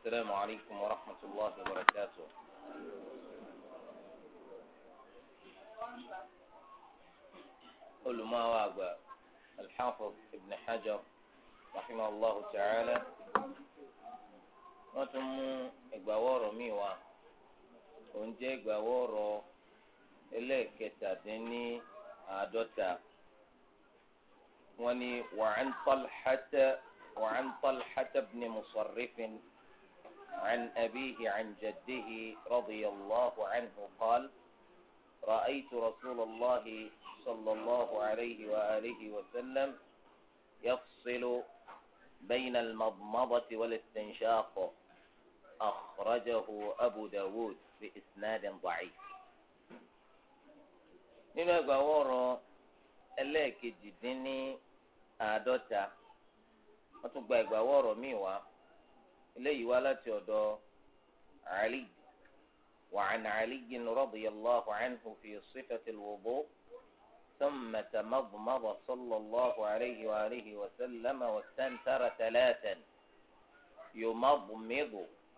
السلام عليكم ورحمة الله وبركاته علماء وأبا الحافظ ابن حجر رحمه الله تعالى وتم إقباور ميوا ونجي إقباور إليك كتابني آدوتا وني وعن طلحة وعن طلحة ابن مصرف عن أبيه عن جده رضي الله عنه قال رأيت رسول الله صلى الله عليه وآله وسلم يفصل بين المضمضة والاستنشاق أخرجه أبو داود بإسناد ضعيف nínú ẹgbàá wọ̀rọ̀ ẹlẹ́ẹ̀kejì dín ní àádọ́ta wọ́n tún gba wọ̀rọ̀ míì wá لي ولا láti علي وعن علي رضي الله عنه في صفة الوضوء ثم تمضمض صلى الله عليه وآله وسلم واستنثر ثلاثا يمضمض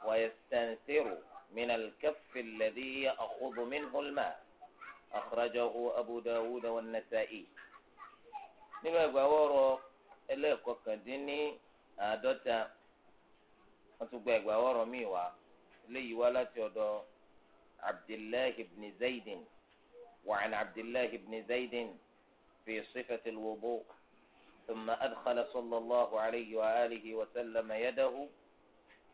ويستنثر من الكف الذي يأخذ منه الماء أخرجه أبو داود والنسائي نبقى ورق إليك وكدني أدوتا wọ́n tún gba ẹgbàá ọ̀rọ̀ míì wá léyìí wá láti ọ̀dọ̀ وعن عبد الله بن زيد في صفة الوضوء ثم أدخل صلى الله عليه وآله وسلم يده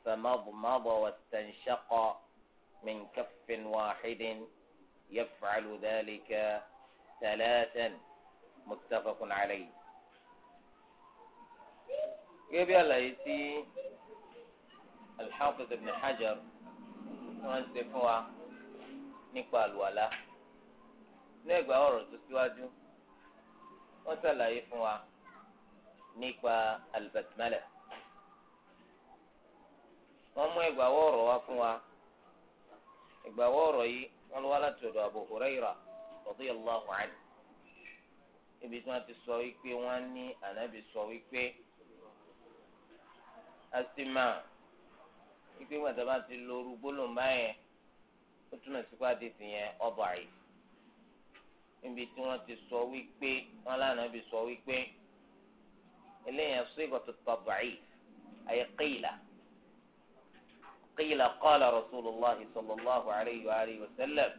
فمضمض واستنشق من كف واحد يفعل ذلك ثلاثا متفق عليه. gẹ́gẹ́ bí àlàyé tí alḥafiz ibn hajar wọ́n ṣe fún wa nípa àlùwàlá ní ẹgbà ọ̀rọ̀ tó síwájú wọ́n ṣàlàyé fún wa nípa albasmala wọ́n mú ẹgbà wa ẹgbà ọ̀rọ̀ yìí wọ́n ibi tí wọ́n ti sọ wípé wọ́n ní ànábì sọ wípé gbàtà bá ti lo oru gbólóhùn báyẹn ó túnà sí pàdé tìyẹn ọba yìí níbi tí wọ́n ti sọ wípé wọ́n lánàá bí sọ wípé eléyàn sígọ̀tò tọ̀bà yìí ayé kéèlà kéèlà kọ́ọ̀lá rasulillah sallallahu alayhi wa alayhi wa sallam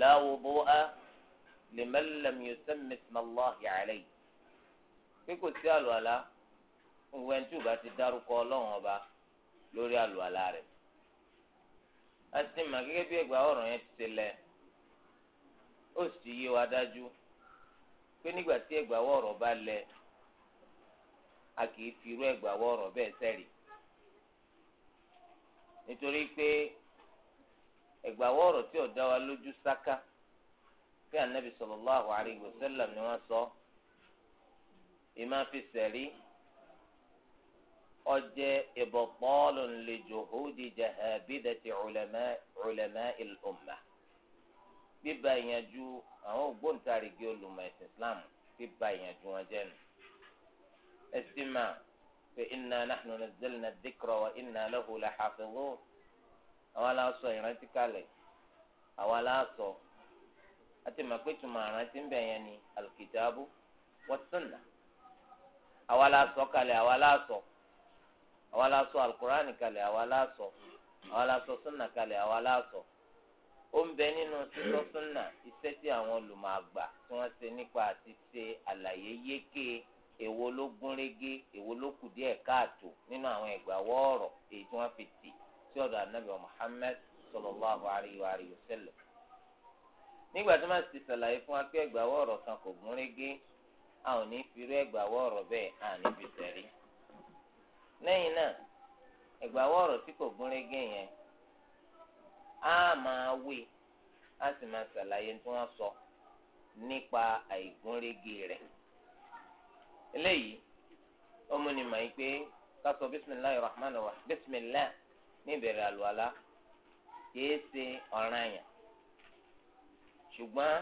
láwo bóa lèmẹ́lẹ́mí yóò sẹ́mi sinmi allah yàrá yìí kíkò sí àlọ́ àlá. òun ẹni tí ò bá ti dárúkọ ọlọ́run ọba lórí àlùwàlá rẹ̀ a ti mà gẹ́gẹ́ bí ẹgbàá ọ̀rọ̀ yẹn ti lẹ̀ ó sì yé wa dájú pé nígbà tí ọ̀rọ̀ bá a kì í fi irú ẹgbàá ọ̀rọ̀ bẹ́ẹ̀ sẹ́rì nítorí pé ẹgbàá ọ̀rọ̀ tí ò wa lójú sáká pé ànábì sallallahu alaihi sọ fi sẹ̀rí. ọjẹ ìbọ̀pọ̀lù lèjòhódì jahabidati ulama ìlùmà bíba ìyànjú àwọn ògbóǹtarìgì olùmọ̀ ẹ̀sìn islam bíba ìyànjú wọn jẹ́ nù. ẹ̀sìmà pé inna nahnu nazzalna dhikra wa inna lahu lahafizun àwa la sọ ìrántí kalẹ̀ àwa la sọ àti mà pé tùmọ̀ àrántí ń bẹ̀ yẹn ni alkitabu àwa la sọ alukurani kalẹ̀ àwa la sọ àwa la sọ sunna kalẹ̀ àwa la sọ ó ń bẹ nínú sísọ sunna iṣẹ́ tí àwọn olùmọ̀ àgbà tí wọ́n ṣe nípa àti ṣe àlàyé yéké èwo ló gúnrégé èwo ló kù díẹ̀ káàtó nínú àwọn ìgbà wọ́ọ̀rọ̀ èyí tí wọ́n fi tì sí ọ̀dọ̀ anabi muhammed sallallahu alayhi wa sallam nígbà tí wọ́n ti ṣàlàyé fún wa pé ẹgbàá wọ́ọ̀rọ̀ kan kò gúnrégé a ò ní fi ẹgbàá wọ́ọ̀rọ̀ bẹ́ẹ̀ à fi sẹ́rí lẹ́yìn náà ẹ̀gbàwọ́ ọ̀rọ̀ tí kò gún régé yẹn á máa wé á sì máa ṣàlàyé tí wọ́n sọ nípa àìgúnrégé rẹ̀ eléyìí ó mú ni mà yí pé ká sọ bisimilahi rahman rahim bisimilah ní ìbẹ̀rẹ̀ àlùwalá kìí ṣe ọ̀ràn àyàn ṣùgbọ́n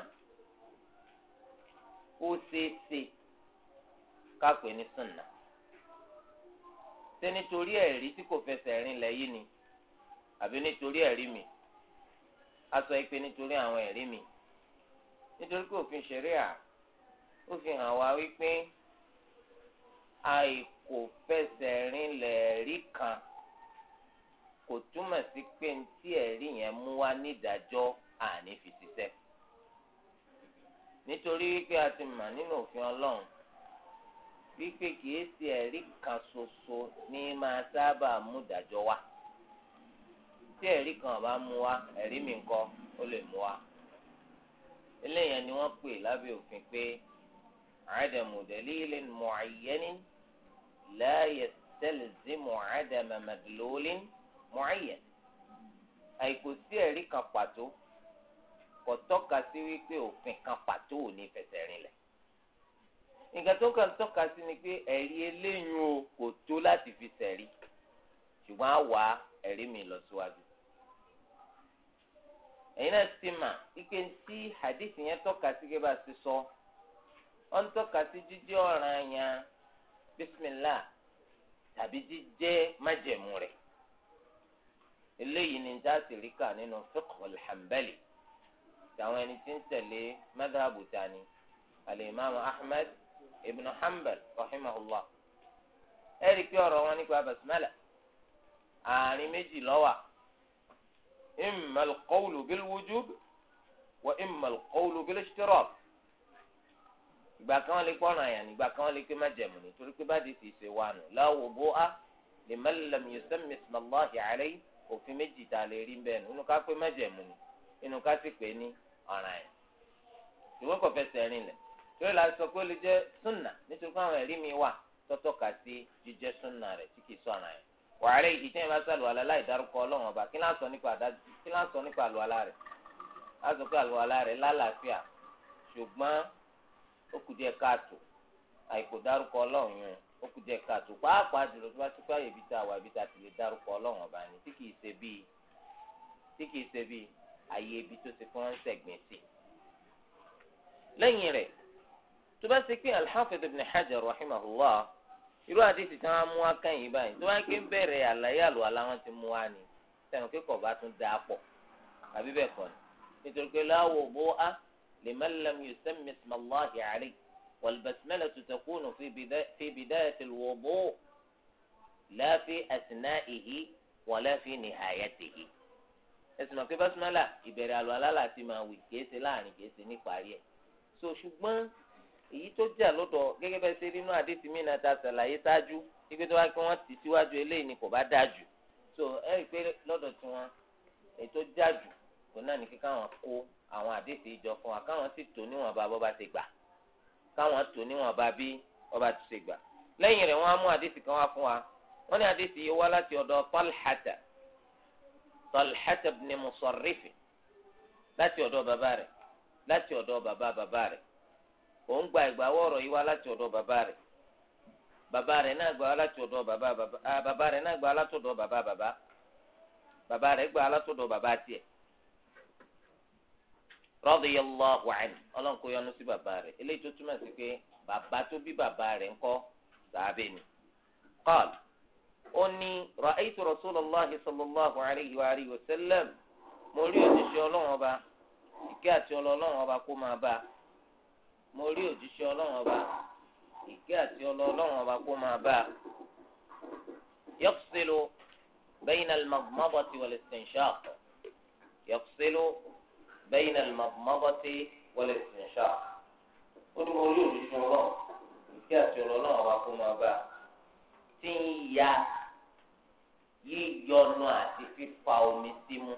ó ṣeé ṣe ká pè ní sunna ṣé nítorí ẹ̀rí tí kò fẹsẹ̀ rìn lẹ́yìn ni àbí nítorí ẹ̀rí mi a sọ pé nítorí àwọn ẹ̀rí mi nítorí pé òfin ṣẹ̀ríà ó fi hàn wá wípé àìkò fẹsẹ̀ rìn lẹ́ẹ̀rí kan kò túmọ̀ sí pé tí ẹ̀rí yẹn mú wá nídàájọ́ àní fi ṣiṣẹ́ nítorí wípé a ti mà nínú òfin ọlọ́run wípé kìí ṣe ẹ̀rí kan ṣoṣo ní máa sábà mú ìdájọ́ wá tí ẹ̀rí kan bá mú wá ẹ̀rí mi ńkọ́ ó lè mú wá eléyàn ni wọ́n pè lábẹ́ òfin pé عدم دليل معين لا يستلزم عدم مدلول معين àìkò sí ẹ̀rí kan pàtó kò tọ́ka sí wípé òfin kan pàtó ò ní fẹsẹ̀ rinlẹ̀ nǹkan tó kàn tọ́ka sí ni pé ẹ̀rí eléyìí o kò tó láti fi sẹ̀rí ṣùgbọ́n á wà ẹ̀rí mi lọ síwájú. ẹ̀yin náà ti mà ike tí hadith yẹn tọ́ka sí gẹ́gẹ́ bá ti sọ ó ń tọ́ka sí jíjẹ́ ọ̀ràn yẹn bismillah tàbí jíjẹ́ májẹ̀mú rẹ̀ eléyìí ni jáàsì ríkà nínú fiqh al tàwọn ẹni tí ń tẹ̀lé madhabu tani al ahmed ibn hanbal rahimahullah ẹ rí i pé ọ̀rọ̀ wọn nípa basmala àárín méjì lọ́wà imma al-qawlu bil-wujub wa imma al-qawlu bil-ishtirak ìgbà kan lè kọ́ ọ̀ràn àyàn ìgbà kan lè pé má jẹ̀mú ni torí pé bá di fi ṣe wà nù la wudu'a liman lam yusammi ismallahi alayhi òfin méjì tá a lè rí bẹ́ẹ̀ nù ká pé má jẹ̀mú ni ká sì pé ní ọ̀ràn àyàn ìwé kò fẹsẹ̀ rìn lẹ̀ yóò la sọ pé ó lè jẹ́ súnà nítorí pé àwọn ẹ̀rí mi wà tọ́tọ́ kà sí jíjẹ́ súnà rẹ̀ tí kìí sọ̀ràn yẹn wàhálà yìí tí wọn bá sàlùwà lálá ìdárúkọ Ọlọ́run ọba kí lásán nípa àdájú kí lásán nípa àlùwàlá rẹ̀ lásán pé àlùwàlá rẹ̀ lálàáfíà ṣùgbọ́n ó kù díẹ̀ káàtó àìkò dárúkọ Ọlọ́run yẹn ó kù díẹ̀ káàtó pàápàá jùlọ tó bá ti pààyè ibi tá a wà ibi tá a ti lè dárúkọ Ọlọ́run ọba ni tí kìí ṣe bíi tí kìí ṣe bíi àyè ibi tó ti fún ránṣẹ́ gbìn sí lẹ́yìn rẹ̀ tó bá ṣe pé al-Hafiz ibn Hajar rahimahullah irú àdìsí tí wọn mú wá kẹ́yìn báyìí tó bá ké bẹ̀rẹ̀ àlàyé àlùwàlá wọn ti mú wá ni sẹnu kíkọ bá tún dà á pọ̀ àbí bẹ́ẹ̀ kọ́ ni nítorí pé la wudu'a liman lam yusammi ismallahi alayhi wal-basmalatu takunu fi bidayati al-wudu' la fi asna'ihi wa la fi nihayatihi ẹsùn àti basmala ìbẹ̀rẹ̀ àlùwàlá láti máa wí kìí láàrin kìí ṣe èyí tó jà lọ́dọ̀ gẹ́gẹ́ bẹ́ẹ̀ ṣe nínú àdéhùn mí náà ta ṣàlàyé ṣáájú wípé tó wá kí wọ́n ti síwájú eléyìí ni kò bá dáa jù so ẹ rí i pé lọ́dọ̀ tí wọ́n èyí tó jà jù kò náà ní kí káwọn kó àwọn àdéhùn ìjọ fún wa káwọn sì tó níwọ̀nba bọ́ bá ṣe gbà káwọn tó níwọ̀nba bí wọ́n bá ti ṣe gbà lẹ́yìn rẹ̀ wọ́n á mú àdéhùn kan wá fún wa wọ́n ní àdéhùn yìí wá òun gba ìgbàwọ́ ọ̀rọ̀ yìí wá láti ọ̀dọ̀ bàbá rẹ̀ bàbá rẹ̀ náà gba láti ọ̀dọ̀ bàbá bàbá bàbá náà gba láti ọ̀dọ̀ bàbá bàbá bàbá rẹ̀ gba láti ọ̀dọ̀ bàbá tiẹ̀ radiyallahu anhu ọlọ́run kò yọ́nú sí bàbá rẹ̀ eléyìí tó túmọ̀ sí pé bàbá tó bí bàbá ni qal ó ní ra'aytu rasulullahi sallallahu alayhi wa wa sallam mo rí òṣìṣẹ́ ọlọ́run ọba ìkẹ́ àti ọlọ́run ọba kó máa bá a. mo rí òjíṣẹ́ ọlọ́run ọba ìkẹ́ àti ọlọ́run ọba kó máa bá a. yọ́ksílù bẹ́yìn alimọ̀bọ́tì wọlé stinshaq yọ́ksílù bẹ́yìn alimọ̀bọ́tì wọlé stinshaq. ó ní mo rí òjíṣẹ́ ọlọ́run ìkẹ́ àti ọlọ́run ọba kó máa bá a. tí ń ya yíyọnu àti fífa omi símú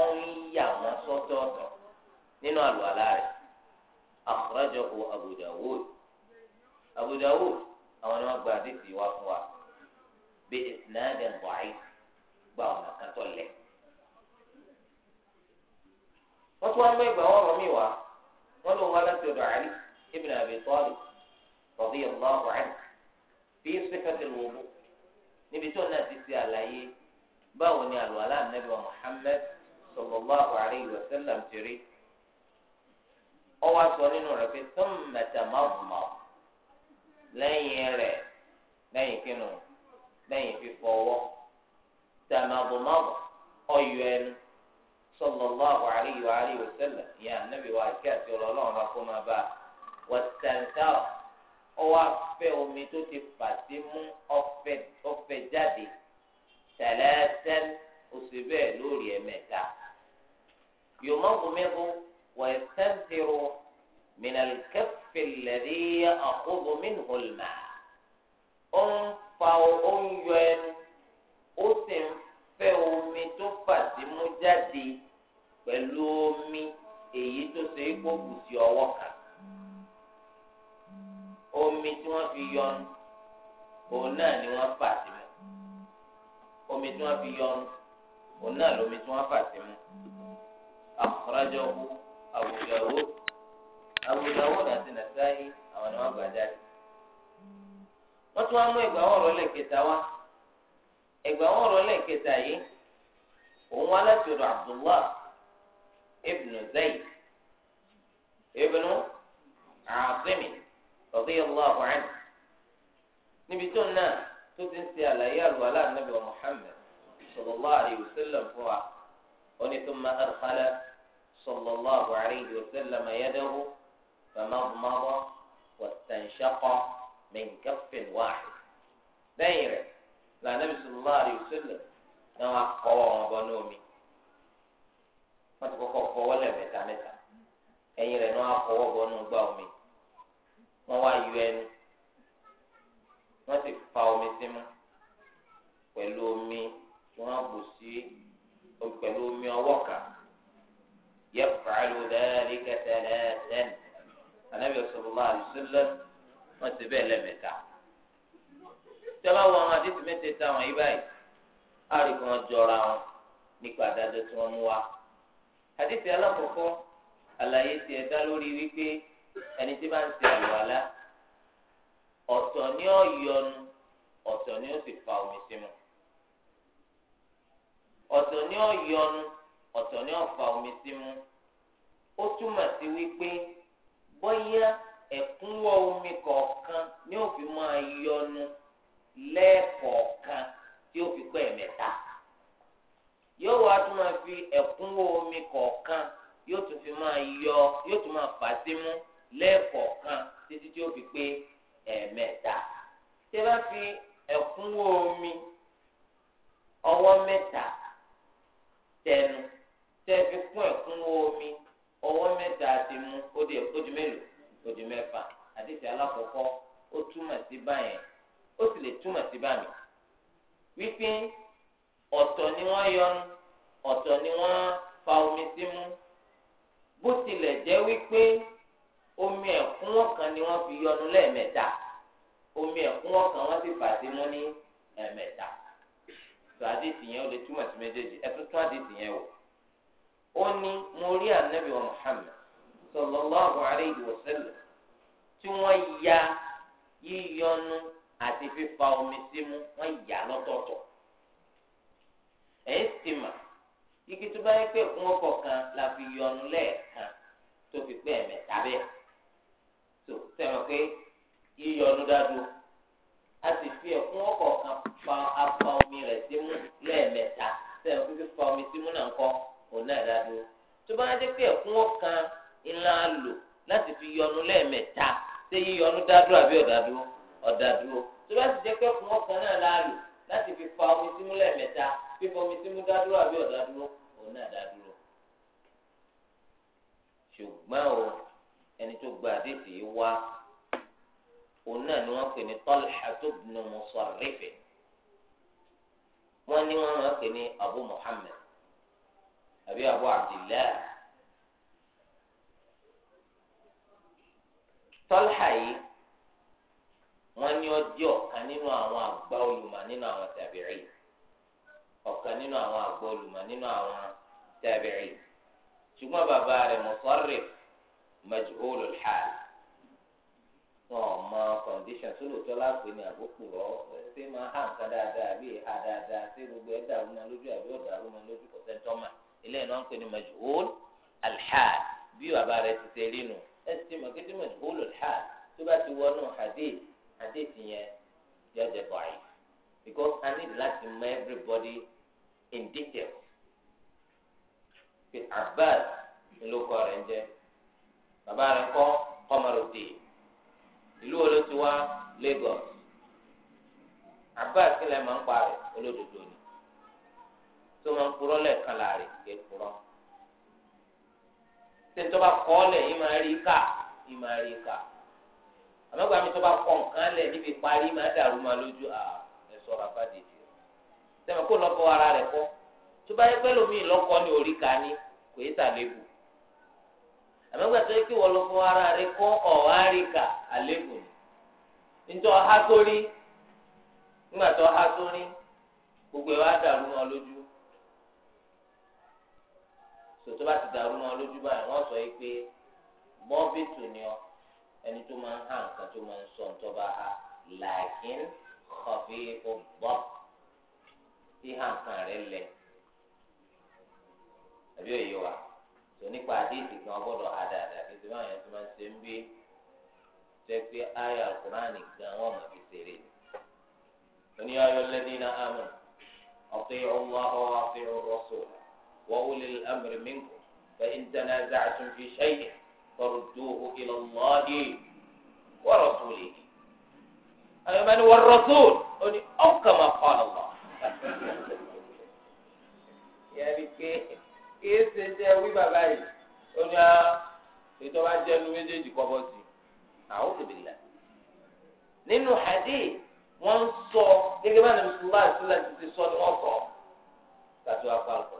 ọ̀hún yà wọ́n sọ́tọ̀ọ̀tọ̀ nínú àlùalá rẹ̀ akhrajahu Abu Dawud Abu Dawud àwọn ni wọ́n gba àdìsí wa fún wa bí isnadin da'if gba ọ̀nà kan tó lẹ̀. wọ́n tún wá ní ìgbà wọn rọ̀ mí wá wọ́n lò wá láti ọ̀dọ̀ Ali ibn Abi Talib radiyallahu anhu fi sifatil wudu níbi tó náà ti ṣe àlàyé báwo ni àlùwàlá Ànábì wa Muhammad sallallahu alayhi wa sallam ọwọ́ sọ nínú rẹ̀ pé tó mẹ̀tẹ̀ má mọ̀ lẹ́yìn rẹ̀ lẹ́yìn kínú lẹ́yìn fífọwọ́ tẹ̀mọ̀bùmọ̀bù ọ̀yọ̀ ẹnu sallallahu alaihi wa alihi wa sallam ìyá ànábì wa ìkẹ́ àti ọlọ́run bá kó máa bá wọ̀tẹ̀ntà ọwọ́ afẹ́ omi tó ti fàtí mú ọfẹ jáde tẹ̀lẹ́tẹ́ oṣù bẹ́ẹ̀ lórí ẹ̀mẹ́ta yòmọ́bùmẹ́bù. ويستنفر من الكف الذي يأخذ منه الماء أم فأو أنجن أسم فأمي تفاتم جدي pẹ̀lú omi èyí tó ṣe é kó kù sí ọwọ́ kan omi tí wọ́n fi yọnu òun náà ni wọ́n fà sí mu omi tí wọ́n fi yọnu òun náà lómi tí wọ́n fà sí mu àkùrọ̀jọ́ kú. Abu Dawud Abu Dawud àti Nasa'i àwọn ni wọ́n gbà jáde wọ́n tún wá mú ẹgbàá ọ̀rọ̀ lẹ́ẹ̀kẹta wá ẹgbàá ọ̀rọ̀ lẹ́ẹ̀kẹta yìí òun wá láti ọ̀dọ̀ Abdullah ibn Zayd ibn Asim radiyallahu anhu níbi tó náà tó ti ń ṣe àlàyé àlùwalá Ànábì Muhammad sallallahu alayhi wa sallam fún wa ó ní tó máa ń kálẹ̀. صلى الله عليه وسلم يده فمضمض واستنشق من كف واحد دايرة لا نبي صلى الله عليه وسلم نوع قوام بنومي ما تقول قوة ولا متى متى نوع rẹ ní wọn ما bọnú gbá omi wọn wá yọ ẹnu wọn sì fa omi símú pẹ̀lú sílẹ̀ wọ́n ti bẹ́ẹ̀ lẹ́mẹ̀ta. ìjọba wo àwọn àdìsí mẹ́tẹ̀ẹ̀ta wọn yí báyìí á rí kí wọ́n jọra wọn nípa àdájọ́ tí wọ́n mú wa. àdìsí alákọ̀ọ́kọ́ àlàyé ti ẹ̀dá lórí wípé ẹni tí bá ń ṣe àlùwàlá ọ̀tọ̀ ni ó yọnu ọ̀tọ̀ ni ó sì fa omi sí mu ọ̀tọ̀ ni ó yọnu ọ̀tọ̀ ni ó fa omi sí mu ó túmọ̀ sí wípé bóyá ẹ̀kúnwọ́ omi kọọkan ni ó fi máa yọnu lẹ́ẹ̀kọ̀ọ̀kan tí o fi pẹ́ mẹ́ta yóò wá tún máa fi ẹ̀kúnwọ́ omi kọọkan yóò tún fi máa yọ yóò tún máa fà sí mú lẹ́ẹ̀kọ̀ọ̀kan títí tí ó fi pé ẹ̀ẹ̀mẹ́ta tí a bá fi ẹ̀kúnwọ́ omi ọwọ mẹ́ta tẹnu tẹ́ fi kún ẹ̀kúnwọ́ omi ọwọ mẹ́ta ti mú ó di mélòó. ó di mẹ́fà àdìsí alákọ̀ọ́kọ́ ó túmọ̀ sí báyẹn ó sì lè túmọ̀ sí báyìí wípé ọ̀tọ̀ ni wọ́n yọnu ọ̀tọ̀ ni wọ́n fa omi sí mú bó tilẹ̀ jẹ́ wípé omi ẹ̀kún ọ̀kan ni wọ́n fi yọnu lẹ́ẹ̀mẹ́ta omi ẹ̀kún ọ̀kan wọ́n sì fà sí mú ní ẹ̀mẹ́ta tó àdìsí yẹn ó lè túmọ̀ sí méjèèjì ẹ tún tún àdìsí yẹn wò ó ní mo rí ànábì wa Muhammad sallallahu alayhi wa sallam tí wọ́n ya yíyọnu àti fífa omi símú wọ́n yà lọ́tọ̀ọ̀tọ̀ ẹ̀yìn sì mà igi tó bá yẹ pé fún ọkọ̀ kan la fi yọnu lẹ́ẹ̀kan tó fi pé ẹ̀mẹ́ta bẹ́ẹ̀ tó sẹ́wọ̀n pé yíyọnu dáadọ́ a sì fi ẹ̀kún ọkọ̀ kan fa afa omi rẹ̀ símú lẹ́ẹ̀mẹ́ta sẹ́wọ̀n pé fífa omi símú náà ń kọ́ òun náà dáadọ́ tó bá yẹ pé ẹ̀kún ọkàn ńlá lò láti fi yọnu lẹ́ẹ̀mẹ́ta ṣé yíyọnu dádúró àbí ọ̀dàdúró ọ̀dàdúró tó bá ti jẹ́ pé fún ọkàn náà la lò láti fi fa omi símú lẹ́ẹ̀mẹ́ta fífọ omi símú dádúró àbí ọ̀dàdúró òun náà dádúró. ṣùgbọ́n o ẹni tó gba àdéhùn yìí wá òun náà ni wọ́n pè ní Talhatu ibn Musarrif wọ́n ní wọ́n máa pè ní Abu Muhammad àbí Abu Abdillah. tọ́lá yìí wọ́n ní ọjọ́ ọ̀kan nínú àwọn àgbà olùmọ̀ nínú àwọn tàbíì ọ̀kan nínú àwọn àgbà olùmọ̀ nínú àwọn tàbíì ṣùgbọ́n bàbá rẹ̀ Musarrif majhulul hal wọn ò mọ kọ̀ǹdíṣàn tó lòótọ́ láàpẹ ní àkókò rọ ṣé máa hàn kan dáadáa bí ha dáadáa ṣé gbogbo ẹ̀ dàrú lójú àbí ọ̀dàrú mọ́ lójú kọ̀tẹ́ntọ́mà ilé ìnáwó ń ní majhulul hal bí bàbá rẹ̀ ti ṣe rí nù ẹsẹ mọ̀gídí mọ̀júbólò ha tó bá ti wọnú hadith hadith yẹn yọjẹ bọ̀ọ̀yì because I need láti mọ everybody in detail fi Abbas ìlú kọ rẹ̀ ń jẹ́ bàbá rẹ̀ kọ́ Qamaruddin ìlú wo Lagos Abbas kílẹ̀ máa ń parẹ́ olódodo ni tó máa ń purọ́ lẹ́ẹ̀kan láàrin kékeré. ṣé ní tó bá kọ́ ọ́ lẹ̀ yín máa rí ká yín máa rí ká àmọ́gbà mi tó bá kọ́ nǹkan lẹ̀ níbi parí máa dàrú máa lójú à ẹ sọ̀rọ̀ àbájáde rẹ̀ sẹ́mi kó lọ́kọ́ ara rẹ̀ kọ́ tó bá yẹ pẹ́ lómi lọ́kọ́ ní orí ká ní kò yẹ tàlébù gbogbo ẹ̀ wá dàrú máa lójú sòtò bá ti dàrú mọ́ lójú báyìí wọ́n sọ yìí pé mọ́bìtù ni ọ ẹni tó máa ń há nǹkan tó máa ń sọ ń tọ́ba ha làákín kọfí ọgbọ́ tí há nǹkan rẹ lẹ àbí òye wa tò nípa àdéhìí kan gbọ́dọ̀ àdàdà kí tí yẹn tó máa ń ṣe ń gbé tẹ́ pé àyà gan wọ́n mọ̀ fi ṣeré oníyàwó lẹ́dínà àmọ́ ọ̀pẹ̀ ọ̀wọ́ àwọn afẹ́rẹ́ rọ́ṣọ̀lá. وأولي الأمر منكم فإن تنازعتم في شيء فردوه إلى الله ورسوله أي من هو أو كما قال الله يا بكي إيه سيجاوي باباي أنا إذا إيه ما جنوا يجي كوابوسي أعوذ بالله ninu hadi wọn sọ gẹgẹ bá nàbẹsùlá àti sọlá ti sọ ni wọn sọ gàtú àpapọ.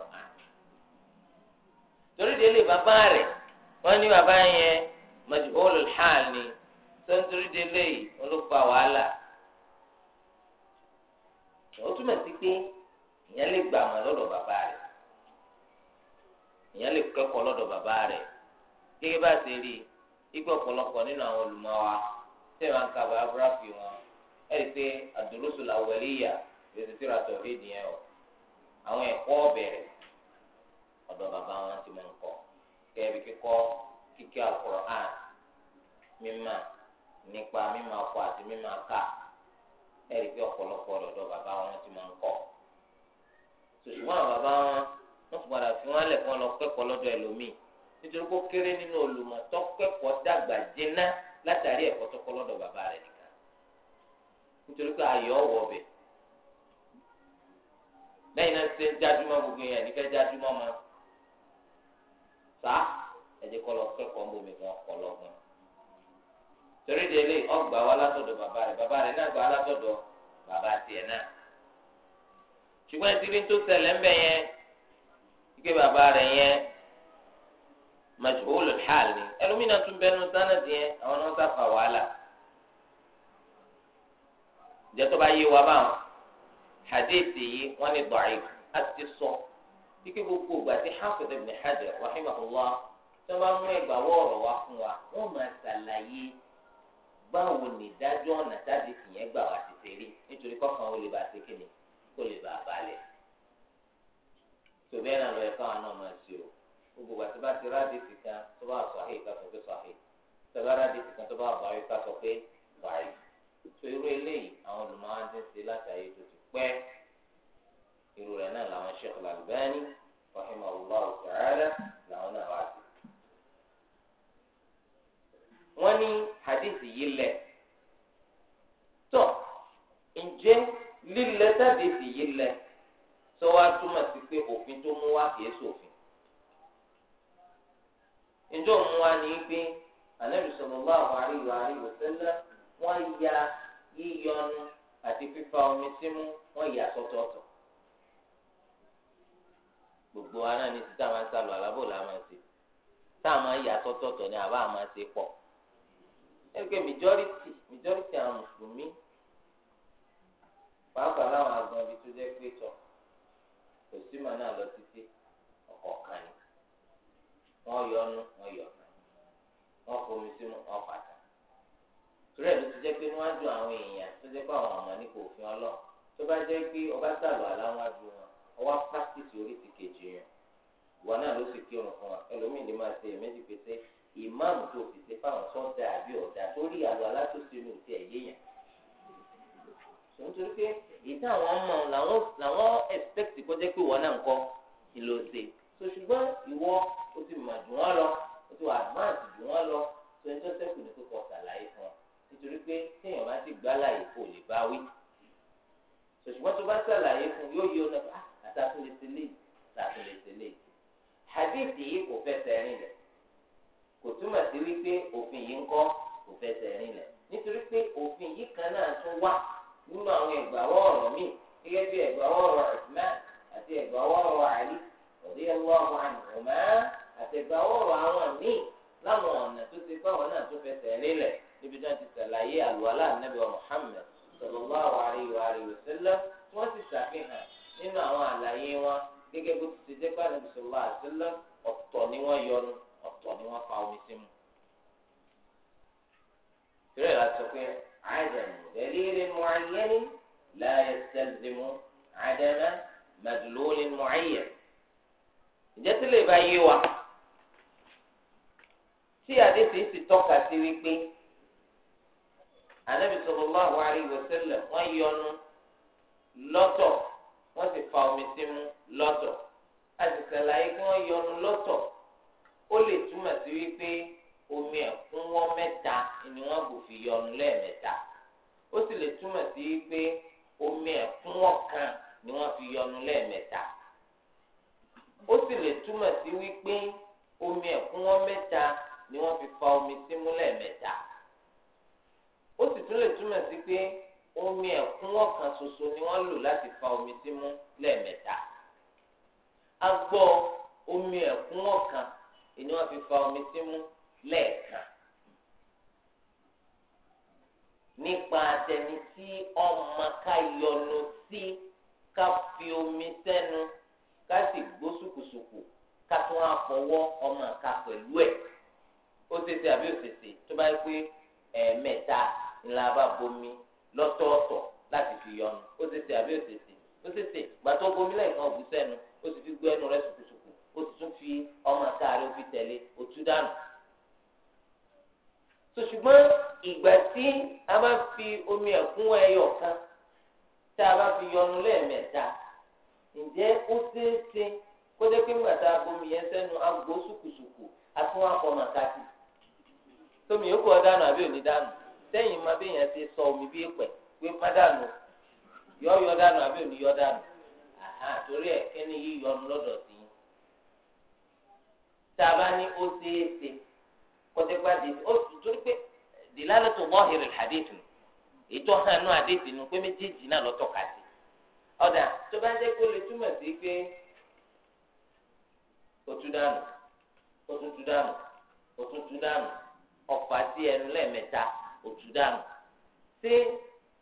torí délé bàbá rẹ̀ wọ́n ní bàbá yẹn majhulul hal ni tó ń torí délé wọn ló fa wàhálà ó túmọ̀ sí pé ìyẹn lè gbà wọn lọ́dọ̀ bàbá rẹ̀ ìyẹn lè kẹ́kọ̀ọ́ lọ́dọ̀ bàbá rẹ̀ gẹ́gẹ́ bá ṣe rí igbó ọ̀pọ̀lọpọ̀ nínú àwọn olùmọ̀ wa tí wọ́n ń ka biography wọn ẹ̀rí pé ad-durusul awwaliyya lè ti tíra tọ̀ fídìí yẹn o àwọn ẹ̀kọ́ bẹ̀rẹ̀ ọ̀dọ̀ bàbá wọn ti mọ̀ nǹkọ́ kẹ́ẹ̀bí kíkọ́ kíkẹ́ Al-Qur'an mímà nípa mímà ọkọ àti mímà ká ẹ̀rí pé ọ̀pọ̀lọpọ̀ ọ̀dọ̀ bàbá wọn ti mọ̀ nǹkọ́ ṣùgbọ́n àwọn bàbá wọn wọ́n ti padà fi wọ́n lẹ̀ lọ ẹlòmíì nítorí kéré nínú dàgbà látàrí tó bàbá sa, ẹ̀jẹ̀ kọ́ lọ kẹ́kọ̀ọ́ ń bomi gan ọ̀pọ̀lọ́ gan. torí délé ọgbà wa látọ̀dọ̀ bàbá rẹ̀ bàbá rẹ̀ náà gbà látọ̀dọ̀ bàbá tiẹ̀ náà. ṣùgbọ́n ìdílé tó ṣẹlẹ̀ ń bẹ̀ yẹn ike bàbá rẹ̀ yẹn majhulul hal ni ẹlòmínà tún bẹnu sánàdì yẹn àwọn náà sáfà wàhálà. ìjẹ́ tó bá yé wa yìí wọ́n ní da'if àti sọ. So. ike gbogbo ìgbà tí Hafiz ibn Hajar rahimahullah tó máa mú ẹgbà wọ́ọ̀rọ̀ wá fún wa wọ́n máa ṣàlàyé báwo ni ìdájọ́ ọ̀nà táàdì fìyẹn gbà wá ti ṣe nítorí kọ́kàn ó lè bá ṣe kíni kó lè bá a balẹ̀. lọ ẹ̀ka àwọn o gbogbo ìgbà bá ti sí kan tó bá sọ ìka sọ pé sọ sí kan tó bá bọ̀ sọ pé irú rẹ̀ náà làwọn Sheikh Al-Albani rahimahullah ta'ala làwọn náà wá sí. wọ́n ní hadith yìí lẹ̀ tọ́ ǹjẹ́ lílẹ̀ tàbíìsì yìí lẹ̀ tó wá túmọ̀ sí pé òfin tó mú wá kìí sófin. ǹjọ́ mú wá ní pé anabi sallallahu alaihi wa alihi wa sallam wọ́n ya yíyọnu àti fífa omi símú wọ́n yà sọ́tọ̀ọ̀tọ̀ gbogbo wa náà ní títà máa ń sálọ àlábò là máa ń ṣe tá a máa yà sọ́tọ̀ọ̀tọ̀ ni àbá máa ṣe pọ̀ ẹgbẹ́ majority majority àwọn mùsùlùmí pàápàá láwọn agbọn ibi tó jẹ́ pé tọ̀ kò sí màá náà lọ títí ọ̀kọ̀ọ̀kan ni wọ́n yọ ọ́nú wọ́n yọ ọ̀kan wọ́n fomi sínú wọ́n pàtà torí ẹ̀ ló ti jẹ́ pé wọ́n á dùn àwọn èèyàn tó jẹ́ pé àwọn ọmọ ní kò fi ọ́ tó bá jẹ́ pé ọba ọwọ́ pàṣípì orí ti kejì yẹn ìwà náà ló sì kírun fún wa ẹlòmíì ní máa ṣe èméjì pété ìmáàmù tó fi ṣe fáwọn sọ́dà àbí ọ̀dà tó rí àlọ́ alátòsí inú ti ẹ̀yẹ yẹn nítorí pé ìdá àwọn ọmọ làwọn làwọn expect kó jẹ́ pé ìwọ náà ń kọ́ ìlò ṣe so ṣùgbọ́n ìwọ o ti mà jù wọ́n lọ o ti wà advance jù wọ́n lọ so ẹni tó sẹ́kù ní kókò ṣàlàyé fún ọ nítorí pé téèyàn bá ti gbá láàyè kò lè bá wí so ṣùgbọ́n tó bá ṣàlàyé fún yóò yí ọ náà àtàkùnlẹsẹlẹ àtàkùnlẹsẹlẹ hadith yìí kò fẹsẹ̀ rìn lẹ̀ kò túmọ̀ sí wípé òfin yìí ń kọ́ kò fẹsẹ̀ rìn lẹ̀ nítorí pé òfin yìí kan náà tún wà nínú àwọn ẹgbàáwọ̀ ọ̀rọ̀ míì gẹ́gẹ́ bí ẹgbàáwọ̀ ọ̀rọ̀ Usman àti ẹgbàáwọ̀ ọ̀rọ̀ Ali radiyallahu anhuma àti ẹgbàáwọ̀ ọ̀rọ̀ àwọn míì láwọn ọ̀nà tó ti báwọn náà tún fẹsẹ̀ rìn lẹ̀ níbi tí ti sàlàyé àlùwalá Ànábì Muhammad sallallahu alayhi wa sallam tí wọ́n ti ṣàfihàn nínú àwọn àlàyé wọn gẹ́gẹ́ bó ti ṣe jẹ́ pé ànábì sallallahu alaihi wasallam ọ̀tọ̀ ni wọ́n yọnu ọ̀tọ̀ ni wọ́n fa omi sí mu. ìrẹ́ la sọ pé àdàmù dalilin mu'ayyanin la yastalzimu àdàmà madlulin mu'ayyan. ìjẹ́ tí lè bá yé wa tí àdéhùn ti tọ́ka sí wípé ànábì sallallahu alaihi wasallam wọ́n yọnu lọ́tọ̀ wọ́n sì fa omi sí mú lọ́tọ̀ àti sàlàyé kí wọ́n yọnu lọ́tọ̀ ó lè túmọ̀ sí wípé omi ẹ̀kún wọn mẹ́ta ni wọ́n kò fi yọnu lẹ́ẹ̀mẹ́ta ó sì lè túmọ̀ sí wípé omi ẹ̀kún wọn kan ni wọ́n fi yọnu lẹ́ẹ̀mẹ́ta ó sì lè túmọ̀ sí wípé omi ẹ̀kún wọn mẹ́ta ni wọ́n fi fa omi símú lẹ́ẹ̀mẹ́ta ó sì tún lè túmọ̀ sí pé omi ẹ̀kúnwọ́ kan ṣoṣo ni wọ́n lò láti fa omi tí mú lẹ́ẹ̀mẹ́ta agbọ́ omi ẹ̀kúnwọ́ kan ni wọ́n fi fa omi tí mú lẹ́ẹ̀kan nípa àtẹni tí ọmọ ká yọnu sí ká fi omi sẹ́nu ká sì gbó sùkùsùkù ká tún á fọwọ́ ọmọ ká pẹ̀lú ẹ̀ ó ṣeéṣe àbí òṣèṣe tó bá yẹ pé ẹ̀ẹ̀mẹ́ta ńlá bá bomi lọ́tọ̀ọ̀tọ̀ láti fi yọnụ ó ti tẹ àbí ó ti ó ti gbàtọ́ bomi ti fi gbé ẹnu rẹ sùkùsùkù ó ti tún fi ọmọ àtàrí ó fi tẹ̀lé dànù. sòṣùgbọ́n ìgbà tí a bá fi omi ẹ̀kún ẹyọ kan tá a bá fi yọnu lẹ́ẹ̀mẹ́ta ǹjẹ́ ó pé yẹn sẹ́nu sùkùsùkù tómi sẹ́yìn máa bí èèyàn ti sọ omi bí èpẹ̀ pé pádànù yọ yọ dànù àbí òní yọ dànù torí ẹ̀ kẹ́ni yìí yọnu lọ́dọ̀ sí i. tá a bá ní ó é ṣe kọ́tẹ́gbà ó torí pé dìlálẹ́ tó ètò hànú àdéhùn pé méjèèjì náà lọ́tọ̀ sí. ọ̀dà tó bá jẹ́ lè túmọ̀ sí pé ọ̀pá sí ẹnu lẹ́ẹ̀mẹ́ta. òtù dànù ṣé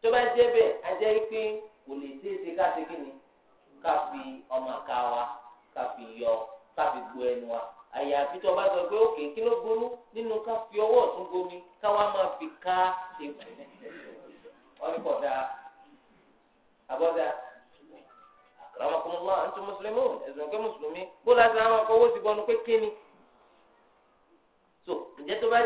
tó bá jẹ́ bẹ́ẹ̀ a jẹ́ pé kò lè ṣe ṣe ká ṣe kí ni ká fi ọmọ àká wa ká fi yọ ká fi gbo ẹnu wa àyàfi tó bá sọ pé òkè kí ló gbóná nínú ká fi ọwọ́ ọ̀tún gbomi káwa máa fi ká àbọ̀dá mùsùlùmí ẹ̀sùn mùsùlùmí àwọn ti bọ́nu pé ni so ǹjẹ́ tó bá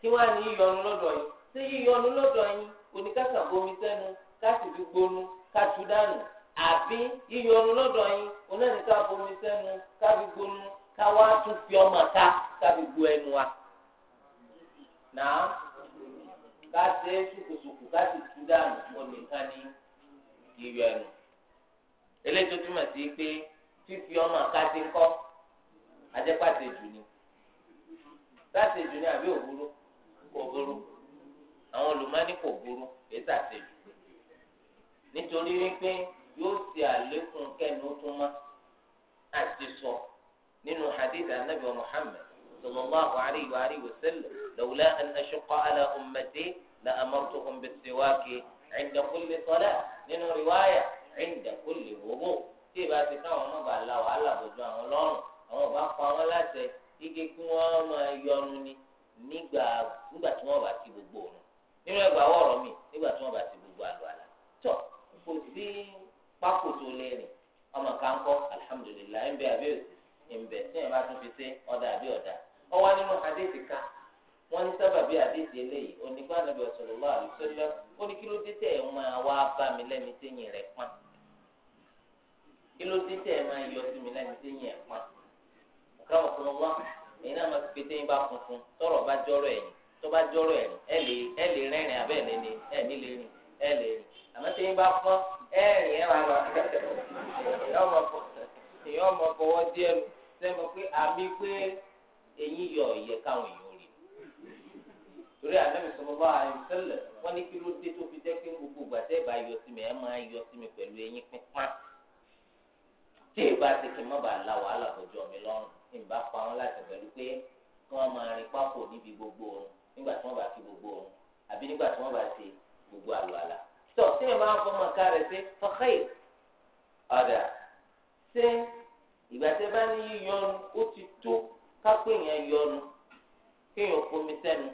kí wọ́n á ṣé yíyọnu lọ́dọ̀ yín oníkàkà bomi sẹ́nu káàsì fi gbónú káàtú dànù àbí yíyọnu lọ́dọ̀ yín oníkàkà bomi sẹ́nu káàfi gbónú káwá tún fi ọmọ ká káàfi gbó ẹnu wa. Nàá káṣe ṣùkùṣùkù káàsì tú dànù onìkan ní yíyọ ẹnu. eléyìí tó túmọ̀ sí pé fífi ọmọ káàsì kọ́ ajẹ́pàṣẹ jù ni. láti jù ni àbí òwúrò òwúrò àwọn olùmọ́ni kò burú ètò àtẹ̀jù nítorí wípé yóò ṣe àlékún kẹ́nu tó mọ́ àti sọ nínú hadith anabi muhammed sallallahu alayhi wa alihi wa sallam lawla an ashqa ala ummati la amartuhum bisiwaki inda kulli salat nínú riwaya inda kulli wudu tí ìbá ti káwọn náà bá la wàhálà bójú àwọn lọ́rùn àwọn ọba pa wọn láti ike kí wọ́n máa yọnu ni nígbà tí wọ́n bá ti gbogbo òun. nínú ẹgbàá ọ̀rọ̀ mi nígbà tí wọ́n bá ti gbogbo àlọ́ àlá tó kò sí pákó tó lé rìn ọmọ kan kọ́ alihamudulilayi ń bẹ àbí òsì ń bẹ tí ẹ̀ bá tún fi ṣe ọ̀dà àbí ọ̀dà ọwọ́ nínú wọ́n ní eléyìí ó ní kí ló dé tẹ̀ ẹ̀ máa wá bá mi rẹ̀ pọ́n ẹ̀yin náà máa pété yín bá funfun bá ẹ̀yìn tó bá jọrọ ẹ ẹ lè ẹ lè rẹ́rìn abẹ ẹ lè ẹ ní lè rìn ẹ lè rìn àmọ́ tí yín bá fọ ẹ rìn ẹ wà lọ èèyàn ọmọ fọwọ́ díẹ̀ lu sẹ́mi pé àmì pé eyín yọ ìyẹ káwọn èèyàn rí torí ànábì sọmọ bá àyìn sẹlẹ wọn ní kí ló dé tó fi jẹ́ pé gbogbo gbàtẹ ìbá yọ sí mi ẹ máa yọ sí mi pẹ̀lú eyín pípọ́n tí ìbá ti kí n má bàa la wàhálà ọjọ́ mi lọ́rùn ìbá pa wọn láti pẹ̀lú pé kí wọ́n máa rin pákó níbi gbogbo oorun nígbà tí wọ́n bá ti gbogbo ọ̀hún àbí nígbà tí wọ́n bá ti gbogbo àlùwàlà. tó tí mi máa ń fọmọ ká rẹ̀ sí fọ́kẹ́yì ọ̀dà ṣé ìgbà tí bá ní yíyọnu ó ti tó kápẹ́ yẹn yọnu kéèyàn fomi sẹ́nu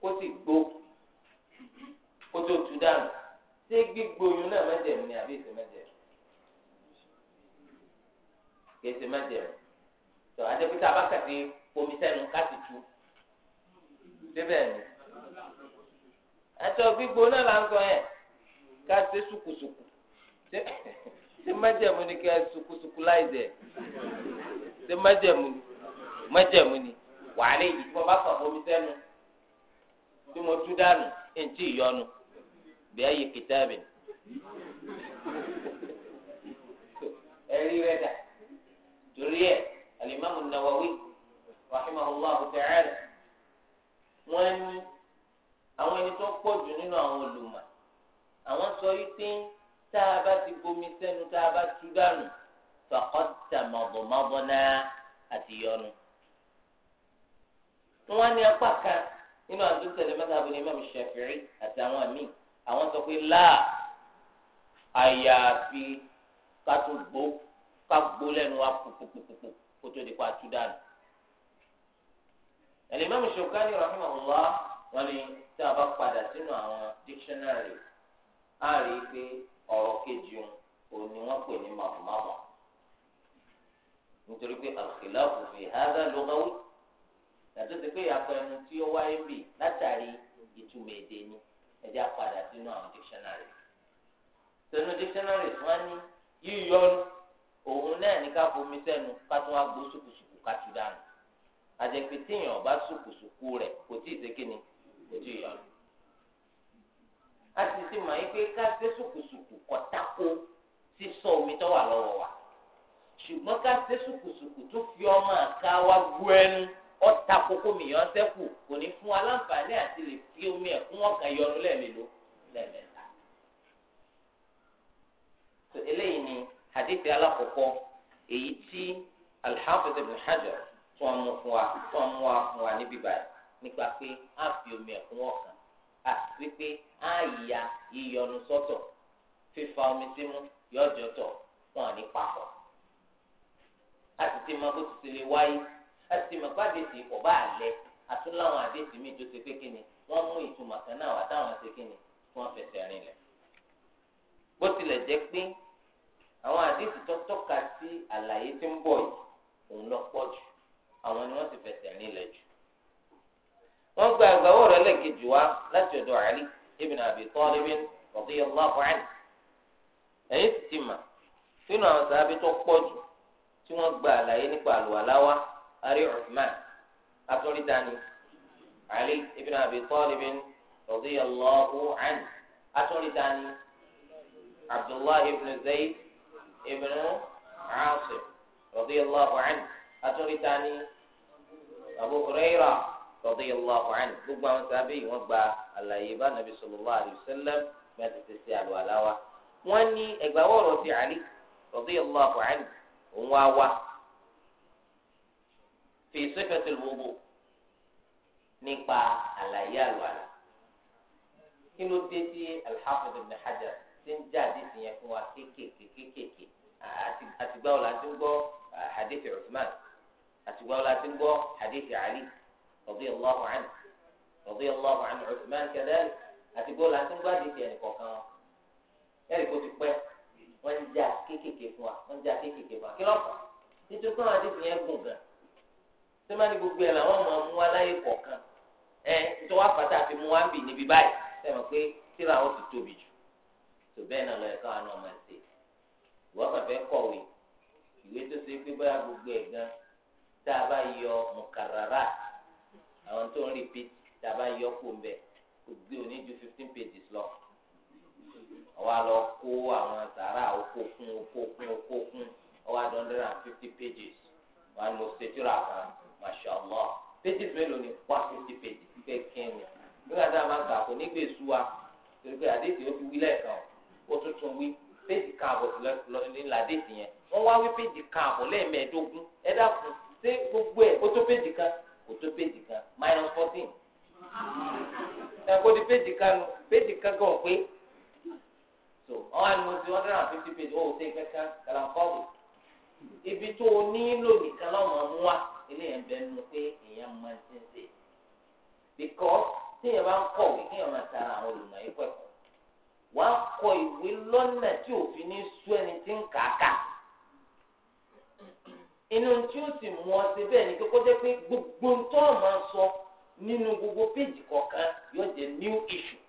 kó sì gbó kó tó tu dànù ṣé gbígbóyún náà mẹ́jẹ̀mú ni àbí èsì mẹ́jẹ̀mú kèsì mẹ́jẹ̀mú tó àjẹpẹ́tà bá kàtí fomi sẹ́nu ká sì tu. débẹ̀ ni ẹtọ gbígbóná là ń sọ yẹn ká ṣe sukusuku ṣe májẹ̀mú ni ká sukusuku láì dẹ̀ ṣe májẹ̀mú ni májẹ̀mú ni wàhálà yìí kí wọ́n bá sọ̀rọ̀ omi sẹ́nu tí mo tú dànù ẹ̀ ń tí ì yọnu bẹ́ẹ̀ yìí kìtàbí ẹ̀rí rẹ̀ dà torí ẹ̀ alimami Nawawi rahimahullah ta'ala. wọ́n ní àwọn ẹni tó pọ̀ jù nínú àwọn olùmọ̀ àwọn sọ yìí pé tá a bá ti bomi sẹ́nu tá a bá tú dànù fàkọ́ tà mọ̀bọ̀mọ́bọ̀ náà àti yọnu. wọ́n ní apá kan nínú àwọn tó tẹ̀lé mẹ́ta abúlé mẹ́mi Ṣafi'i àti àwọn míì àwọn sọ pé láà àyàfi ká tó gbó ká gbó lẹ́nu wa pòpòpòpò kó tó di pa tú dànù. Al-Imam Shawkani rahimahullah wọ́n ní tí a bá padà sínú àwọn dictionary á rí i pé ọ̀rọ̀ kejì òun ni wọ́n pè ní màmúmáwá nítorí pé al-khilafu fi hadha lughawi yàtọ̀ sí pé ìyàpọ̀ ẹnu tí ó wáyé bì látàrí ìtumọ̀ èdè ni ẹjẹ́ àpadà sínú àwọn dictionary sínú dictionary wọ́n ní yíyọnu òun náà ní ká fomi sẹ́nu ká tún wá gbó sùkùsùkù ká tún dànù àjẹpẹ tíyàn bá sùkùsùkù rẹ̀ kò tí ì sékéni kò tí ì yọnu a sì ti mọ̀ yín pé ká ṣe sùkùsùkù kọ̀tàkó sísọ omi tó wà lọ́wọ́ wa ṣùgbọ́n ká ṣe sùkùsùkù tó fi ọmọ àká wa gbó ẹnu ọ̀tà kókó mìíràn sẹ́kù kò ní fún aláǹfààní àti lè fi omi ẹ̀ fún ọ̀kan yọnu lẹ́ẹ̀mélòó lẹ́ẹ̀mẹ́ta. eléyìí ni hadith alákọ̀ọ́kọ́ èyí tí al ibn Hajar fún ọmọ fún wa fún ọmọ wa fún wa níbí báyìí nípa pé á fi omi ẹ̀kún ọ̀kan àti wípé á ya yíyọnu sọ́tọ̀ fífa omi símú yọjọ tọ̀ wọn ní papọ̀ àti tí ma bó ti ti lè wáyé àti tí ma bá dé sí ipò bá lẹ àtúnláwọn àdéhùn mi tó ṣe pé kíni wọn mú ìtumọ̀ kan náà wá táwọn ṣe kíni wọn fẹsẹ̀ rinlẹ̀ bó tilẹ̀ jẹ́ pé àwọn àdéhùn tó tọ́ka sí àlàyé tí ń bọ̀ yìí òun lọ pọ̀ jù àwọn ni wọ́n sì fẹsẹ̀ nílẹ̀ jù. wọ́n gba ìgbàwọ́ rẹ̀ lẹ́ẹ̀kejì wá láti ọ̀dọ̀ Ali ibn Abi Talib radiyallahu anhu. ẹ̀yìn sì ti mà sínú àwọn sàábí tó pọ̀ jù tí wọ́n gba àlàyé nípa àlùwàláwá arí Uthman atọ́rí dání Ali ibn Abi Talib radiyallahu anhu atọ́rí dání Abdullahi ibn Zayd ibn Asim radiyallahu anhu atúrítà ní Abu Hurairah radiyallahu anhu gbogbo àwọn sábẹ́ yìí wọ́n gba àlàyé bá nàbí sallallahu alayhi wa sallam bí wọ́n ti ti ṣe àlọ́ àláwa. wọ́n ní ẹgbàáwọ̀ ọ̀rọ̀ ti àlì radiyallahu anhu òun wá wá fi sifatil wudu nípa àlàyé àlọ́ kí ló dé tí al ibn Hajar ti ń jáde sí yẹn fún wa kéékèèké kéékèèké àtìgbà ọ̀la ti ń gbọ́ hadith Uthman àtìgbà wọn láti ń gbọ́ hadithi ali radiyallahu anhu radiyallahu anhu Uthman kẹlẹ́rì àtìgbà wọn láti ń gbọ́ hadithi ẹnì kọ̀ọ̀kan wọn ẹ̀rì kó ti pẹ́ wọ́n ń já kéékèèké fún wa wọ́n ń já kéékèèké fún wa kí lọ́kàn nítorí pé àwọn hadithi yẹn gùn gan sẹ́mánì gbogbo ẹ̀ làwọn máa mú wa láyé kọ̀ọ̀kan ẹ̀ nítorí wọ́n apàtà àti mú wa bì níbi báyìí sẹ́mi pé síra wọn ti tóbi jù tó bẹ́ẹ̀ náà lọ́yẹ̀ká wọn náà máa ṣe ìwọ́n kàn fẹ́ kọ̀wé ìwé tó ṣe pé báyà gbogbo ẹ̀ gan tá a bá yọ mùkàràrà àwọn tó ń repeat tá a bá yọ kó ń bẹ kò gbé òní ju fifteen pages lọ ọwọ́ àlọ́ kó àwọn sàrà okó kún okó kún okó kún ọwọ́ àdó hundred and fifty pages wọn ni mo ṣe tíra kan masha allah pages mélòó ni one fifty pages gbẹ kẹ́ni nígbà tá a máa ń kà kó nígbè sú wa torí pé àdéhùn ó fi wí lẹ́ẹ̀kan ó tuntun wí péjì káàbọ̀ nílà àdéhùn yẹn wọ́n wá wí péjì káàbọ̀ lẹ́ẹ̀mẹ́ẹ̀dógún ẹ dákun ṣé gbogbo ẹ ó tó péjì kan kò tó péjì kan minus fourteen ẹ kó di péjì kan nu péjì kan pé so àwọn àlùmọ̀tì one hundred and fifty page ó ṣe kankan ibi tó o nílò nìkan lọ́mọ mú wa pé èèyàn máa ń ṣe because téèyàn bá ń kéèyàn máa tara àwọn inú tí ó sì mú ọ ṣe bẹ́ẹ̀ kókó jẹ́ pé gbogbo tó o sọ nínú gbogbo péjì kọ̀ọ̀kan yóò jẹ́ new issue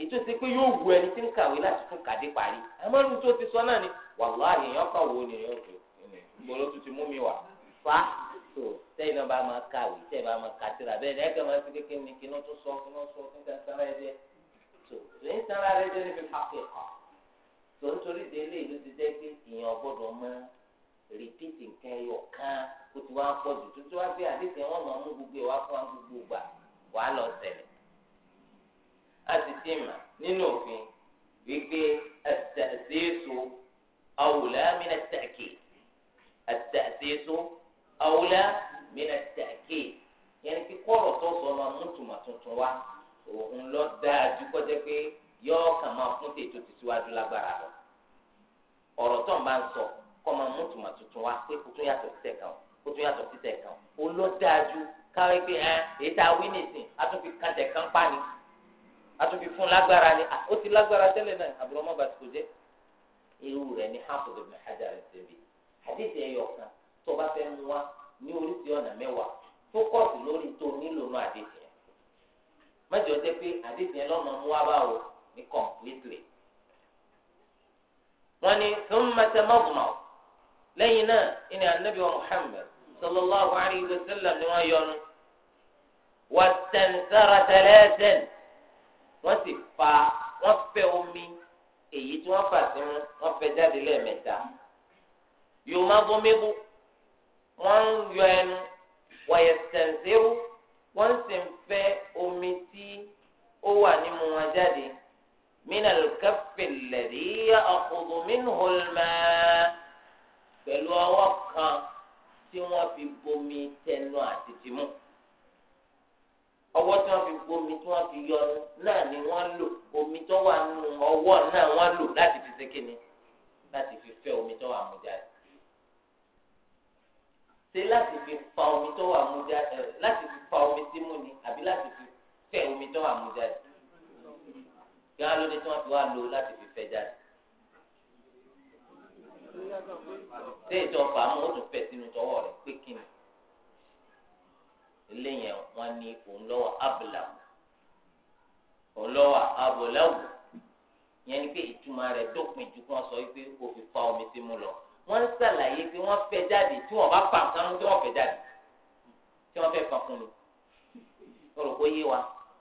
ètò pé yóò ẹni tí ń kàwé láti kàdé parí ti sọ náà ni wàláhì èèyàn wo ni èèyàn tó gbòòrò ti mi fa tó sẹ́yìn náà bá máa kàwé sẹ́yìn bá máa kàtìrà bẹ́ẹ̀ ni ẹ̀kẹ́ máa ti tó sọ kíná sọ kíná sára sára ẹ̀ jẹ́ rìpítì nǹkan ẹyọ kan kó ti wá pọ̀ jù tó ti wá pé àdìsẹ́ wọn máa mú gbogbo ìwà fún wa gbogbo gbà wà á lọ sẹlẹ̀. a ti ti mà nínú òfin wípé ẹ̀sẹ̀ẹ̀sẹ̀ẹ̀sọ àwùlá mìíràn tàkì ẹ̀sẹ̀ẹ̀sẹ̀ẹ̀sọ àwùlá mìíràn tàkì yẹn kí kọ́rọ̀ tó sọ máa mú tùmọ̀ tuntun wá òun lọ dáa ju kọjá pé yọ́ọ́ kà máa fún tètò tìṣíwájú lágbára lọ ọ̀rọ̀ tó ń bá ń sọ kọ́ máa mú tùmọ̀ tuntun wá pé kó tún yàtọ̀ sí tẹ̀kan kó tún yàtọ̀ sí tẹ̀kan ó lọ dájú káwé pé ẹ èyí tá a wí nìsín a tún fi kan tẹ̀kan pa ni a tún fi fún lágbára ni ah, ó ti lágbára tẹ́lẹ̀ náà àbúrò ọmọ bàtí kò jẹ́ irú rẹ̀ ní hafiz ibn hajar ṣẹbi àdéhìí ẹ̀yọ̀ kan tó bá fẹ́ mú wa ní oríṣi ọ̀nà mẹ́wàá tó kọ́ọ̀tù lórí tó nílò náà àdéhìí ẹ̀ mẹ́jọ jẹ́ pé àdéhìí ẹ̀ lọ́nà mú wa báwo ní completely wọ́n ní fún mẹ́tẹ́mọ́gbọ̀n lẹ́yìn náà ìní anabi wa muhammed sallallahu alayhi wa sallam ni wọ́n yọnu wọ́n tẹ̀síra tẹ̀lẹ́sẹ̀n wọ́n sì fa wọ́n fẹ́ omi èyí tí wọ́n fà sí wọn wọ́n fẹ́ jáde lẹ́ẹ̀mẹ́ta yóò má bọ́ mébú wọ́n yọ ẹnu wọ́n yẹ wọ́n sì fẹ́ omi tí ó wà nímú wọn jáde mínà lùkẹ́fẹ̀ lẹ́dí ọ̀kùnrin mínú hólmẹ́ẹ́ pẹ̀lú ọwọ́ kan tí wọ́n fi bomi tẹnu àti tìmú ọwọ́ tí wọ́n fi bomi tí wọ́n fi yọnu náà ni wọ́n lò omi tó wà nù ọwọ́ náà wọ́n lò láti fi sékéni láti fi fẹ́ omi tó wà mú jáde ṣe láti fi fa omi tó wà mú jáde láti fi fa omi tí mú ni àbí láti fi fẹ́ omi tó wà mú jáde kí wọ́n á tí wọ́n fi wá lò láti fi fẹ́ jáde ṣé ìjọ fàámu ó tún fẹ̀ sínú tọwọ́ rẹ̀ pé kíni eléyẹn wọn ní òun lọ́wọ́ abúláwù òun lọ́wọ́ abúláwù yẹn ni pé ìtumọ̀ rẹ̀ dópin ju kí wọ́n sọ wípé o fi fa omi sí mu lọ wọ́n ṣàlàyé pé wọ́n fẹ́ jáde tí wọ́n bá fà kánú tí wọ́n fẹ́ jáde tí wọ́n fẹ́ kàn fún mi wọ́n rò pé yé wa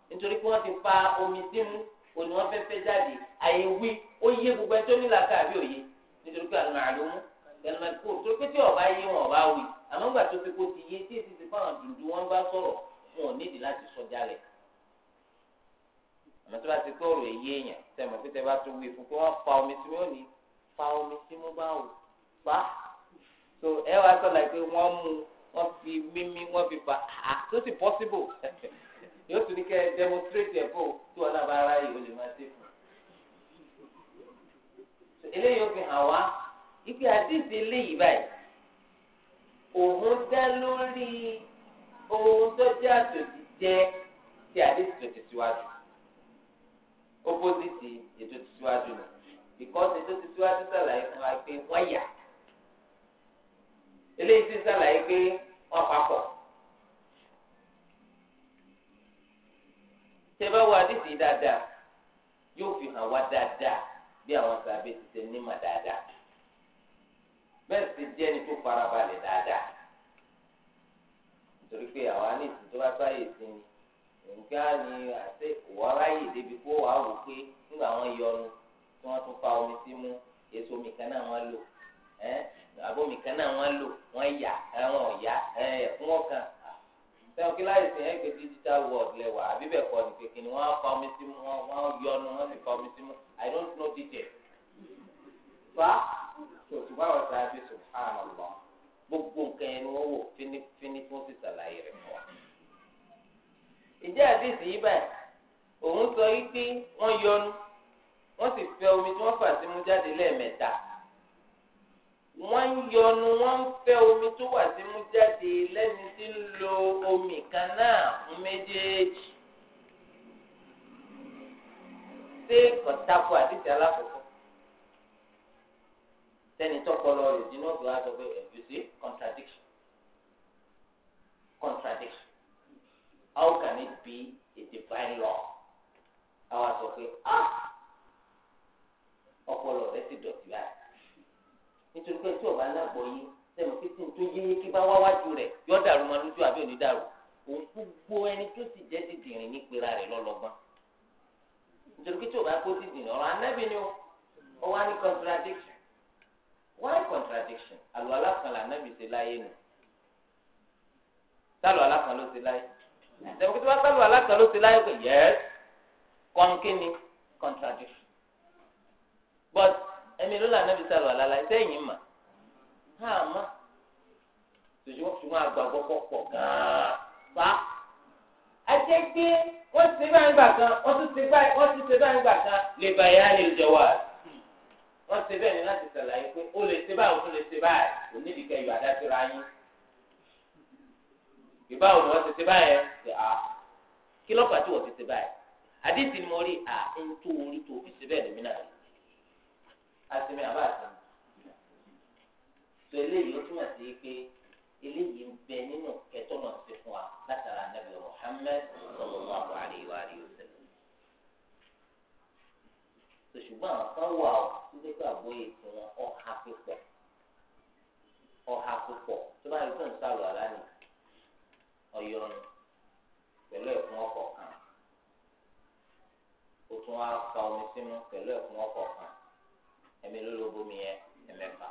nítorí pé wọ́n ti fa omi sí mu òní wọ́n fẹ́ fẹ́ jáde àyè wí ó yé gbogbo ẹjọ́ nílàkà àbí òye nítorí pé àlùmàlùmú tẹnumẹtò tó pé tí ọba yé wọn ọba wí àmọ́ ńgbà tó fi kó ti yé tí èsì ti fáwọn dùndú wọn bá sọ̀rọ̀ wọn ò nídìí láti sọ jálẹ̀ àmọ́ tó bá ti kọ́ ọ̀rọ̀ èyí èèyàn tẹmọ pé tẹ bá tó wí fún pé wọ́n fa omi sí mi ó ní fa omi sí mi bá wò fa so ẹ wá sọ láì pé wọ́n mú wọ́n fi mímí wọ́n fi fa àá tó ti possible yóò tún ní kẹ́ demonstrate ẹ̀ fún tí wọn náà bá ara yìí lè máa ṣe fún eléyìí ó fi hàn wá ipe àdìsí eléyìí báyìí òun dá lórí ohun tó jẹ́ àtòjì jẹ́ ti àdìsí tó ti síwájú opposite ètò ti síwájú nù because ètò ti síwájú sàlàyé fún wa pé wọ́n yà eléyìí ti sàlàyé pé wọ́n papọ̀. tẹ́ bá wo àdìsí dáadáa yóò fi hàn wá dáadáa. bí àwọn sàbẹ ti ṣe nímọ̀ dáadáa bẹ́ẹ̀ sì jẹ́ ẹni tó farabalẹ̀ dáadáa nítorí pé àwa ní ìtìjọba sáyè sí ni nǹkan ni àti òwò ráyè débi kó wà wò pé nígbà wọn yọnu tí wọn tún fa omi sí mú èso omi kan náà wọn lò ẹ kan náà wọn lò wọn yà ẹ wọn ò ẹ sẹ́wọ̀n kí láyé sẹ́yìn ẹgbẹ́ digital world lẹ́wà àbí bẹ́ẹ̀ kọ́ ni kékeré ni wọ́n fa omi sí mu wọ́n yọnu wọ́n sì fa omi sí mu I don't know detail. fa sòtúbà wà sáábì sùhánà lọ gbogbo nǹkan yẹn ni wọ́n wò fínífíní fún ti sàlàyé rẹ̀ fún wa. ìjẹ́ àdìsí yìí báyìí òun sọ yìí pé wọ́n yọnu wọ́n sì fẹ́ omi tí wọ́n fà sí mu jáde lẹ́ẹ̀mẹ́ta wọ́n ń yọnu wọ́n ń fẹ́ omi tó wà tí mú jáde lẹ́ni tí ń lo omi kan náà fún méjèèjì. ṣé kọ̀tàkù àdìsí alákọ̀ọ́kọ́ sẹ́ni tọ́pọ̀lọ rẹ̀ dínú ọ̀gbìn wa sọ pé eh, you see contradiction contradiction how can it be a divine law? alábọ̀ yín sẹ́mu títí tó yé kí bá wáwájú rẹ̀ yọ dàrú ma lójú àbí òní dàrú òun gbogbo ẹni tó sì jẹ́ dìdìrín ní pera rẹ̀ lọ́lọ́gbọ́n nítorí pé tí o bá kó dìdìrín ọ̀rọ̀ anábì ni ó wá ní contradiction why contradiction àlọ́ alákan là anábì ṣe láyé nù sálọ̀ alákan ló ṣe láyé sẹ́mu kí tí wọ́n sálọ̀ alákan ló ṣe láyé pé yes kọ́ńkínni contradiction but ẹ̀mí ló là anábì sálọ̀ alálàyé sẹ́yìn mà hàn má ṣùgbọ́n ṣùgbọ́n àgbàgbọ́ pọ̀ pọ̀ gan-an fa. ajẹ́ pé wọ́n ti bá ń gbà kan wọ́n tún ti bá wọ́n ti bá ń gbà kan lè bá yá lè jẹ wá. wọ́n ti bẹ́ẹ̀ ni láti ṣàlàyé pé ó lè ṣe báyìí ó lè ṣe báyìí kò ní ìdíkẹ́ ìwà dáṣẹ́ra yín. ìbáwo ni wọ́n ti ṣe báyìí ṣe à kí lọ́pàá tí wọ́n ti ṣe báyìí àdéhùn ni mo rí à ń tó orí tó fi ṣe bẹ́ẹ̀ lómìnà rẹ̀ àti mi àbá àtàwọn tó eléyìí ó túmọ̀ sí pé eléyìí ń bẹ nínú kẹtọ́ náà ti fún wa látara nàbì Muhammad sallallahu alaihi wa alihi wasallam. ṣùgbọ́n àwọn kan wà ó títí pé àgbóyè tí wọn ọ̀há pípọ̀ ọ̀há pípọ̀ tó bá yẹ kó ń sálọ àlá ni pẹ̀lú ẹ̀kún ọkọ̀ kan ó tún wá fa omi sínú pẹ̀lú ẹ̀kún ọkọ̀ kan ẹ̀mí ló ló bomi yẹn ẹ̀mẹ́fà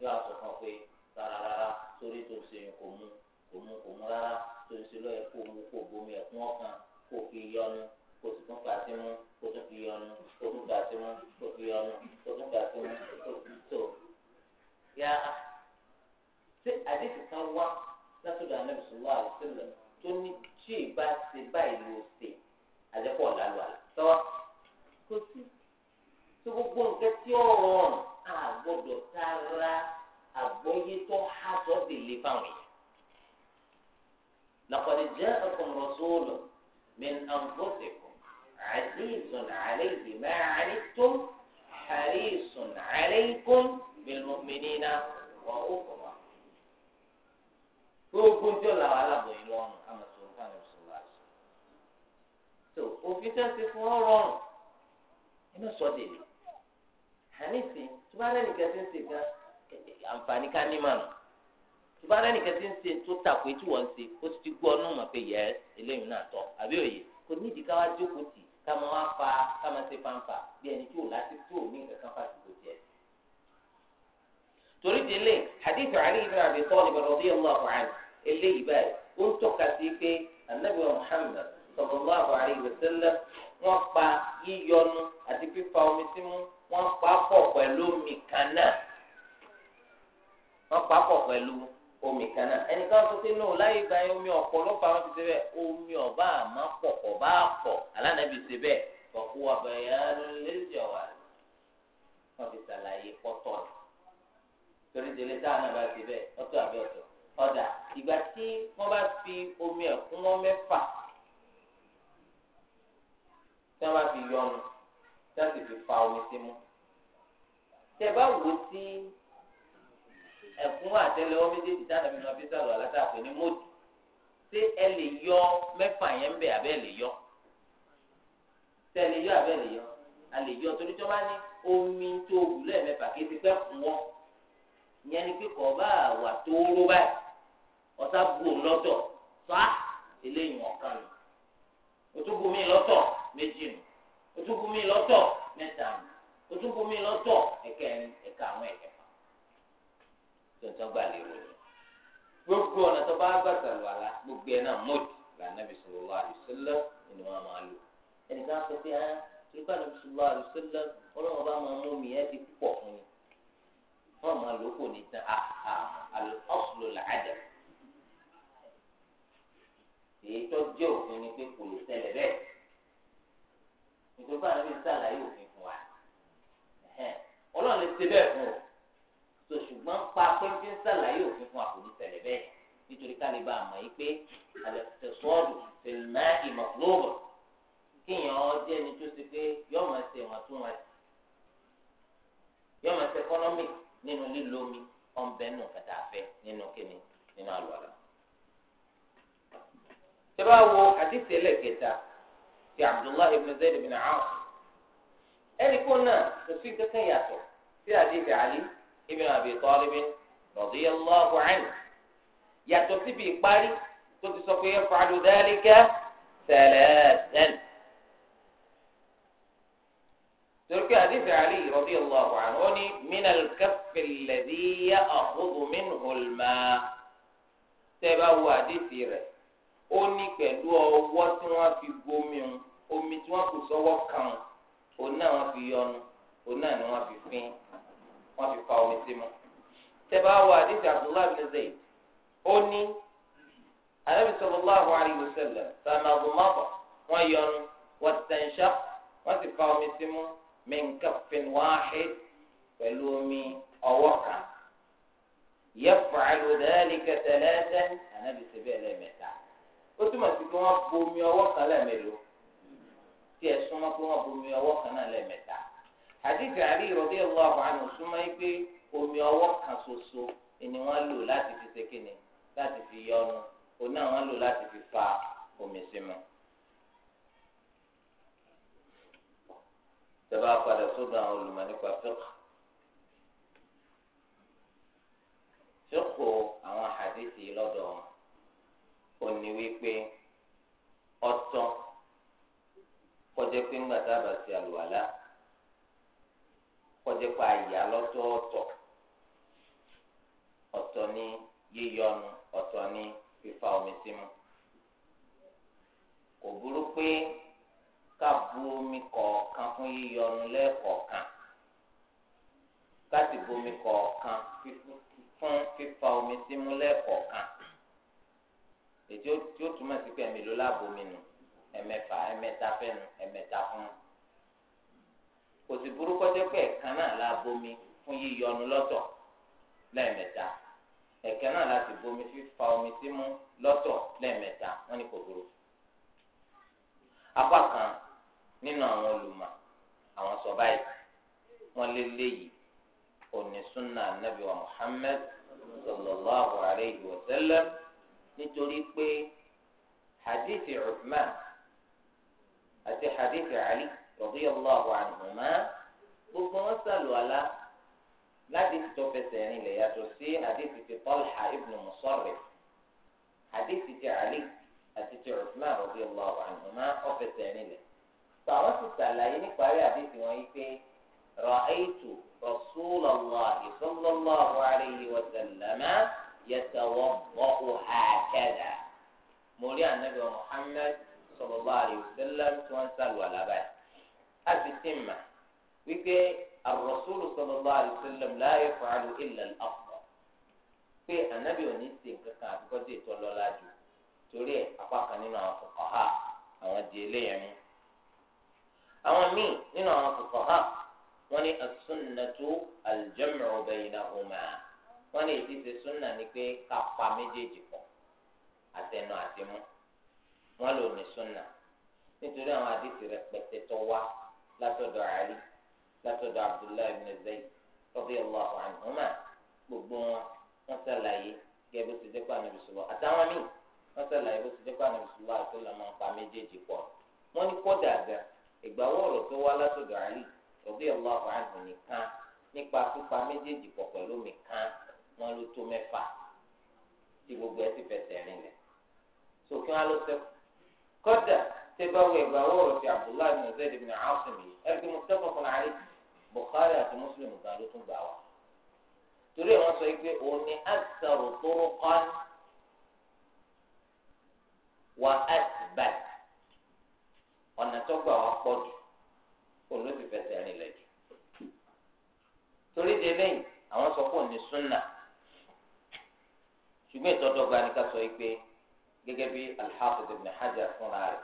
yóò wá sọ fún ọ pé rárá rárá sórí tó ń ṣe yẹn kò mú kò mú kò mú rárá tó ń ṣe lọ́yẹ̀ kó mú kó bomi ẹ̀kún ọ̀kan kó fi yọnu kó sì tún fàá sí mú kó tún fi yọnu kó tún fàá sí mú kó fi yọnu kó tún fàá sí mú kó tún tó. yá ṣé àdéhùn kan wá látọ̀dọ̀ ànábì sọ̀rọ̀ àdìsílẹ̀ tó ní tí ìbá ṣe báyìí ló ṣe àjẹpọ̀ làlùwàlà tọ́ kó sí tó gbogbo nǹkan tí ó rọrùn. a gbọ́dọ̀ sára àgbóyétọ́ hásọ́bìlì fáwọn èèyàn. لقد جاءكم رسول من أنفسكم عزيز عليه ما عنتم حريص عليكم بالمؤمنين رؤوف رحيم. gbogbo ń jọ làwọn alábòyìn lọ́rùn àmọ̀ sọ̀rọ̀ fún àwọn ìṣòro àṣà. tó òfin tẹ́sí fún ọ rọrùn inú sọ́dẹ̀ ni. hànífì tó bá rẹ́nì kẹ́sì ń ṣe gan àǹfààní ká ní màrún tó bá rẹ́nì kẹ́sì ń ṣe tó tàpé tí wọ́n ń ṣe ó ti gbọ́ ọ́nù mọ̀ pé yẹ eléyìí náà tọ́ àbí òye kò ní ìdí ká wá jókòó tì ká wá fa ká máa ṣe fanfa bí ẹni tí ò láti tí ò ní nǹkan kan fàṣìkò jẹ e. torí délé hadith Ali ibn Abi Talib eléyìí báyìí ó ń tọ́ka sí pé anabi wọ́n pa yíyọnu àti fífa omi símú wọ́n pa pọ̀ pẹ̀lú omi kan náà wọ́n pa pọ̀ pẹ̀lú omi kan náà ẹnìkan tó ti nù láyé gba omi ọ̀pọ̀ ló wọn ti ṣe bẹ́ẹ̀ omi ọ̀bá àmọ́ pọ̀ pọ̀ pọ̀ alánàbì ṣe bẹ́ẹ̀ fọ̀kú abẹ́yà lẹ́sẹ̀ wà wọ́n ti ṣàlàyé pọ̀tọ̀ ni torí délé táwọn náà bá ṣe bẹ́ẹ̀ ọ̀tọ̀ àbẹ́ ọ̀tọ̀ ọ̀dà ìgbà tí wọ́n bá fi omi ẹ̀kún wọn mẹ́fà tí wọn bá fi yọnu tí wọn sì fi fa omi sí mu tẹ bá wò ó sí ẹkún àtẹ́lẹwọ́ méjèèjì táwọn ẹbí wọn fi sọ̀rọ̀ alátàpẹ ní mọdù ṣé ẹ lè yọ mẹ́fà yẹn bẹ abẹ lè yọ tẹ ẹ lè yọ abẹ lè yọ a lè yọ torí tí wọn bá ní omi tó wù lẹ́ẹ̀mẹ́fà kí ti fẹ́ kún wọn ìyẹn ni pé kọ̀ bá wà tó ró báyìí ọ̀sá bu òun lọ́tọ̀ sá eléyìí ọ̀kan o tún bu mí lọ́tọ̀ méjì nù ojúkú mi lọ́tọ̀ mẹ́ta nù ojúkú mi lọ́tọ̀ ẹ̀kẹrin ẹ̀ka àwọn ẹ̀kẹfà tuntun gba lérò rẹ̀ gbogbo ọ̀nà tó bá gbà sàlù àlá gbogbo ẹ̀ náà mọ́ọ̀dì lànà bisimilá àdùsílẹ̀ ni wọ́n máa lò ẹnìkan sọ pé ẹ́ nípa ní bisimilá àdùsílẹ̀ ọlọ́run bá máa mú mi ẹ́ ti púpọ̀ fún mi wọ́n máa lò kò ní tán àlọ́sùlù ah, ah, làádẹ́ èyí tó jẹ́ òfin ni pé kò lè ṣẹlẹ̀ bẹ́ẹ̀ ìgbẹ́fà náà fi ń sàlàyé òfin fún wa ọlọ́run lè ṣe bẹ́ẹ̀ fún ọ tó ṣùgbọ́n pa pẹ́ńtì ń sàlàyé òfin fún wa kò ní ṣẹlẹ̀ bẹ́ẹ̀ nítorí káàlì bá a mọ̀ yìí pé àlẹ́ tẹ̀sọ́ọ̀dù tẹ̀lẹ́ ìmọ̀lóòbọ̀ kéèyàn jẹ́ ní tó ṣe pé yọ máa ṣe ìwọ̀ntúnwọ̀nsì yọ máa ṣe economic nínú lílo omi ọ̀nbẹ nù kàtà àfẹ́ nínú kíni nínú àlùwàlà. tẹ́ bá wo àdìsí ẹlẹ́kẹta في عبد الله بن زيد بن عاص اني كنا في تكياته في حديث علي ابن ابي طالب رضي الله عنه يا تصيب اقبالي كنت سوف يفعل ذلك ثلاثا ترك حديث علي رضي الله عنه من الكف الذي يأخذ منه الماء تبوا حديث oni pẹlu ọwọ tí wọn fi gomi omi tí wọ́n kò sọ́wọ́ kàn òun náà wọ́n fi yọnu òun náà ni wọ́n fi fín wọ́n fi fa omi sí mu. tẹ́bá wọ àdìsí abdullahi bin zayd ó ní anabi sallallahu alayhi wa sallam sàmàgùmáfà wọ́n yọnu wọ́n tẹ̀sán wọ́n ti fa omi sí mu mẹ́ńkàfin wáhid pẹ̀lú omi ọwọ́ kan. يفعل ذلك ثلاثا أنا بسبيل متى قلت ما تكون أبو ميوة كلام له tí ẹ súnmọ́ pé wọ́n bomi ọwọ́ kan náà lẹ́ẹ̀mẹ́ta àdìsí àrí ìrọ̀lẹ́ ìwọ àbánu súnmọ́ yìí pé omi ọwọ́ kan ṣoṣo ni wọ́n lò láti fi ṣèkìnnì láti fi yọnu òun náà wọ́n lò láti fi fa omi sí mu. padà sódò àwọn olùmọ̀ nípa tá a bá ti àlùwàlá kọjá pa àyà lọ́tọ̀ọ̀tọ̀ ọ̀tọ̀ ní yíyọnu ọ̀tọ̀ ní fífa omi sí mu kò burú pé ká bu omi kọ̀ọ̀kan fún yíyọnu lẹ́ẹ̀kọ̀ọ̀kan ká sì bu omi kọ̀ọ̀kan fún fífa omi sí mu lẹ́ẹ̀kọ̀ọ̀kan èyí tí ó túmọ̀ sí pé ẹ̀mí ló láàbò ẹ̀mẹ́fà ẹ̀mẹ́ta fẹ́nu ẹ̀mẹ́ta fún kò sì burú kọjá pé ẹ̀kan náà la bomi fún yíyọnu lọ́tọ̀ lẹ́ẹ̀mẹ́ta ẹ̀kan náà la sì bomi fífa omi sí mú lọ́tọ̀ lẹ́ẹ̀mẹ́ta wọ́n ní kò burú. apá kan nínú àwọn olùmọ̀ àwọn sọ báyìí wọ́n lé léyìí òní súnà nàbí wa Muhammad sallallahu alayhi wa sallam nítorí pé hadithi Uthman. àti hadith ali radiyallahu anhuma gbogbo wọn sàlù àlá láti tó fẹsẹ̀ rìn lẹ̀ yàtọ̀ sí hadith ti Talha ibn Musarrif hadith ti ali àti ti Uthman radiyallahu anhuma ọ̀fẹsẹ̀ rìn lẹ̀ tó àwọn sì sàlàyé níparí hadith wọn yìí pé ra'aytu rasulallahi sallallahu alayhi wa sallama yatawadda'u hakadha mo rí ànábì Muhammad. sallallahu alaihi wasallam tí wọ́n ń sàlù àlàbà yìí. a sì ti mà wípé ar-rasul sallallahu alaihi wasallam la yaf'alu illa al-afdal pé ànábì òní ti kankan àbíkọ́ dé ìtọ́ lọ́la jù torí ẹ̀ apá kan nínú àwọn fuqaha àwọn di eléyẹn àwọn míì nínú àwọn fuqaha wọ́n ní as-sunnatu al-jam'u baynahuma wọ́n ní ìdí ti sunna ni pé kápá méjèèjì pọ̀ àtẹnu àtẹmú wọn lò ní sunna nítorí àwọn àdìsí rẹpẹtẹ tó wá látọ̀dọ̀ Ali látọ̀dọ̀ Abdullahi ibn Zayd radiyallahu anhuma gbogbo wọn wọn sàlàyé gẹ́gẹ́ bó ti dẹkọ ànábì sọlọ àtàwọn míì wọn sàlàyé bó ti dẹkọ ànábì sọlọ àtọlà máa ń pa méjèèjì pọ̀ wọn ní kódà gan ìgbàwọ ọ̀rọ̀ tó wá látọ̀dọ̀ Ali radiyallahu anhu nìkan nípa pípa méjèèjì pọ̀ pẹ̀lú mi wọn ló tó mẹ́fà tí gbogbo ẹ ti fẹsẹ̀ rìn lẹ̀ sókè wọn lọ sẹkù kọ́dà tẹ́ bá wọ ẹ̀gbà wọ̀rọ̀ ti abdullahi bin zayd bin asim yìí ẹ̀rìkì muttafaqun alayhi bukhari àti muslim gan ló tún gbà wá. torí ẹ̀ wọ́n sọ pé òun ni aktharu turuqan wa athbat ọ̀nà tó gbà wá pọ̀ jù òun ló ti fẹsẹ̀ rìn lẹ̀ jù. torí de lẹ́yìn àwọn sọ pé òun ni sunna ṣùgbọ́n ìtọ́dọ̀gba ni ká sọ pé gẹ́gẹ́ bí alḥafiz ibn hajar fúnra rẹ̀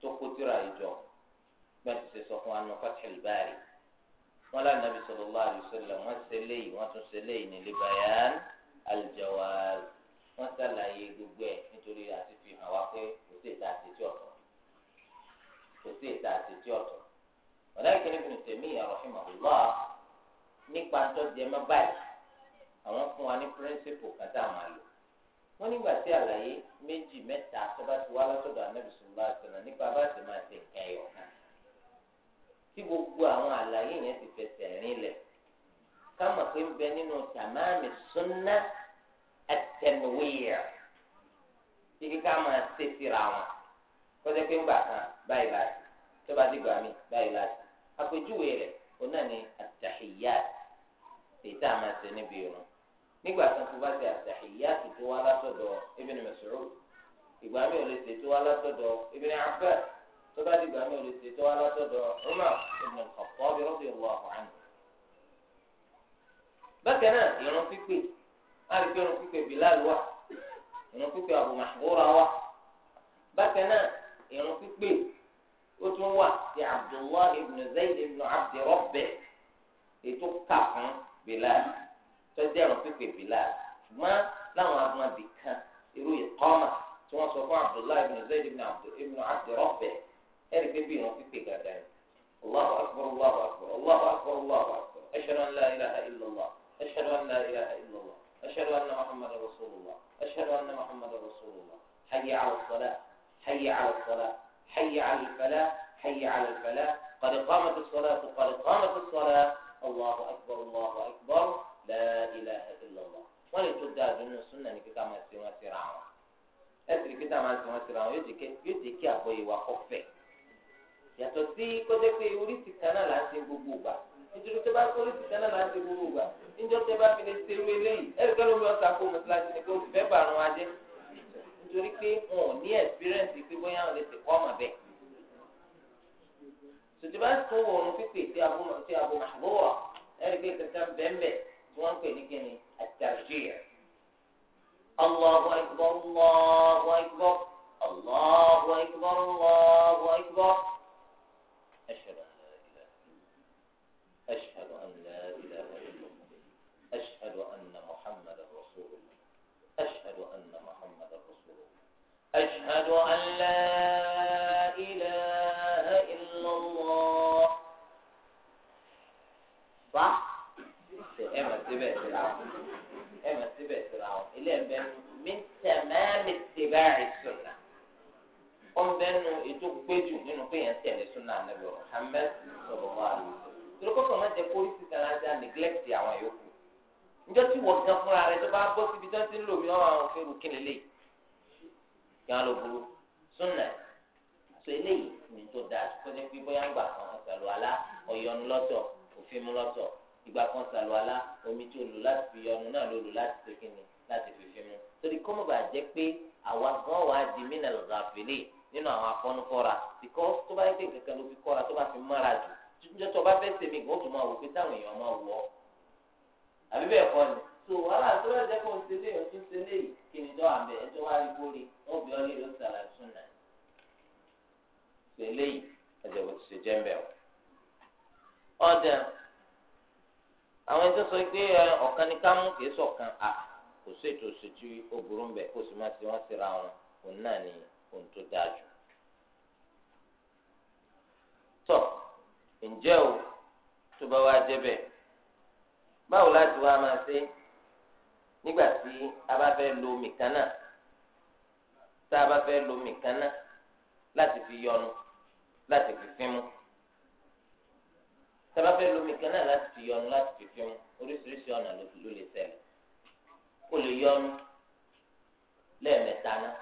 tó kó tírà ìjọ bẹ́ẹ̀ ti ṣe sọ fún anu fathil bari wọn lé anabi sallallahu alayhi wa sallam wọn ṣe léyìí wọn tún ṣe léyìí ní libayan aljawaz wọn ṣàlàyé gbogbo ẹ̀ nítorí àti fi hàn wá pé kò sí ìta àtẹtí ọ̀tọ̀ kò sí ìta àtẹtí ọ̀tọ̀ walakin ibn Taymiyyah rahimahullah nípa tó jẹ mọ́ báyìí àwọn fún wa ní píríncípù kan tá wọn nígbà tí àlàyé méjì mẹ́ta tó bá ti wá látọ̀dọ̀ Ànábì sallallahu alaihi wasallam nípa bá ti máa ṣe nǹkan ẹyọ kan tí gbogbo àwọn àlàyé yẹn ti fẹsẹ̀ rinlẹ̀ ká mọ̀ pé ń bẹ nínú tàmáàmì súnná àtẹnuwéyà tí kíkà máa ṣe síra wọn kọjá pé ń gbà kan báyìí láti tó bá dìgbà mí báyìí láti àpèjúwe rẹ̀ òun náà ni àtàhíyà níbi irun nígbà tí wọn bá ti àtàhíyá ti tó wá látọ̀dọ̀ Ibn Mas'ud ìgbà mi ò lè ṣe tó wá látọ̀dọ̀ Ibn Abbas tó bá di ìgbà mi ò lè ṣe tó wá látọ̀dọ̀ Umar ibn al-Khattab radiyallahu anhu. bákan náà ìrun pípé a lè fi pípé Bilal wà ìrun pípé Abu Mahdura wà bákan náà ìrun pípé ó tún wà ti Abdullah ibn Zayd ibn Abdi Rabbih ètò kàfún Bilal. tọ́jú ẹ̀rọ pípé bìlá ṣùgbọ́n láwọn agbọ̀nbì kan irú ìkọ́mà tí wọ́n sọ fún abdullahi ibn zayd ibn abdurrabbe ẹ̀rí pé bí ìrún pípé gàdá yìí allahu akbar allahu akbar allahu akbar allahu akbar ẹ̀ṣẹ̀rọ ńlá la ilaha illallah ashhadu an la ilaha illallah ashhadu anna muhammadan rasulullah ashhadu anna muhammadan rasulullah hayya ala salah hayya ala salah hayya ala falah hayya ala falah قد قامت الصلاة قد قامت الصلاة la ilaha illallah wọn lè tó dáa dunu sunna ní kíkà máa ṣe wọn síra wọn ẹsìn kíkà máa ṣe wọn síra wọn yóò jẹ kí àbọyé wa kọ fẹ yàtọ̀ sí kọjá pé oríṣi kan náà là ń ṣe gbogbo gbà nítorí tó bá kó oríṣi kan náà là ń ṣe gbogbo gbà níjọ́ tẹ́ bá fi lè ṣe irú eléyìí ẹ̀rí kọ́ ló ń lọ sàkó mọ́sálásí ni pé òfìfẹ́ bàrún wa nítorí pé wọn ò ní ẹ̀sìpírẹ́ǹsì pé bóyá wọn lè ṣe kọ́ ọmọ bẹ́ẹ̀. sòtìbá ń sún oorun pípé tí abo màbúrò ẹ̀rí pé kankan bẹ́ẹ̀ wọ́n ń pè ní kíni àtàrjíyà Allahu akbar Allahu akbar Allahu akbar Allahu akbar ashhadu an la ilaha illallah ashhadu an la ilaha illallah ashhadu anna muhammadan rasulullah ashhadu anna muhammadan rasulullah ashhadu an la. tó gbé jù nínú pé yẹn tẹ̀lé súnà nàbẹ̀ Muhammad sọ̀rọ̀ wà lóyún. tòlókọ́sọ̀ máa jẹ́ kórìí sí garaja neglect àwọn yòókù. njọ́ tí wọ́n gan fúnra rẹ̀ tó bá bọ́ síbi tó ti ń lò mí ọ́ àwọn fẹ́rù kílélẹ̀ kí wọ́n lọ burú súnà sọ eléyìí ní tó dáa tó jẹ́ pé bóyá ń gbà kan ọ̀sàlù alá ọ̀yọ́nu lọ́tọ̀ òfin mú lọ́tọ̀ ìgbà kan ọ̀sàlù alá omi tó lò láti fi yọnu náà ló lò láti ṣe kíni láti fi fi mú torí kọ́mọ̀bà jẹ́ pé àwa gan wàá di mí nà lọ́gàfẹ́lẹ́ nínú àwọn afọ́nukọ́ra because tó bá yẹ pé kankan ló fi kọ́ra tó bá fi mára jù tuntun tó bá fẹ́ sèmi kò tún máa wò pé táwọn èèyàn máa wọ̀ ọ́ àbí bẹ́ẹ̀ kọ́ ni so wàhálà tó bá jẹ́ kó ń ṣe lé ẹ̀ ń ṣe lé yìí kí ni dọ́ àbẹ̀ ẹjọ́ wá rí bórí wọn bí ọ́ lè ló sàlà sùn náà ṣe lé yìí ẹ̀jẹ̀ bó ti ṣe jẹ́ mbẹ́ o. ọ̀dà àwọn ẹjọ́ sọ pé ọ̀kan ni ká mú kì í sọ̀kan à kò sí ètò òṣèjú ó burú kó sì má ti wọ́n síra wọn òun náà nìyẹn ohun tó dáa jù. tọ́ ǹjẹ́ o tó bá wá jẹ́ bẹ́ẹ̀ báwo láti wá máa ṣe nígbà tí a bá fẹ́ lo mìkánná tá a bá fẹ́ lo mìkánná láti fi yọnu láti fi fímú tá a bá fẹ́ lo mìkánná láti fi yọnu láti fi fímú oríṣiríṣi ọ̀nà ló lè ṣẹlẹ̀ o lè yọnu lẹ́ẹ̀mẹ́ta náà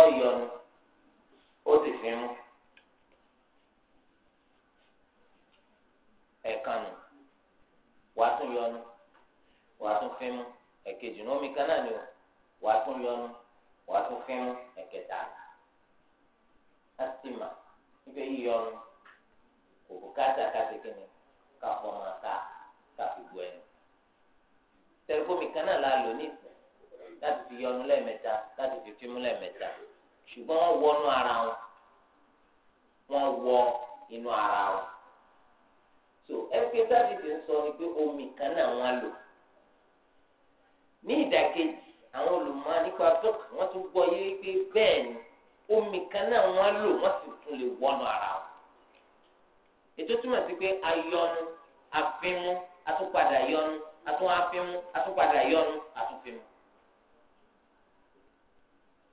ọ̀yọ̀nu ó sì fi mú ẹ̀kanu wàá tún yọnu wàá tún fi mú ẹ̀kejì ní omi kan náà ni o wàá tún yọnu wàá tún fi mú ẹ̀kẹta láti mà níbẹ̀ yíyọnu kò bùkátà kásìkìnnì káfọ́n máa ká káfígbó ẹni tẹlifóònù kan la lò ní láti fi yọnu lẹ́ẹ̀mẹ́ta láti fi fímú lẹ́ẹ̀mẹ́ta ṣùgbọ́n wọ́n wọnú ara wọn wọ́n wọ inú ara wọn so ẹgbẹ́ sábì ti ń sọ ni pé omi kan náà wọ́n lò ní ìdàkejì àwọn olùmọ̀ nípa fúk wọ́n tún gbọ́ yé pé bẹ́ẹ̀ ni omi kan náà wọ́n lò wọ́n sì tún lè wọnú ara wọn ètò túmọ̀ sí pé ayọnu àfimú atúpadà yọnu atún àfimú atúpadà yọnu àtúnfimú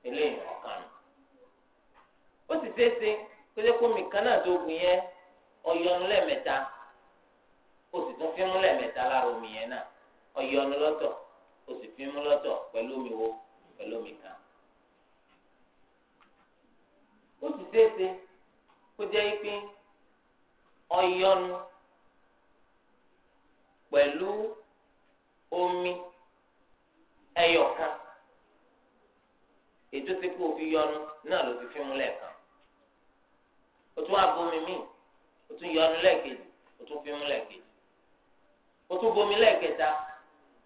eléyìí ọ̀kan nù. ó sì ṣeé ṣe pété kómi kan náà tó gbìn yẹn ọyọnu lẹ́ẹ̀mẹ́ta ó sì tún fímú lẹ́ẹ̀mẹ́ta lára omi yẹn náà ọyọnu lọ́tọ̀ ó sì fímú lọ́tọ̀ pẹ̀lú omi wo pẹ̀lú omi kan. ó sì ṣeé kó jẹ́ pé ọyọnu pẹ̀lú omi ẹyọkan. E ètò tí kò fi yọnu náà ló fi fímú lẹ́ẹ̀kan o tún abomi míì o tún yọnu lẹ́ẹ̀kejì o tún fímú lẹ́ẹ̀kejì o tún bomi lẹ́ẹ̀kẹta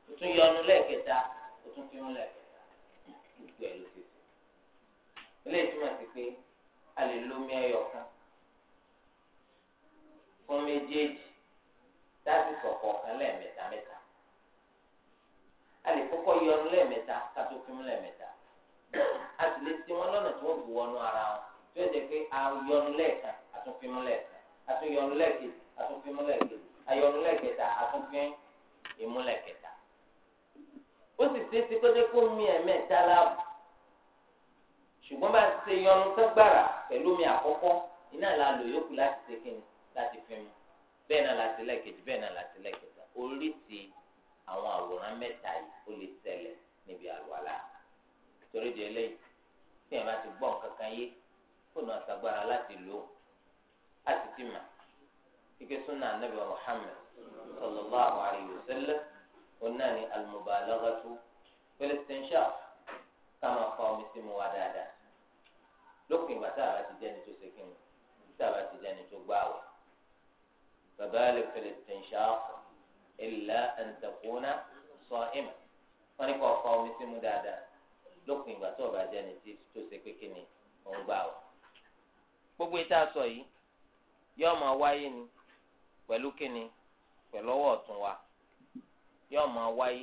o tún yọnu lẹ́ẹ̀kẹta o tún fímú lẹ́ẹ̀kẹta gbogbo ẹ̀ ló ti sè ilé ìtumọ̀ sí pé a lè lómi ẹyọ kan fún méjèèjì dájú sọ̀kọ̀ kan lẹ́ẹ̀mẹ́ta mẹ́ta a lè kọ́kọ́ yọnu lẹ́ẹ̀mẹ́ta ká tó fímú lẹ́ẹ̀mẹ́ta a sì lè ti wọn lọ́nà tí wọ́n bu wọnú ara wọn tí ó jẹ́ pé ayọnu lẹ́ẹ̀kan àtúnfimú lẹ́ẹ̀kan àtúnyọnu lẹ́ẹ̀kejì àtúnfimú lẹ́ẹ̀kejì ayọnu lẹ́ẹ̀kẹta àtúnfin ìmúlẹ̀kẹta. ó sì ṣe é ti kọ́jọ́ kó mi ẹ̀mẹ́ta láàbù ṣùgbọ́n bá ti ṣe yọnu sọ́gbàrà pẹ̀lú mi àkọ́kọ́ iná la lò yókù láti ṣe kíni láti fi mu bẹ́ẹ̀ náà láti lẹ́ẹ̀kejì bẹ́ẹ̀ náà láti lẹ́ẹ̀kẹta oríṣi àwọn àwòrán mẹ́ta yìí ó lè ṣẹlẹ̀ níbi àlùwàlá torí di eléyìí tí ẹ̀ bá ti gbọ́ nǹkan kan yé kó nu àtàgbára láti lò ó a sì ti mà ike sunna anabi muhammed sallallahu alayhi wa sallam onani almubalaghatu filistinshaf kama fa omi sí mu wá dáadáa lópin ìgbà tá a bá ti jẹ́ni tó sekin tá a bá ti jẹ́ni tó gbáwò bàbá lè filistinshaf illa an takuna sa'ima wọn ni kò fa omi mu dáadáa. lópin ìgbà tó ọba tí tó ṣe pé gbogbo yìí yóò máa wáyé ni pẹ̀lú kíni pẹ̀lú ọwọ́ ọ̀tún wa yóò máa wáyé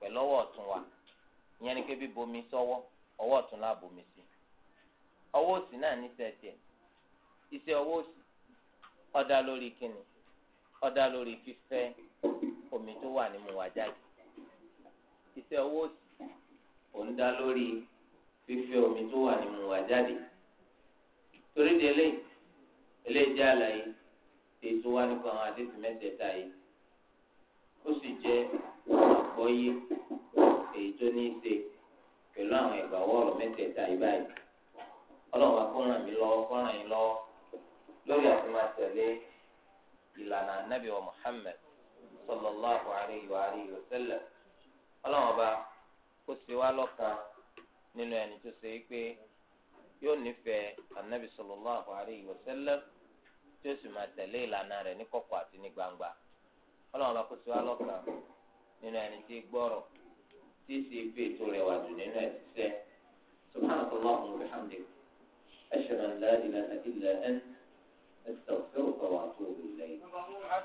pẹ̀lú ọwọ́ ọ̀tún wa ìyẹn ni pé ọwọ́ ọ̀tún bomi sí ọwọ́ òsì náà ní tẹ̀tẹ̀ iṣẹ́ ọwọ́ omi tó wa jáde iṣẹ́ ọwọ́ òun dá lórí fífẹ́ omi tó wà nínú wa jáde torí délé eléyìí jẹ́ àlàyé ètò wa nípa àwọn àdéhùn mẹ́tẹ̀ẹ̀ta yìí ó sì jẹ́ àgbọ́yé èyí tó ní í ṣe pẹ̀lú àwọn ìgbàwọ́ ọ̀rọ̀ mẹ́tẹ̀ẹ̀ta yìí báyìí ọlọ́run akọ́ràn mi lọ́wọ́ kọ́ràn yín lọ́wọ́ lórí àti máa tẹ̀lé ìlànà anábìwọ̀ Muhammad sallallahu wa ọlọ́run ọba. kó sì wá lọ́kàn nínú ẹni tó ṣe pé yóò nífẹ̀ẹ́ anabi sallallahu alayhi wa tí ó sì máa tẹ̀lé ìlànà rẹ̀ ní kọ̀kọ̀ àti ní gbangba ọlọ́run bá kó sì wá lọ́kàn nínú ẹni tí gbọ́rọ̀ tí ṣe ètò wa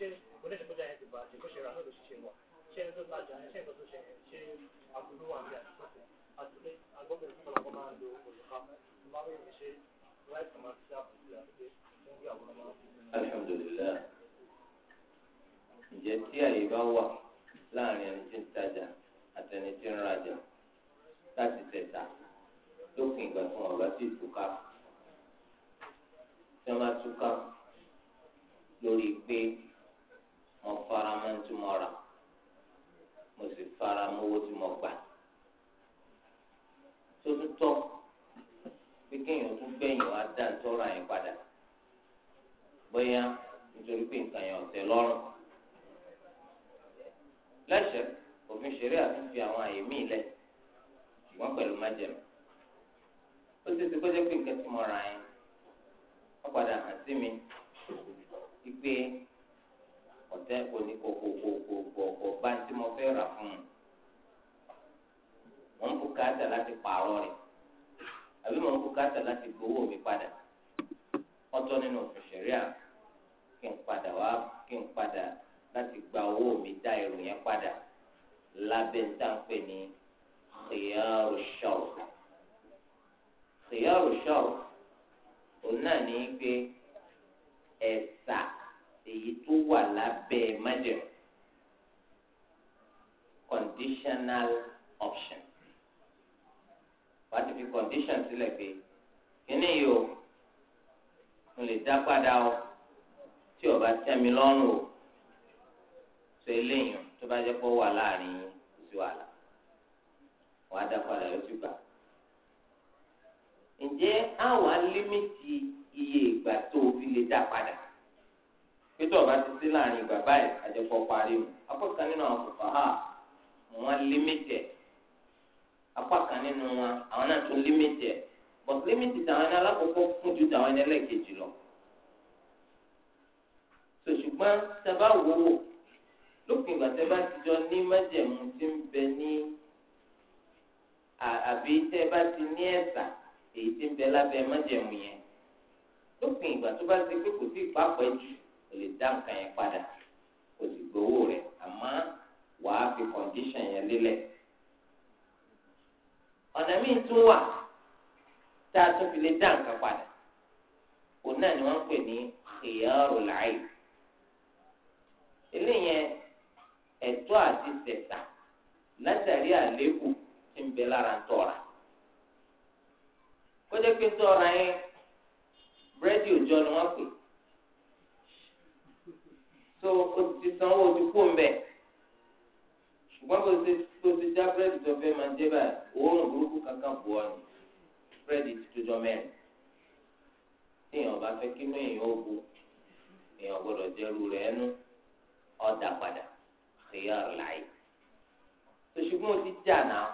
ṣé oníṣègùnjà yẹn ti bá ṣe kó ṣe rà lọ́dọ̀ ṣiṣẹ́ wa ṣé ẹni tó ta jà ṣé nǹkan tó ṣe ṣe àbúrò wà ẹni tí ń tajà àti ẹni ìgbà tí wọn bá ti túká tí wọn bá túká lórí pé mo fara mọ́ tí mo rà mo sì fara mọ́ owó tí mo gbà tó tún kéèyàn tún gbẹ̀yìn wá dá ìtọ́ra yẹn padà bóyá nítorí pé ọ̀tẹ̀ lọ́rùn lẹ́sẹ̀ òfin ṣeré àti fi àwọn àyè míì lẹ̀ ṣùgbọ́n pẹ̀lú ó ti ti kọjá pé nǹkan tí mo rà yẹn wọ́n padà hàn sí ọ̀tẹ́ kò ní kòkòkòkòkò bá tí mo fẹ́ rà fún un mò ń bùkátà láti pààrọ̀ rẹ̀ àbí mò ń bùkátà láti gbowó mi padà ọ̀tọ̀ nínú òṣìṣẹ́ríà kí n padà wá kí n padà láti gba owó mi dá ẹrù yẹn padà lábẹ́ ń tàǹpẹ̀ ní khiyaru shawr khiyaru shawr òun náà ní í pé ẹ̀sà. E èyí tó wà lábẹ́ májẹ̀mú conditional option wàá ti fi condition sílẹ̀ pé kíní yìí o mo lè dá padà o tí o bá tẹ́ mi lọ́rùn o tó eléyìí tó bá jẹ́ pé ó wà láàrin yín wàhálà wàá dá padà yóò ti gbà. ǹjẹ́ àwọn límìtì iye ìgbà tó o fi lè dá padà. pété ọba ti sí láàrin ìgbà báyìí àjẹpọ̀ parí mu apá kan nínú àwọn kòkò ha wọn límítì apá kan nínú wọn àwọn náà tún límítì ẹ̀ límítì tàwọn ẹni alákòókò kún ju tàwọn ẹni ẹlẹ́ẹ̀kejì lọ. sọ ṣùgbọ́n sábà wò wò lópin ìgbà tẹ́ bá ti jọ ní májẹ̀mú tí ń bẹ ní àbí tẹ́ bá ti ní ẹ̀sà èyí tí ń bẹ lábẹ́ májẹ̀mú yẹn lópin ìgbà tó bá ti pé kò sí jù o lè dá nǹkan padà o sì gbowó rẹ̀ àmọ́ wàá fi kọ̀ǹdíṣàn yẹn lélẹ̀. ọ̀nà míì tún wà tá a tún fi lè dá nǹkan padà òun náà ni wọ́n ń pè ní khiyar al eléyẹn ẹ̀tọ́ àti sẹ̀tà látàrí àléébù ti ń bẹ lára ń tọ́ra kó jẹ́ pé tọ́ra yẹn búrẹ́dì tó o ti sanwó o ti kó ń bẹ̀ ṣùgbọ́n kò ṣe kò ṣe já búrẹ́dì tó fẹ́ máa jẹ́ báyìí òórùn burúkú kankan bù ọ ni búrẹ́dì ti tó jọ mẹ́rin téèyàn bá fẹ́ kí mẹ́yìn ó bu èèyàn gbọ́dọ̀ jẹ́rú rẹ̀ ẹnu ọ̀dà padà khiyar láì ṣùgbọ́n o ti jà náà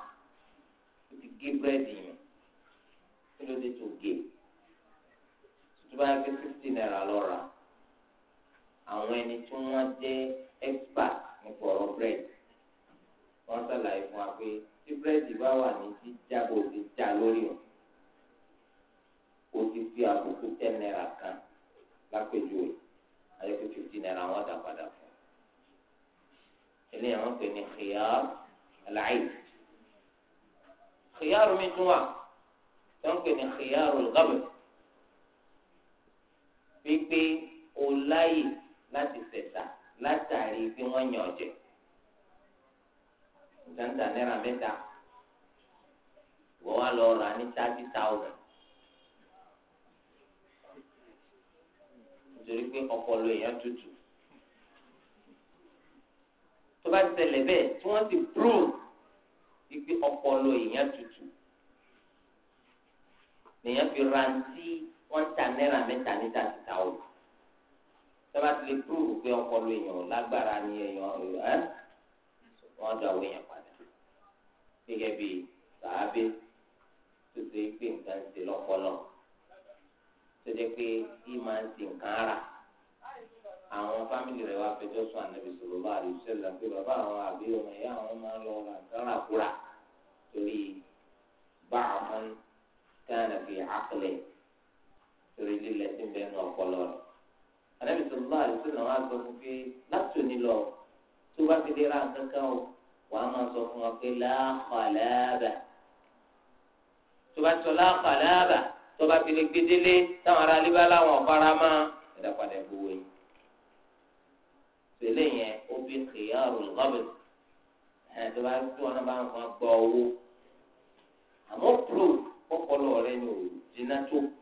o ti gé búrẹ́dì yẹn kí ló dé tó gé tó bá yẹ kí sixty naira lọ àwọn ẹni tí wọ́n jẹ́ expert nípa ọ̀rọ̀ búrẹ́dì wọ́n ṣàlàyé fún wa pé tí búrẹ́dì bá wà ní jíjá bó ti já lórí o o ti fi àbùkù ten naira kan lápèjúwe ayọ̀kú fifty naira wọ́n dà padà fún eléyàwó pè ní khiyar al-ayb khiyar mi tún wà tó pè ní khiyar al-ghabr wípé o láyè láti sẹ̀sà látàrí pé wọ́n yàn ọ̀jẹ̀ ìdáńtà náírà mẹ́ta wọ́n wá lọ rà ní thirty thousand nítorí pé ọpọlọ èèyàn tutù tó bá ṣẹlẹ̀ bẹ́ẹ̀ tí wọ́n ti prove wípé ọpọlọ èèyàn tutù lèèyàn fi rántí wọ́n ta náírà mẹ́ta ní thirty thousand sábà ti lè púrúfù pé ọpọlọ èèyàn lágbára ni èèyàn ẹ wọn dà owó èèyàn padà gẹ́gẹ́ bíi sàábé tó ṣe pé nǹkan ṣe lọpọlọ tó jẹ pé yìí máa ń ṣe nǹkan ara àwọn fámìlì rẹ wá fẹjọ́ sùn ànábì sọ̀rọ̀ bá àdìsí ṣẹlẹ̀ pé bàbá àwọn àbí ọmọ ẹ̀yà àwọn máa ń lọ ra nǹkan ràkúrà torí bá àwọn kánà fi àkọlẹ torí lílẹ tí ń bẹ nù ọpọlọ rẹ àlẹ́ mi sọ̀rọ̀ bá àlùsọ̀ náà wá gbọ́ pé láti òní lọ tó bá ti dira kankan o wà á máa sọ fún wa pé láàpàlàbà tó bá sọ láàpàlàbà tó bá fi lè gbé délé táwọn ará alẹ́ bá láwọn ọ̀fara máa ẹ̀dá padà gbowó yìí tẹ̀lé yẹn ó fi kìyàrò lọ́bẹ̀ ẹ̀ tó bá tó ọ̀nà bá ń gbọ́ owó àmọ́ pro kọ́kọ́ lọ́ọ̀rẹ́ ni ò dínà tó kù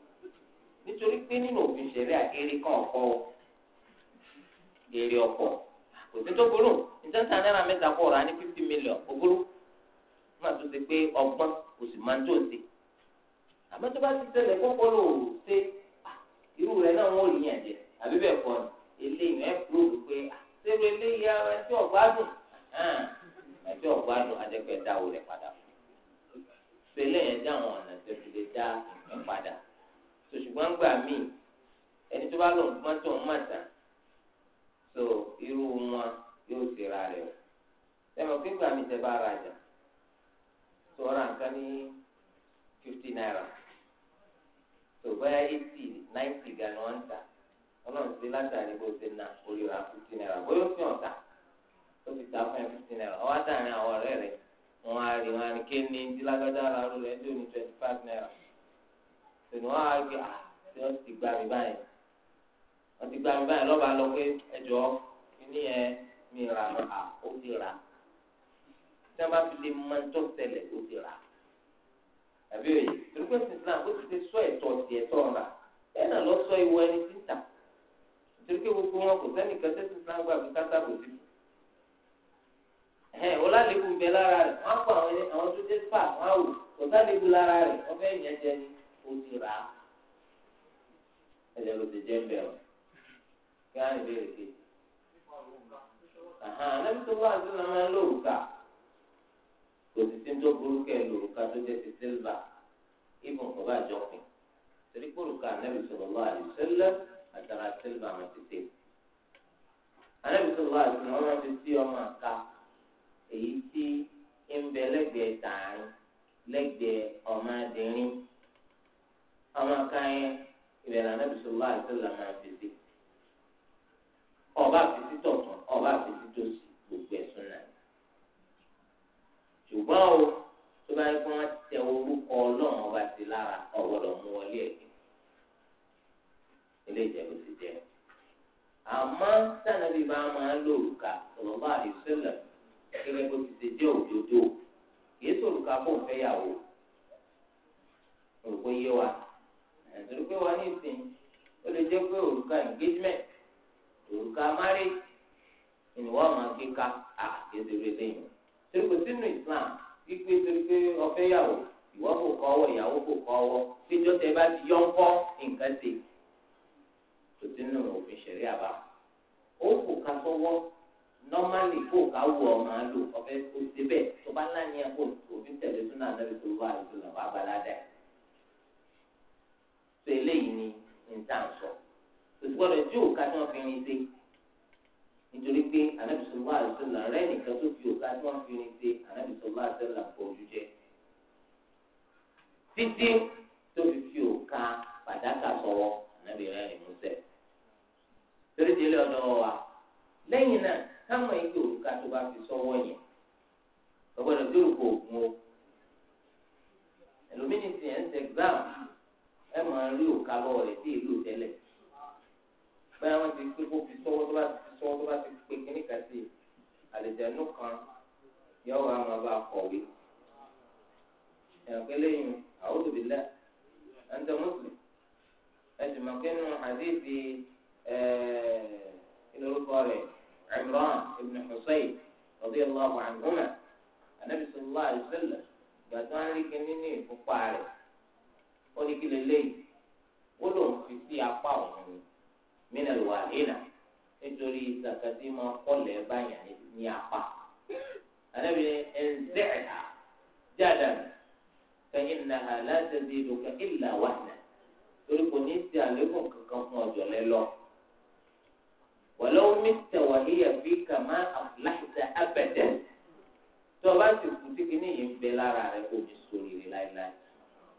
nítorí pé nínú òfin ṣẹlẹ̀ àgérí kan ọ̀pọ̀ o gèrè ọ̀pọ̀ kò sí tó burú ìjọba náírà mẹ́ta kọ ọ̀rọ̀ á ní fifty million òbúrú nígbà tó ti pé ọgbọ́n kò sì máa ń tó ṣe àmọ́ tó bá ti ṣẹlẹ̀ kọ́kọ́ ló ṣe irú rẹ̀ náà wọ́n rí yàn jẹ àbí bẹ́ẹ̀ kọ́ ni eléyìí ẹ̀ púròdù pé ṣéwé eléyìí ara ẹ̀ tí ọ̀gbádùn ẹ̀ tí ọ̀gbádùn adẹ́pẹ́ dáwọ́ rẹ̀ padà fún un ṣẹlẹ̀ yẹn dá ọ̀nà tẹ̀sílẹ̀ dá ẹ̀ padà ṣùgbọ́n gbà míì ẹni tó bá lọ nǹkan tó ń mà tán so irú wọn yóò ṣera rẹ o tẹmọ pé gbà míì tẹ bá ra jà tó ra nǹkan ní fifty naira tó báyà eighty ninety gan wọn ta ọlọ́run ti látàrí bó ṣe na olùrà fifty naira bóyá ó fi hàn ta ó fi ta fún ẹ fifty naira ọwọ́ àtàrin àwọn ọ̀rẹ́ rẹ wọn á rí wọn á ní kéènì tí ara rẹ tó ní twenty five naira sìnì wọn á gbé àti ah, wọn ti gba mi báyìí wọn ti gba mi báyìí lọ́ba lọ pé ẹjọ́ kíní yẹn mi rà á ó ti rà tí wọn bá fi lè mọ tó ṣẹlẹ̀ ó ti rà àbí òye torípé Islam ó ti ti sọ ẹ̀tọ́ ti ẹ̀tọ́ ọ̀rà bẹ́ẹ̀ náà lọ sọ ìwọ ẹni tí ń tà torípé gbogbo wọn kò sẹ́ni kan tẹ́sí Islam gbà fi kátà kò sí. ẹ̀hẹ́n wọ́n lálébù ń bẹ lára rẹ̀ wọ́n á kó àwọn tó dé spa wọ́n á wò kò sálébù lára rẹ̀ wọ́n fẹ́ yẹn jẹ ni ó ti rà á ẹ̀jẹ̀ ló ti jẹ́ ń o ọ́ kí á nìbẹ̀ rẹ̀ ké. Ànábi tó wá àti náà máa ń lo òrùka kò sì sí tó burú kẹ́ lo òrùka tó jẹ́ ti sílvà ibùn kò bá jọ pin torí pé òrùka ànábi sọ̀rọ̀ lọ́wọ́ àdìsẹ́lẹ̀ àtàrà sílvà máa ti tẹ̀. Ànábi tó wá àti náà máa fi sí ọmọ àka èyí tí ń bẹ lẹ́gbẹ̀ẹ́ tààrin lẹ́gbẹ̀ẹ́ ọmọdérin àwọn kan yẹn ìrẹ̀lẹ̀ anábìsọ̀ wà àìsílẹ̀ máa fi sí. ọba àfisí tọ̀tún ọba àfisí tòsí gbogbo ẹ̀sùn náà. ṣùgbọ́n o tó bá yẹ kí wọ́n tẹ orúkọ ọlọ́run ọba sí lára ọ̀gbọ́dọ̀ mú wọlé ẹ̀gbẹ́. ilé ìjẹ̀bù ti jẹ́. àmọ́ sànàbí bá máa ń lo òrùka ọ̀lọ́ba àìsílẹ̀ gẹ́gẹ́ bó ti ṣe jẹ́ òdodo kì í sòrùka bó ń fẹ́ yàwó. òrùkọ yé wa ẹ̀sùn pé wọ́n ní ìsìn ó lè jẹ́ pé òrùka engagement òrùka marriage ìwọ máa gbé ká à kéṣeré lẹ́yìn torí kò sínú Islam gbígbé torí pé ọfẹ́ yàwó ìwọ kò kọ́ ọwọ́ ìyàwó kò kọ́ ọwọ́ péjọ́ tẹ bá ti yọ ń kọ́ nǹkan ṣe kò sínú òfin ṣẹ̀rí àbá ó kò ká sọ́wọ́ normally kó o ká wù ọ máa lò ọfẹ́ kò síbẹ̀ tó bá láníyàn kó o fi tẹ̀lé súnà lórí tó bá àdúgbò náà wà á balá dà tó eléyìí ni níta ń sọ òsì gbọ́dọ̀ tí òka tí wọ́n fi rin ṣe nítorí pé anábìsọ̀lá àdìsọ̀lá rẹ nìkan tó fi òka tí wọ́n fi rin ṣe anábìsọ̀lá àdìsọ̀lá kò ojú jẹ títí tó fi fi òka pàdákà sọ̀rọ̀ anábìrẹ́ rẹ̀ músẹ̀ torí délé ọ̀dọ̀ wa lẹ́yìn náà káwọn igi òrùka tó bá fi sọ́wọ́ yẹn ọgbọ́dọ̀ bí òrùka ògùn o ẹlòmínì ti ẹ̀ ń ṣe gbáàmù ẹ máa rí òkà lọ rẹ̀ sí ìlú tẹ́lẹ̀ báyà wọ́n ti pé kó fi sọ́wọ́ tó bá ti sọ́wọ́ tó bá ti pé kíní kan sí àlejànú kan yọ wà máa bá kọ̀wé ẹ̀rọ̀kẹ́ lẹ́yìn a'udhu billah anta muslim ẹ̀sìn mọ̀kẹ́nu hadithi ìlórúkọ rẹ̀ Imran ibn Husayn radiyallahu anhuma anabi sallallahu alayhi wa sallam gbàtọ́ àríkẹ́ nínú ìfúnpá rẹ̀ ó ní kí lélẹ́yìí ó lòun fi sí apá òun ni mínàlù wà lẹ́nà nítorí zakati máa kọ́lẹ̀ báyà ní apá ànábi ẹnzẹ́ẹ̀dá jáde fẹ̀yìn náà aláṣẹ́dé lókè ìlà wàhánà torí kò ní ti àlékún kankan fún ọjọ́ lẹ́ lọ. wàlọ́wọ́ mi tẹ̀wà híyà fi kàmá àfúláṣẹ́ abẹ́dẹ́ tó o bá ti kú sí yìí ń bẹ lára rẹ kò ní sórí rẹ láéláé.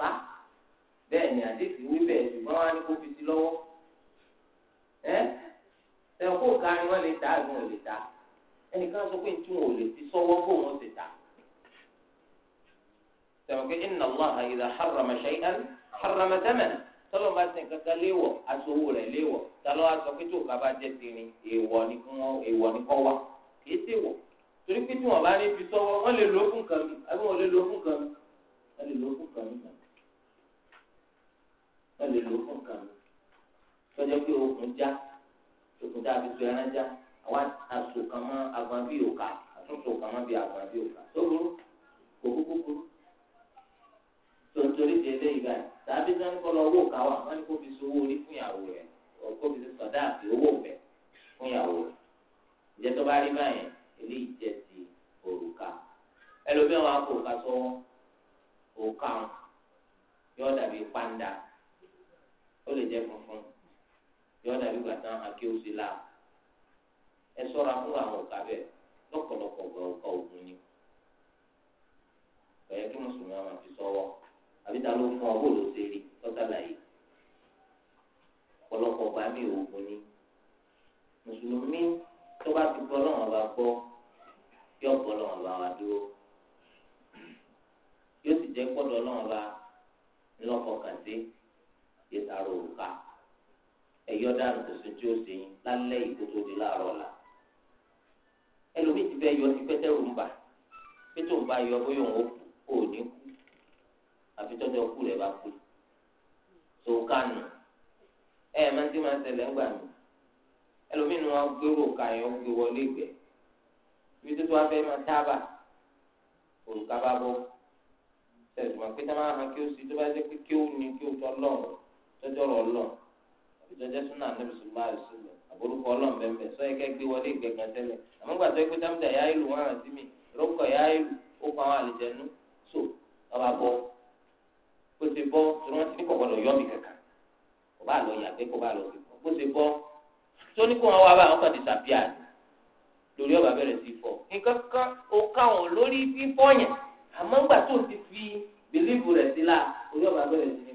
bá bẹ́ẹ̀ ni àdéhùn níbẹ̀ ṣùgbọ́n wọn á ní kó fi sí lọ́wọ́ ẹ́ ẹ̀ kó ká ni wọ́n lè ta àbí wọn lè ta ẹnìkan sọ pé tí wọn ò lè fi sọ́wọ́ kó wọn ti ta sọ̀rọ̀ pé inna Allaha idha harrama shay'an harrama thamana tọ́lọ́ bá sẹ̀ kankan léwọ̀ aṣọ owó rẹ̀ léwọ̀ tọ́lọ́ aṣọ pé tó kaba jẹ́ tirin èèwọ̀ ni kọ́ kìí ṣe wọ̀ torí pé tí wọ́n bá ní fi sọ́wọ́ wọ́n lè lo kan. wọn lè lò fún kan tọjọ pé okùn já okùn so já àwa aso kan mọ agbọn bíi òkà àtúntò kan mọ bíi agbọn bíi òkà tó burú kò tó ń torí tàbí sani owó òkà wà wọn ni kò fi so owó orí fún ìyàwó rẹ kò fi so sọdá àti owó dàbí pàǹdà. ó lè jẹ́ funfun yọ̀ọ́ dàbí gbàtà àkí ó la ẹ sọ́ra fún àwọn òkà bẹ́ẹ̀ lọ́pọ̀lọpọ̀ ọ̀gá òkà ògùn ni kọ̀yẹ́ kí mùsùlùmí àwọn àfi sọ́wọ́ àbí ta ló fún ọ bó ló ṣe rí. tí ó ṣe yín lálẹ́ ìkótó di láàárọ̀ ọ̀la ẹlòmíì ti bẹ́ẹ̀ yọ sí pẹ́tẹ́rù ń bà pété òun bá yọ bóyá òun o ní kú àfi tọ́jọ́ kú rẹ̀ bá kú tó kánù ẹ ẹ máa ń tí máa ń ṣẹlẹ̀ ń gbà mí ẹlòmíì ni wọ́n gbérò ká yẹn wọ́n gbé wọlé ìgbẹ́ ibi tó tó wá fẹ́ máa tábà òrùka bá bọ́ sẹ̀dùmọ̀ pé tá máa hàn kí ó sì tó bá jẹ́ kí ó ní kí ó tọ́ lọ́rùn tọ́jọ́ rọ̀ lọ́rùn ìjọjẹ súnà níbi sùnmọ́ àìsùnmọ́ àbórúkọ ọlọ́ọ̀bẹ̀mbẹ̀ sọ ẹ̀kẹ́ gbé wọlé ìgbẹ̀gàn tẹ́lẹ̀ àmọ́ gbà tó ẹgbẹ́ támúdà yá ìlú wọn àti mi rọ́kọ̀ yá ìlú ó kọ àwọn àlejẹnú so ọba bọ bó ṣe bọ tí wọ́n ti ní kọ̀kọ́ lọ yọ́ mi kankan kò bá lọ yàgbẹ́ kò bá lọ sí bọ́ bó ṣe bọ tó ní kó wọn wá báwọn kan ti sàbíà lórí ọba bẹ̀rẹ̀ sí fọ nǹkan kan ó káwọn lórí fífọ́ yẹn àmọ́ gbà tó ti fi bìlíìfù rẹ̀ sí la lórí ọba bẹ̀rẹ̀ sí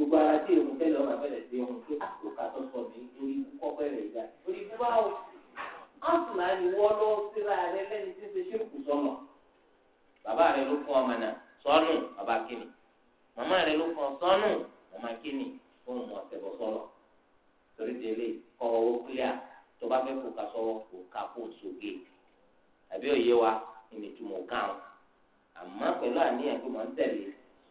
gbogbo ara tí èmu tẹ́lẹ̀ ọmọ abẹ́rẹ́ sí ohun pé àkókò àtọ́sọ mi lórí púpọ̀ bẹ̀rẹ̀ ìjà lórí bí wàá ọ̀túnlá ni wọ́n lọ síra rẹ lẹ́ni tí ń ṣe ṣírùkù sọnù bàbá rẹ ló fún ọmọ náà sọnù bàbá kínní màmá rẹ ló fún ọ sọnù màmá kínní ohun mọ̀ ọ̀sẹ̀ bọ̀ sọ̀rọ̀ torí délé kọ́ owó kílíà tó bá fẹ́ kó ka sọ́wọ́ kó ka kó sóge àbí òye wa ìnìtumọ̀ kàn án àmọ́ pẹ̀lú àníyàn pé mọ̀ ń tẹ̀lé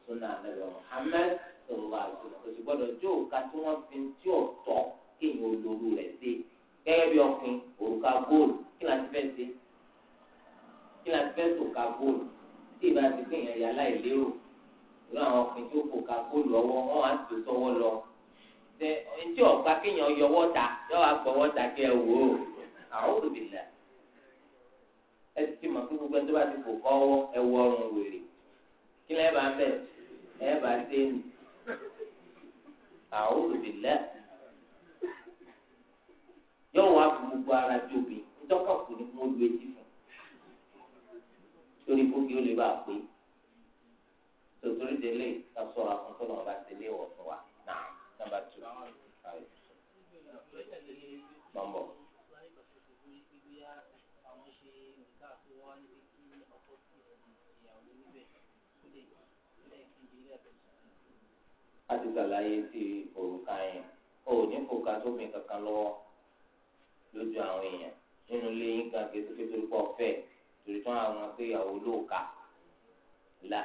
sunnah Nabi Muhammad sọlọ́wọ́ àdúrà kò sì gbọ́dọ̀ jó òka tí wọ́n fi tí ò tọ́ kéèyàn olóró rẹ̀ dé gẹ́gẹ́ bí ọkùnrin òrùka góòlù kí láti fẹ́ ṣe kí láti fẹ́ sòka góòlù tí ìbá ti kéèyàn yà láìlérò ìlú àwọn ọkùnrin tí ó fòka góòlù ọwọ́ wọn á tó sọ́wọ́ lọ ṣe ntí ọ̀gá kéèyàn yọ wọ́ta yọ wá gbọ́ wọ́ta kẹ́ ẹ wò ó àwọn olùbìlà ẹ ti mọ̀ fún gbogbo ẹni tó bá ti fòkọ́ ọwọ́ ẹ wọ ọrùn wèrè kí lẹ́ẹ̀ bá bẹ̀ ẹ bá dé nù a'udhu billah yóò wá fi gbogbo ara jóbi ntọ́ka kù ní kó lu etí fún torí kókè ó lè bá a pé tòtòrí délé ká sọ̀rọ̀ àkókò náà bá délé wọ̀ fún wa náà nàbà tù. Bọ́m̀bọ̀. a ti sàlàyé ti òrùka yẹn o ò ní fòkà tó mi kankan lọ́wọ́ lójú àwọn èèyàn nínú ilé yín kan kì í tó fi torí pọ̀ fẹ́ torí tán àwọn pé ìyàwó lóòka là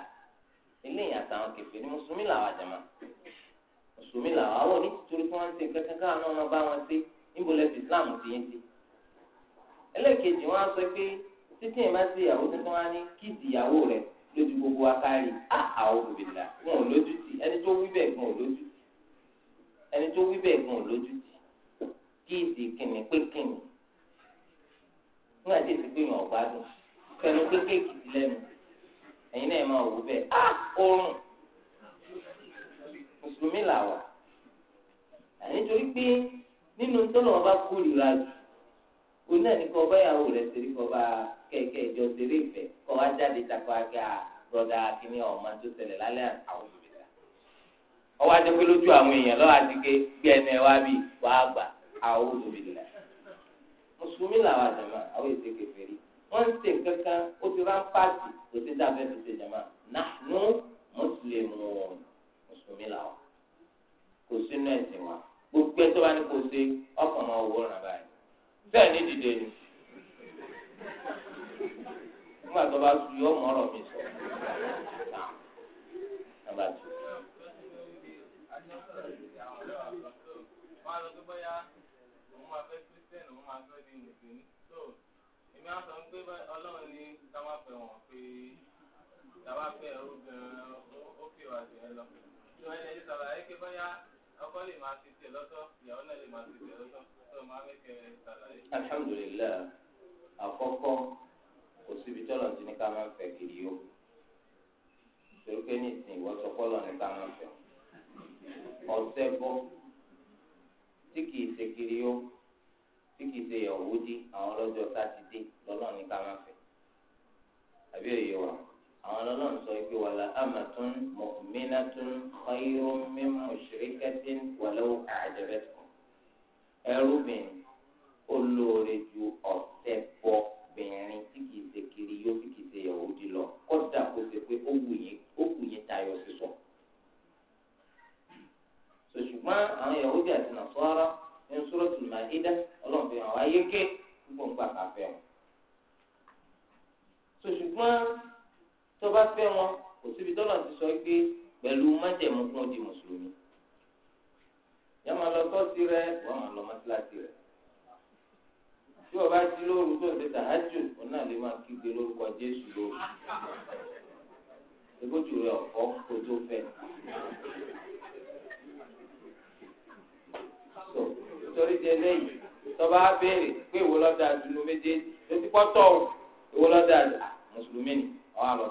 eléyìí àtàwọn kẹfẹ ni mùsùlùmí làwọn àjàmà mùsùlùmí làwọn àwọn oní títorí fún wọn ṣe kankan káwọn náà wọn bá wọn ṣe níbo lẹbi islam ti yín sí ẹlẹ́ẹ̀kejì wọn á sọ pé títí ẹ̀ bá ṣe ìyàwó tuntun wá ní kí ìdìyàwó rẹ̀ lójú gbogbo akárí àwọn olùbìlà wọn ò lójú tì ẹni tó wí bẹ́ẹ̀ gan ò lójú tì ẹni tó wí bẹ́ẹ̀ gan ò lójú tì kí èsì kìnnì pé kìnnì nígbà tí èsì pé yàn ọ̀gbádùn fẹnu pé kéèkì ti lẹ́nu ẹ̀yin náà máa wò bẹ́ẹ̀ á ah, oorun mùsùlùmí là wà nítorí pé nínú tọ́lọ̀ ọba kórìíra jù oní ẹ̀ ní kọ́ ọba ìyàwó rẹ̀ ṣe ní kọ́ ọba. kẹ̀kẹ́ ìjọ ṣeré ìfẹ́ kọ́ wá jáde takọ akẹ́ à broda kìíní tó ṣẹlẹ̀ lálẹ́ àwọn òbílẹ̀. ọwọ́ adé pé lójú àwọn èèyàn lọ́wọ́ ké bí ẹ wá bí gbà àwọn òbílẹ̀. mùsùlùmí làwọn àjàmà àwọn èsì ń kankan ó ti rán kò sí dábẹ́ fi ṣe jàmà nàánú mùsùlùmí làwọn kò sínú gbogbo kò sí ọkàn wọ nígbà tó bá tu yọ mọ ọ̀rọ̀ mi sọ nàbà tó alhamdulilayi àkọ́kọ́ kò síbi tọ́lọ̀ ti ní ká máa ń fẹ́ kiri yó torí pé ní ìsìn ìwọ́sọ pọ́lọ̀ ní ká máa ń fẹ́ ọ̀sẹ̀ bọ́ tí kìí ṣe kiri yó tí kìí ṣe yahudi àwọn ọlọ́jọ́ sátidé lọ́lọ́ ní ká máa fẹ́ àbí òye wa àwọn ọlọ́run sọ pé wàlá amatun mu'minatun khayrun min mushrikatin walau a'jabatkum ẹrú bìnrin olóore ju ọ̀sẹ̀ bọ́ bìnrin ló fi kìí ṣe Yahudi lọ kọ́dà kó ṣe pé ó wù yín ó wù yín tayọ sísọ. ṣùgbọ́n àwọn Yahudi àti Nasara ní Suratul Maida ọlọ́run fi hàn wá yéké púpọ̀ nígbà ká fẹ́ wọn. ṣùgbọ́n tó bá fẹ́ wọn kò síbi tọ́lọ̀ ti sọ pé pẹ̀lú májẹ̀mú kún ó di mùsùlùmí. yàrá máa lọ tọ́sí rẹ wọ́n máa lọ mọ́tíláṣí rẹ̀. tí o bá jí lóru tó ń ha tàhájù òun náà lè máa kígbe lórúkọ Jésù lóru rẹ ọkọ kó tó fẹ so torí di eléyìí tọba á pé ìwọ lọ́dà àdúgbò méjèèjì tó ti pọ́tọ̀ ìwọ lọ́dà mùsùlùmí ni ọ̀ àlọ́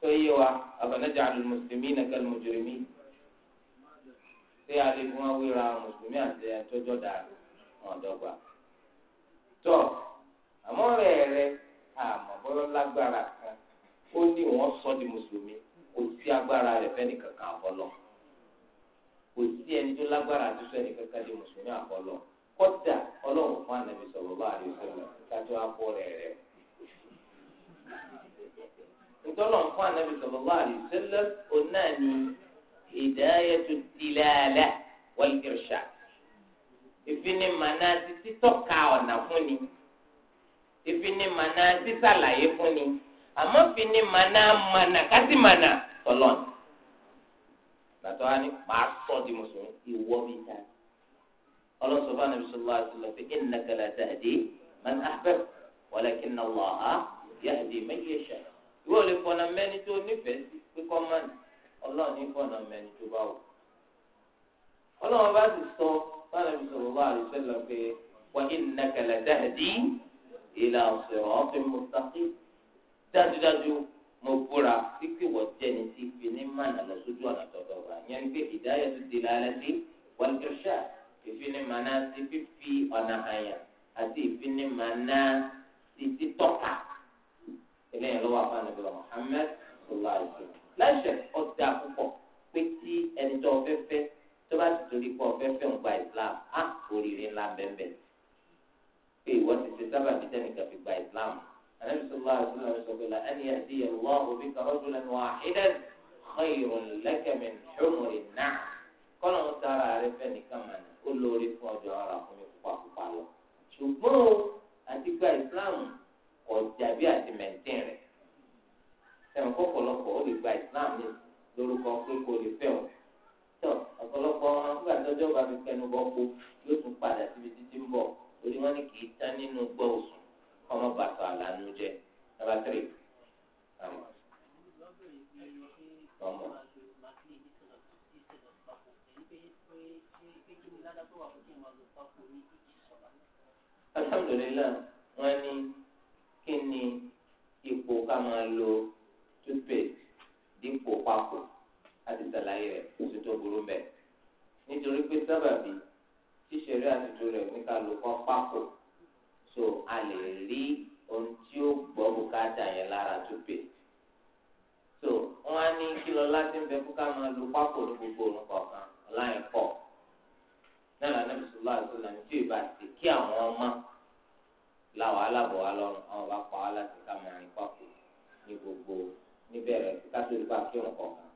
tó yé wa abalị àdúgbò mùsùlùmí a lè fún wa wíra mùsùlùmí àti dàrú ọ̀dọ́gba. tọ́ àmọ́ rẹ̀ rẹ̀ àmọ́ bọ́lá lágbára kan ó ní wọn sọ di mùsùlùmí kò sí agbára rẹ fẹ nìkan kan àbọ̀lọ́ kò sí ẹni tó lágbára àti sọ ẹnìkan kan di mùsùlùmí àbọ̀lọ́ nọ ọlọ́run fún ànàbì sọ̀rọ̀ bá àdé sọ̀rọ̀ kájọ akọ rẹ̀ fún ìfinimànà ti títọ́ka ọ̀nà fúnni ìfinimànà sísàlàyé fúnni àmọ́ ìfinimànà mànà kásìmànà tọ́lọ́nì gbàtọ́ wa ni màá sọ di mùsùlùmí ìwọ mi ta ọlọ́sọ̀fà nàbí sọlá àtúlọ̀ fi innaka la tahdi man ahbab walakinna Allaha yahdi man yasha ìwọ lè fọ̀nà mẹ́ni tó nífẹ̀ẹ́ sí kíkọ́ mọ́ni ọlọ́ọ̀ni fọ̀nà mẹ́ni tó bá wù ọlọ́wọ́n bá ti sọ sọ́nà mi sọ̀rọ̀ bá àlè sẹ́lẹ̀ pé wà innaka latahdi ila siratin mustaqim dájúdájú mo búra títí wọ́n jẹ́ni tí fi ní mànà lọ sójú ọ̀nà tọ̀tọ̀ wa yẹn ni pé hidayatu dilalati wal irshad ìfinimànà ti fífi ọ̀nà àyàn àti ìfinimànà ti títọ́ka eléyìí lọ́wọ́ àfààní bíi Muhammad sallallahu alaihi wasallam láṣẹ ọ̀dà púpọ̀ pé tí ẹnìjọ́ fẹ́fẹ́ tó bá ti torí pọ̀ fẹ́fẹ́ ń gba islam á oríire ńlá bẹ́ẹ̀ pé ìwọ ti ṣe sábà bí tẹnìkan fi gba islam anabi sọlá àdúrà sọ pé la ẹni àti ìyàwó òbí kan ọdún lẹnu àhídẹ́n xeyìrún lẹ́kẹ̀mẹ̀ ṣọ́mùrì náà kọ́nà ń sára rẹ fẹ́ nìkan mà ní ó lórí fún ọjọ́ ara fún mi pupa pupa lọ. ṣùgbọ́n àti gba islam kò jàbí àti mẹ̀ntẹ́n rẹ̀ sẹ́wọ̀n kọ́kọ́lọ́kọ́ ó lè gba islam ní lórúkọ pé kò lè fẹ́ wọn ọ̀pọ̀lọpọ̀ wọn nígbà tọ́jọ́ bá fi pẹnu bọ́ po yóò tún padà síbi títí ń bọ̀ torí wọ́n ní kì í tán nínú gbọ́ òsùn ọmọ bàtà àlànà jẹ nàbàtírì. ọmọ. alhamdulilayi wọ́n ní kí ni ipò ká máa lo toothpaste dípò pákó àti sàlàyé rẹ̀ oṣù tó burú bẹ́ẹ̀ nítorí pé sábàbí tíṣẹ̀rí àtijọ́ rẹ̀ ní kálukọ́ pákó so a lè rí ohun tí ó gbọ́ bùkátà yẹn lára tó pè so wọn á ní kí lọ láti ń bẹ kó ká máa lu pákó ní gbogbo òun kọ̀ọ̀kan láì pọ̀ náà lànà bisimilá àti lànà tí ìbá ti kí àwọn ọmọ làwọn alábọ̀ wa lọ́rùn àwọn bá pa wá láti ká máa rìn pákó ní gbogbo níbẹ̀rẹ̀ kí ká tó rí kí òun kọ̀ọ̀kan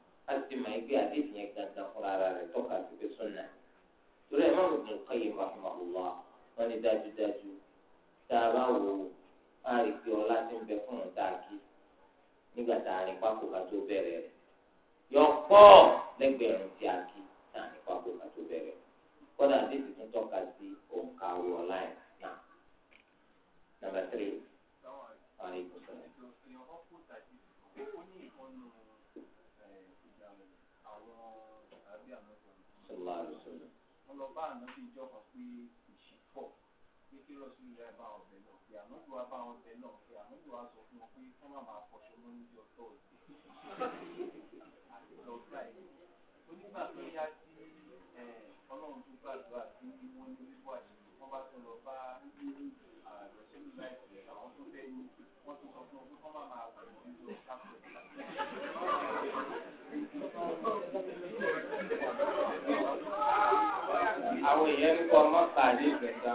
èèyàn ní kọ́ ọmọ pàdé ìgbẹ̀dá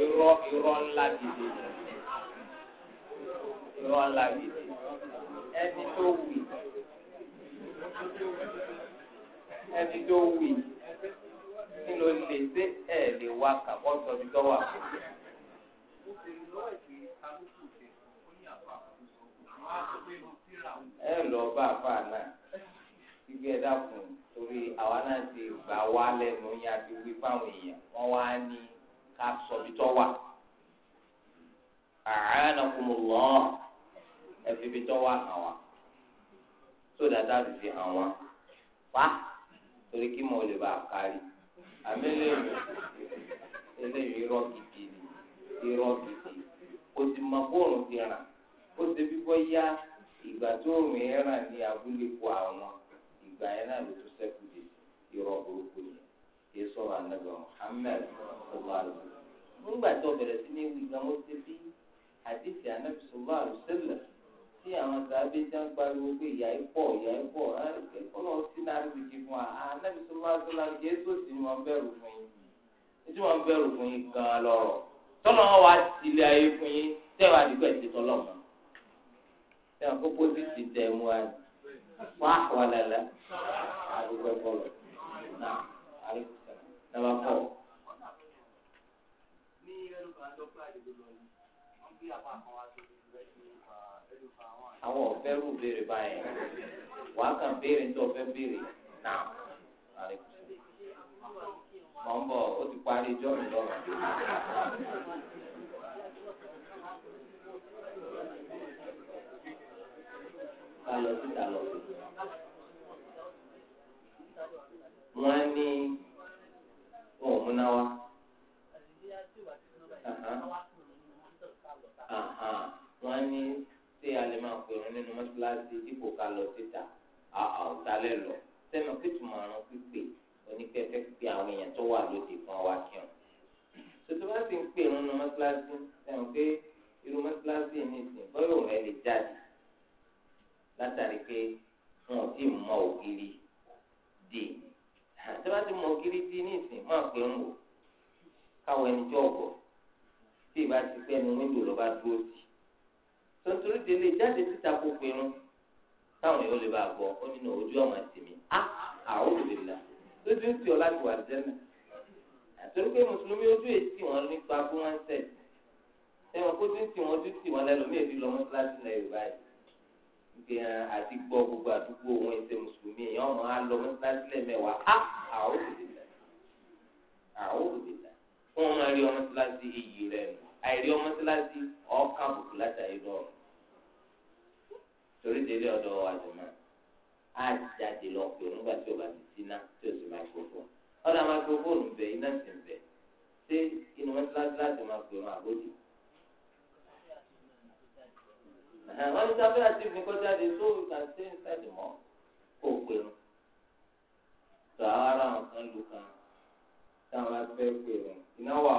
irọ́ irọ́ ńlá dìde irọ́ ńlá dìde ẹni tó wì ẹni tó wì kí ló lè dé ẹ̀ lè wá kàkọ́ sọ́jú tó wà ẹ lọ bá a fa àná ibi ẹ dákun. torí àwa náà ti gbà wá lẹ́nu yẹn àti wí fáwọn èèyàn wọ́n wá ní ká sọ bí tọ́ wà. A'anakumullah ẹ fi bí tọ́ wà hàn wá sódà fi hàn wá torí kí mo lè bá a kárí àmì lèmi eléyìí irọ́ gidi ni irọ́ gidi kò sì mọ bóòrùn ti ràn ó sẹ́kù dé irọ́ burúkú yẹn kì í sọ̀rọ̀ ànágbà Muhammad sallallahu alaihi wasallam. nígbà tó bẹ̀rẹ̀ sí ní wí gan mo ti bí àdìsí ànábì sallallahu alaihi wasallam tí àwọn sábẹ́ já ń pariwo pé ìyá ipò ìyá ipò ọlọ́ sí náà ti kí fún wa ànábì sallallahu alaihi wasallam Jésù sì ni wọ́n bẹ̀rù fún yín nítorí wọ́n bẹ̀rù fún yín gan-an lọ́rọ̀ tọ́lọ́ wọn wá sílé ayé fún yín tẹ́wàá dìgbà ìṣètọ́lọ́mọ tẹ́wàá kókó sì ti tẹ̀ mú wa ni. صح ولا لا أقول بقول نعم عليك السلام نعم àwọn ọ̀fẹ́ rú béèrè báyẹn wàá kàn béèrè ní ọ̀fẹ́ béèrè náà mọ̀ Ọ bọ̀ o ti pari jọ mi lọ́wọ́. ká lọ síta lọ sí. wọ́n ní wọn ò múná wá. wọ́n ní ṣé a lè máa pèrún nínú mọ́tíláṣí dípò ká lọ síta àwòtálẹ̀ lọ sẹ́nu pẹ̀tùmọ̀ àrùn pípé oníkẹ́fẹ́ pé àwọn èèyàn tó wà lóde fún wa kírun. tuntun bá ti ń pèrún nínú mọ́tíláṣí sẹ́nu pé irú mọ́tíláṣí ní ìsìn bọ́yọ̀ rẹ̀ lè jáde látàrí pé wọn ò tí ì mọ ògiri dè tí wọ́n ti mọ ògiri dè ní ìsìn máa pè ń wò káwọn ẹni jọ ọ̀gbọ̀ tí ìbá ti pẹ́ ní wíńdò lọ́ba dúró sí tontorí délé jáde síta kó pinnu táwọn èèyàn lè bá a gbọ́ ó nínú ojú ọmọ ẹsẹ̀ mi á ah, àwọn olùdílà lójú ń tì ọ láti wà jẹ́nà àtòrí pé mùsùlùmí ojú èsì wọn nípa bí wọ́n ń sẹ̀ ẹ̀wọ̀n kó tún tì wọ́n tún tì wọ́n lẹ́nu mí èdè lọ́mọ́ kíláàsì náà yorùbá yìí àti gbọ́ gbogbo àdúgbò wọn ẹsẹ̀ mùsùlùmí èèyàn ọmọ alọ mọ́sálásílẹ̀ mẹ́wàá á àwọn òbílẹ̀ àwọn òbílẹ̀ fún ọmọ ẹ̀rí ọmọ síláṣí iyì rẹ̀ nù àìrí ọmọ síláṣí ọ̀ọ́ká bùkù látàrí lọ́rùn torí délé ọ̀dọ̀ àjùmọ̀ á jáde lọ pé nígbà tí o bá ti sí náà tí o sì máikrófóònù ọ̀dọ̀ máikrófóònù bẹ̀ iná sì ń bẹ̀ ṣé inú mọ́sálásí láti máa pè wọn àbójú wọ́n ní sábẹ́ àti ìfún kó jáde so we can stay inside the mall kó pèrò tó ara àwọn kan lu kan táwọn bá fẹ́ pèrò iná wà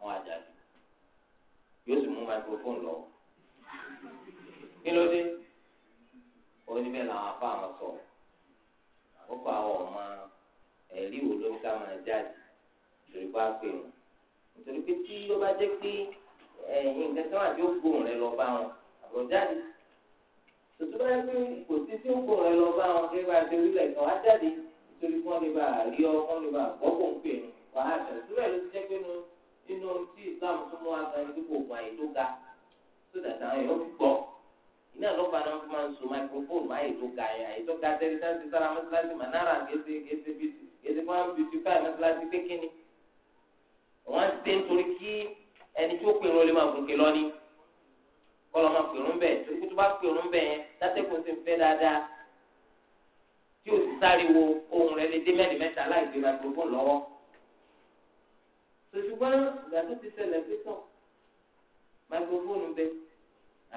wọn àjàdì yóò sì mú microphone lọ kí ló dé oníbẹ̀ làwọn afá àwọn sọ ó kọ àwọn ọmọ ẹ̀rí wo ló ń ká máa jáde torí bá pè wọn nítorí pé tí ó bá jẹ́ pé nǹkan tí wọ́n àti ó gbóhùn rẹ lọ bá wọn àbọ̀jáde tuntun bá yẹ pé kò sí tí ń kó ẹ lọ bá wọn kí bá ṣe orílẹ̀ ìtàn wá jáde nítorí kí wọ́n lè bá rí ọ wọ́n lè bá gbọ́kùn pè ní wàhálà tẹ̀lé tó bẹ́ẹ̀ ló ti jẹ́ pé nínú tí Islam tún mú aṣọ ẹni dípò ògùn àyè tó ga tó dàda àwọn èèyàn ti gbọ́ iná ló padà wọn fi máa ń so microphone máa yè tó ga yẹn àyè tó ga tẹ́lẹ̀ sáà ti sára mọ́sálásí manara gèsè gèsè bíi gèsè fún àwọn bíi kọlọ máa pèrún bẹ torí tó bá pèrún bẹ yẹn látẹkùn sí fẹ dáadáa tí o sì sáré wo ohun rẹ lè dé mẹ́rin mẹ́ta láì gbé microphone lọ́wọ́. ṣùgbọ́n ìgbà tó ti ṣẹlẹ̀ pé tán microphone bẹ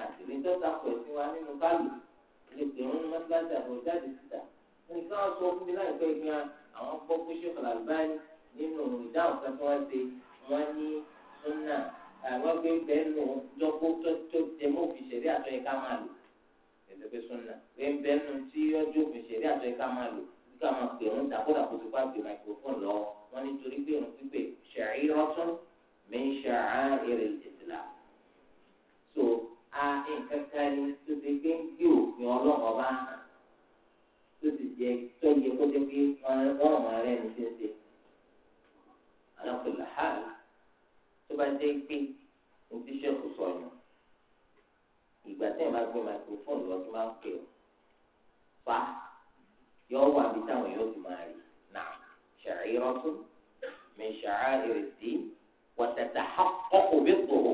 àti lè dọ́ta pẹ̀ sí wa nínú báàlù lè pèrún mọ́tíláṣí àbọ̀ jáde síta. nǹkan sọ fún mi láìpẹ́ ìgbà àwọn gbọ́ pé ṣé kàlàbáyé nínú ìdáhùn kan tí wọ́n ṣe wọ́n ní súnà àwọn gbé bẹ́ẹ̀nù lọ́kọ́ tó tẹ̀mọ́ òfin ṣẹ̀rí àtọ́ yẹn ká máa lò ẹ̀sẹ̀ pé sunna gbé bẹ́ẹ̀nù tí ọjọ́ òfin ṣẹ̀rí àtọ́ yẹn ká máa lò nígbà máa pè ń dàkúdà kó tó bá gbé microphone lọ wọn nítorí pé òun pípé ṣàìrọ́tún min sha'airil jẹ́ pé ní ti ṣẹ́kù sọ̀nù ìgbà tí ẹ̀ máa gbé microphone lọ sí máa ń pè ọ́ fa yọ wà bí táwọn yóò ti máa rí nà ṣàìrọ́tún mi ṣàárẹ̀ sí wàtàtà ọkọ̀ bí tòrò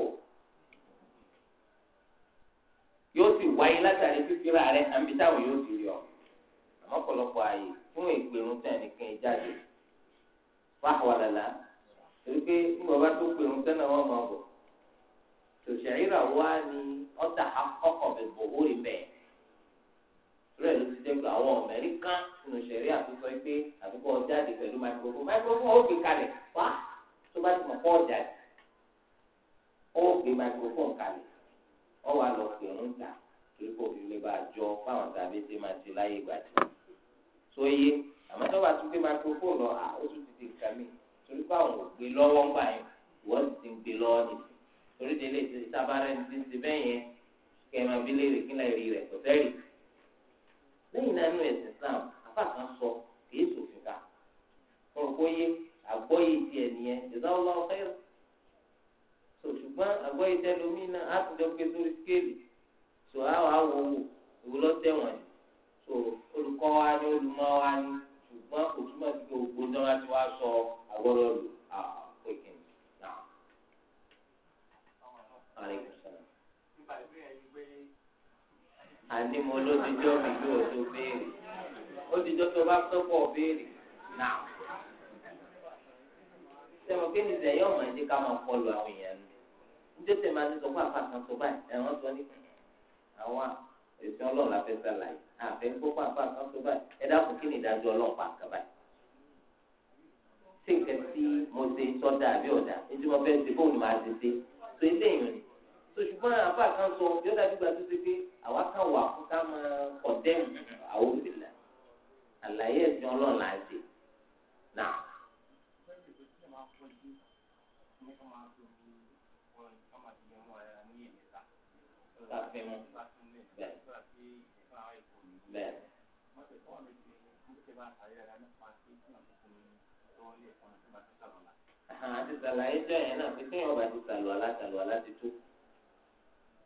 yóò sì wáyé látàrí fífira rẹ̀ àmì táwọn yóò ti rí ọ àmọ́ ọ̀pọ̀lọpọ̀ ààyè fún ìpinnu tẹ̀ ní kí n jáde fáwọn àlàlà. torí pé bàbá tó pè ń sẹ́nà wọn máa bọ̀ tòṣàìrà wa ni ọ̀tà akọ́kọ̀ bẹ̀ bọ̀ ó rí bẹ́ẹ̀ rẹ̀ ló ti jẹ́ àwọn Amẹ́ríkà nù sẹ̀rí àtúntò pé pẹ̀lú ó kalẹ̀ wá tó bá ti mọ̀ kọ́ ó kalẹ̀ ó wà lọ ń ta kò fi a fáwọn tàbí torí pé àwọn ògbé lọ́wọ́ ń gbà yẹn ìwọ́n ti gbé lọ́wọ́ ni torí délé ti sábàárẹ̀ ti ti bẹ́ẹ̀ yẹn kẹmà bí léèrè kí láì rí rẹ̀ kò fẹ́rì. lẹ́yìn náà nínú ẹ̀sìn Islam apá kan sọ kìí sòfin ká fún òkóyè àgbọ́yé tiẹ̀ nìyẹn ìdáwọ́lá ọ̀fẹ́ rẹ̀ so ṣùgbọ́n àgbọ́yé tẹlomi náà á ti jọ pé sórí skéèlì so àwọn àwọ̀ wò ìwúlọ́ tẹ̀wọ̀n ni so olùkọ́ wa ni olùmọ̀ wa ni ṣùgbọ́n kò túmọ̀ sí pé wa ti wá sọ ọ́ agbọ́dọ̀ lù á pékin náà. àti mo lójijọ́ mi yóò tó béèrè lójijọ́ tó bá sọ́pọ̀ béèrè náà. sẹ́wọ̀n kí ni sẹ́yìn ọ̀mọ̀ ẹ̀dí ká máa kọlu àwọn èèyàn ni njẹ́ tẹ̀ máa ti sọ fún àpàtàn tó báyìí ẹ̀wọ̀n sọ ní àwọn èsì ọlọ́run la fẹ́ sàlàyé àfẹ́ gbọ́ fún àpàtàn tó báyìí ẹ̀dá kò kí ni ìdájọ́ ọlọ́run pa àkàbáyìí mo ṣe sọ́dà àbí ọ̀dà nítorí mo fẹ́ ṣe fóònù máa ṣe ṣe tó ilé èèyàn ni tó ṣùgbọ́n àbá kan sọ bí ó dájú gba tó ṣe pé àwa kan wà fún ká máa kọ̀dẹ́mù àwọn òbílà àlàyé ẹ̀sìn ọlọ́run là ń ṣe náà. káfí àti sàlàyé jọ yẹn náà pé téèyàn bá ti sàlù alásàlù alásìtò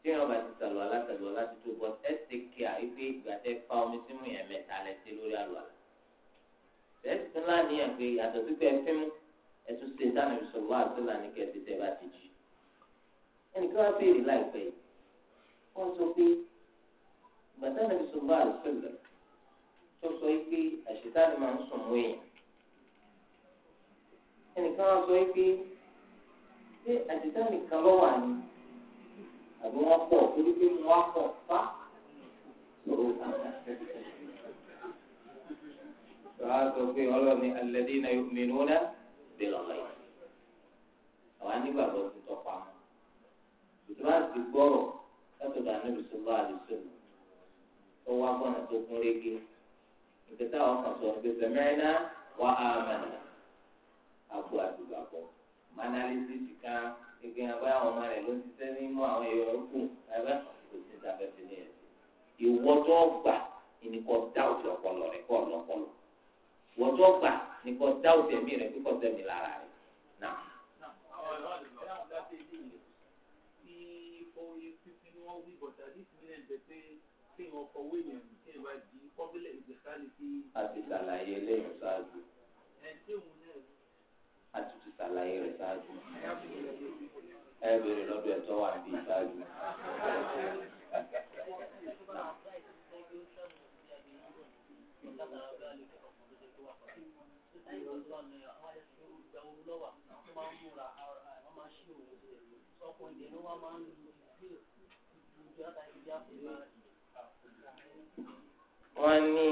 téèyàn bá ti sàlù alásàlù alásìtò but ẹ ti kí à wípé ìgbà tẹ fa omi símú yẹn mẹ́ta lẹ sí lórí àlọ àlà bẹ́ẹ̀ sì ńlá nìyẹn pé yàtọ̀ sí pé ẹ fín mú ẹ tún ṣe dáná ìṣòwò àtúnlá ní kẹsì tẹ bá ti jì ẹnìkan wá béèrè láìpẹ́ yìí wọn sọ pé ìgbà dáná ìṣòwò àtúnlá tó sọ pé àṣetá máa ń sùn mú èèyàn. ẹnìkan wá sọ pé ṣé àdìsá nìkan lọ wà ní àbí wọn pọ torí pé wọn pọ fá sọ̀rọ̀ sọ pé ọlọ́ni alladhina yu'minuna bil ghaib àwọn anígbàgbọ́ ti tọ́pa ìtura ti gbọ́rọ̀ látọ̀dọ̀ Ànábì sallallahu alaihi wasallam tó wá gbọ́nà tó gún régé ìgbésẹ̀ àwọn kan sọ ìgbésẹ̀ mẹ́rin náà wà á mẹ́rin náà. agbo àdúgbò àpọ manalisi kan gbẹgbẹ abẹ àwọn ọmọ rẹ ló ti sẹ nínú àwọn ẹyọ ọkù ẹgbẹ kò sí ìtàfẹsẹ ní ẹsẹ ìwọjọ gbà ni kò dáwùtì ọpọlọ rẹ kò lọpọlọ ìwọjọ gbà ni kò dáwùtì ẹmí rẹ kíkọ sẹmi lára rẹ náà. àti sàlàyé lẹ́yìn ṣáájú ṣàlàyé rẹ̀ ṣáájú ẹ bèrè lọ́dọ̀ ẹ̀ tọ́wọ́ àbí ṣáájú. wọ́n ní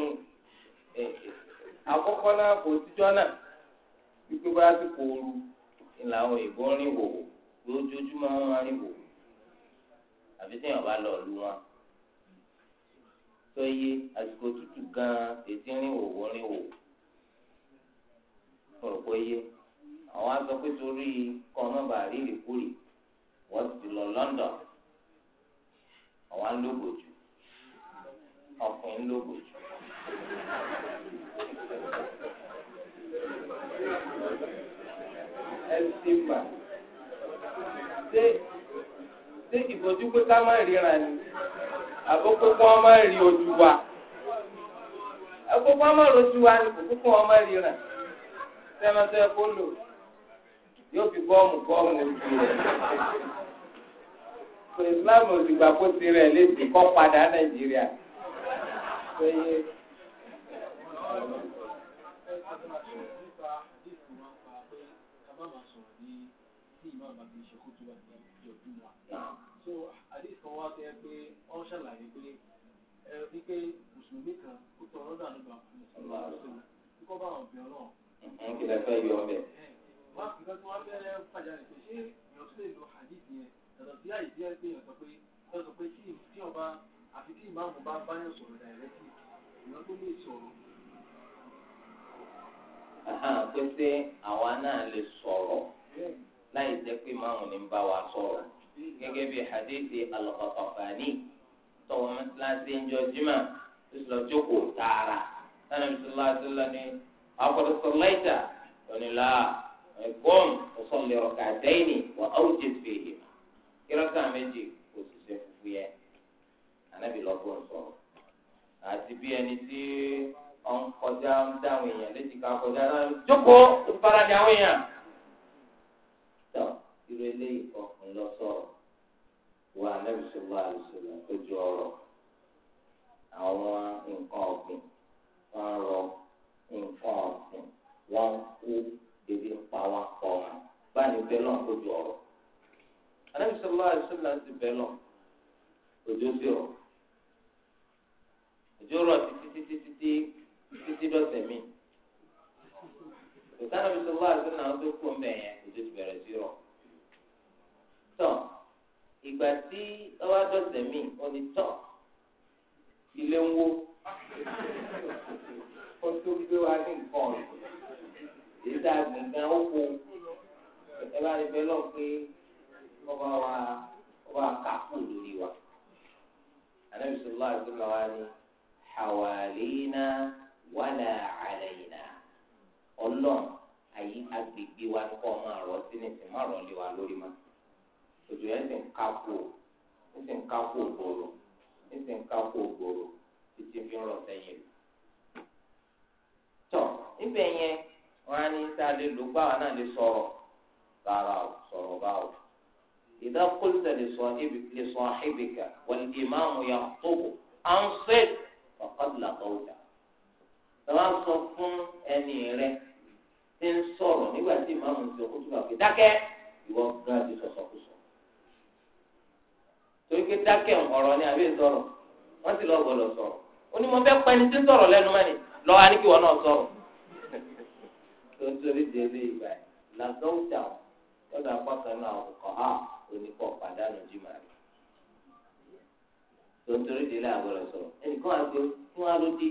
àkọ́kọ́ náà kò síjọ́ náà wípé bá sìkò ooru ni làwọn òyìnbó ń rìn wò lójoojúmọ́ wọn máa ń rìn wò àfi tí èèyàn bá lọ lu wọn tó yé àsìkò tútù gan-an ètí rìn wò wò rìn wò kọ̀rọ̀ pé yé àwọn aṣọ pé torí kọ́ ọ má bàa rí ìrìkúrì wọ́n ti lọ London àwọn alógojù ọkùnrin lógojù. ẹsìn mà ṣé ṣé ìbòjú pé ká má ríra ni àkókò kí wọn má ojú wa àkókò wọn má rojú wa ni kókó kí wọn má ríra kó lò yóò fi bọ́ọ̀mù bọ́ọ̀mù ojú rẹ̀ kò Islam ò sì gbà kó kọ́ náà bá ti ṣe kótó wà ní ìjọdún wa. so àdéhùn kan wá tẹ́ pé wọ́n ṣàlàyé pé ẹ rí pé mùsùlùmí kan ó tọ ọ̀rọ̀ dànù bá mùsùlùmí àlùsùn kíkọ́ bá àwọn obìnrin náà. ẹ kí lè fẹ́ yọ ọ bẹ́ẹ̀. wọ́n á fi kan tí wọ́n fẹ́ fàjà rẹ̀ pé ṣé èèyàn tún lè lo hadith yẹn yàtọ̀ sí àyè díẹ̀ pé èèyàn sọ pé èèyàn sọ pé tí ọba àfi tí ìmáàmù bá báyọ̀ sọ̀rọ̀ dàrẹ́tì èèyàn tó lè sọ̀rọ̀ pé pé àwa náà lè sọ̀rọ̀ láì jẹ́ pé máàmù ní bá wa sọ̀rọ̀ gẹ́gẹ́ bí hadithi al-Qatafani tọwọ́ mẹ́tíláṣí ń jọ jimá lọ́sọ̀lá jókòó tààrà sani bisalòlá àdúrà ni àkọ́dọ̀ sọ̀láìtà onílà ẹ̀gbọ́n ọ̀sọ̀lẹ̀ ọ̀kà dẹ́yìnì wà áwùjẹ fèèyè kíláàsì méjì kò sì ṣe fúfú yẹ anábì lọ́gbọ̀n sọ̀rọ̀ àti bí ẹni tí ọ̀n kọjá ń dáhùn èèyàn létí ká kọjá dáhùn jókòó ó ti bára ní àwọn irú eléyìí ọkùnrin lọ sọ̀rọ̀ wa anabi sọlá àlùsọlá tó ju ọ̀rọ̀ àwọn nǹkan ọ̀gbìn wọn rọ nǹkan ọ̀gbìn wọn kú ebi pa wọn pọ wọn báyìí bẹ́ẹ̀ lọ́n tó ju ọ̀rọ̀ anabi sọlá àlùsọlá ti bẹ́ẹ̀ lọ òjò sí ọ òjò rọ títí títí títí títí dọ̀sẹ̀ mi ìtànàbí sọlá àlùsọlá tó kú mẹ́ẹ̀ẹ́ òjò ti bẹ̀rẹ̀ sí ọ tọ̀ ìgbà tí ọwọ́ dọ̀sẹ̀ mi ò ní tọ̀ ilé ń wó kó tó gbé wa ní nǹkan ọ̀sìn èyí tá a gbìn gan ó kó ẹ bá rí bẹ́ẹ̀ lọ pé ọba wa ọba kàkó lórí wa anabi sọlá àdúrà wa ni hawalina wàlà àlàyìnà ọlọ́run àyí agbègbè wa kọ́ máa rọ̀ sínú ìsìn máa rọ̀ lé wa lórí máa. òjò yẹn sì ń kápò ń sì ń kápò ògbòrò ń sì ń kápò ògbòrò títí fi ń rọ̀ sẹ́yìn rẹ̀. tọ́ níbẹ̀ yẹn wọ́n á ní tá a lè lò báwa náà lè sọ̀rọ̀ rárá o sọ̀rọ̀ báwo. إذا قلت لصاحبك لصاحبك والإمام يخطب أنصت فقد لغوت a sọ fún ẹni rẹ tí ń sọ̀rọ̀ nígbà tí ìmáàmù bá fi ìwọ sọ. torí pé dákẹ́ ọ̀rọ̀ ni àbí ìsọ̀rọ̀ wọ́n sì lọ gbọ́dọ̀ sọ̀rọ̀ onímọ̀ bẹ́ẹ̀ pẹ́ ni tí ń sọ̀rọ̀ lẹ́nu mẹ́ni lọ́wọ́ á ní kí wọ́n náà sọ̀rọ̀ tó ń torí di ilé ìgbà yìí làtọ́ ń tà wọ́n lọ́dọ̀ apákan náà ọ̀kọ̀ ha onípọ̀ pàdánù jìmọ̀ rẹ̀ tó ń torí di ilé àgbọ̀dọ̀ sọ̀rọ̀ ẹnìkan àgbẹ̀ fún wa ló dé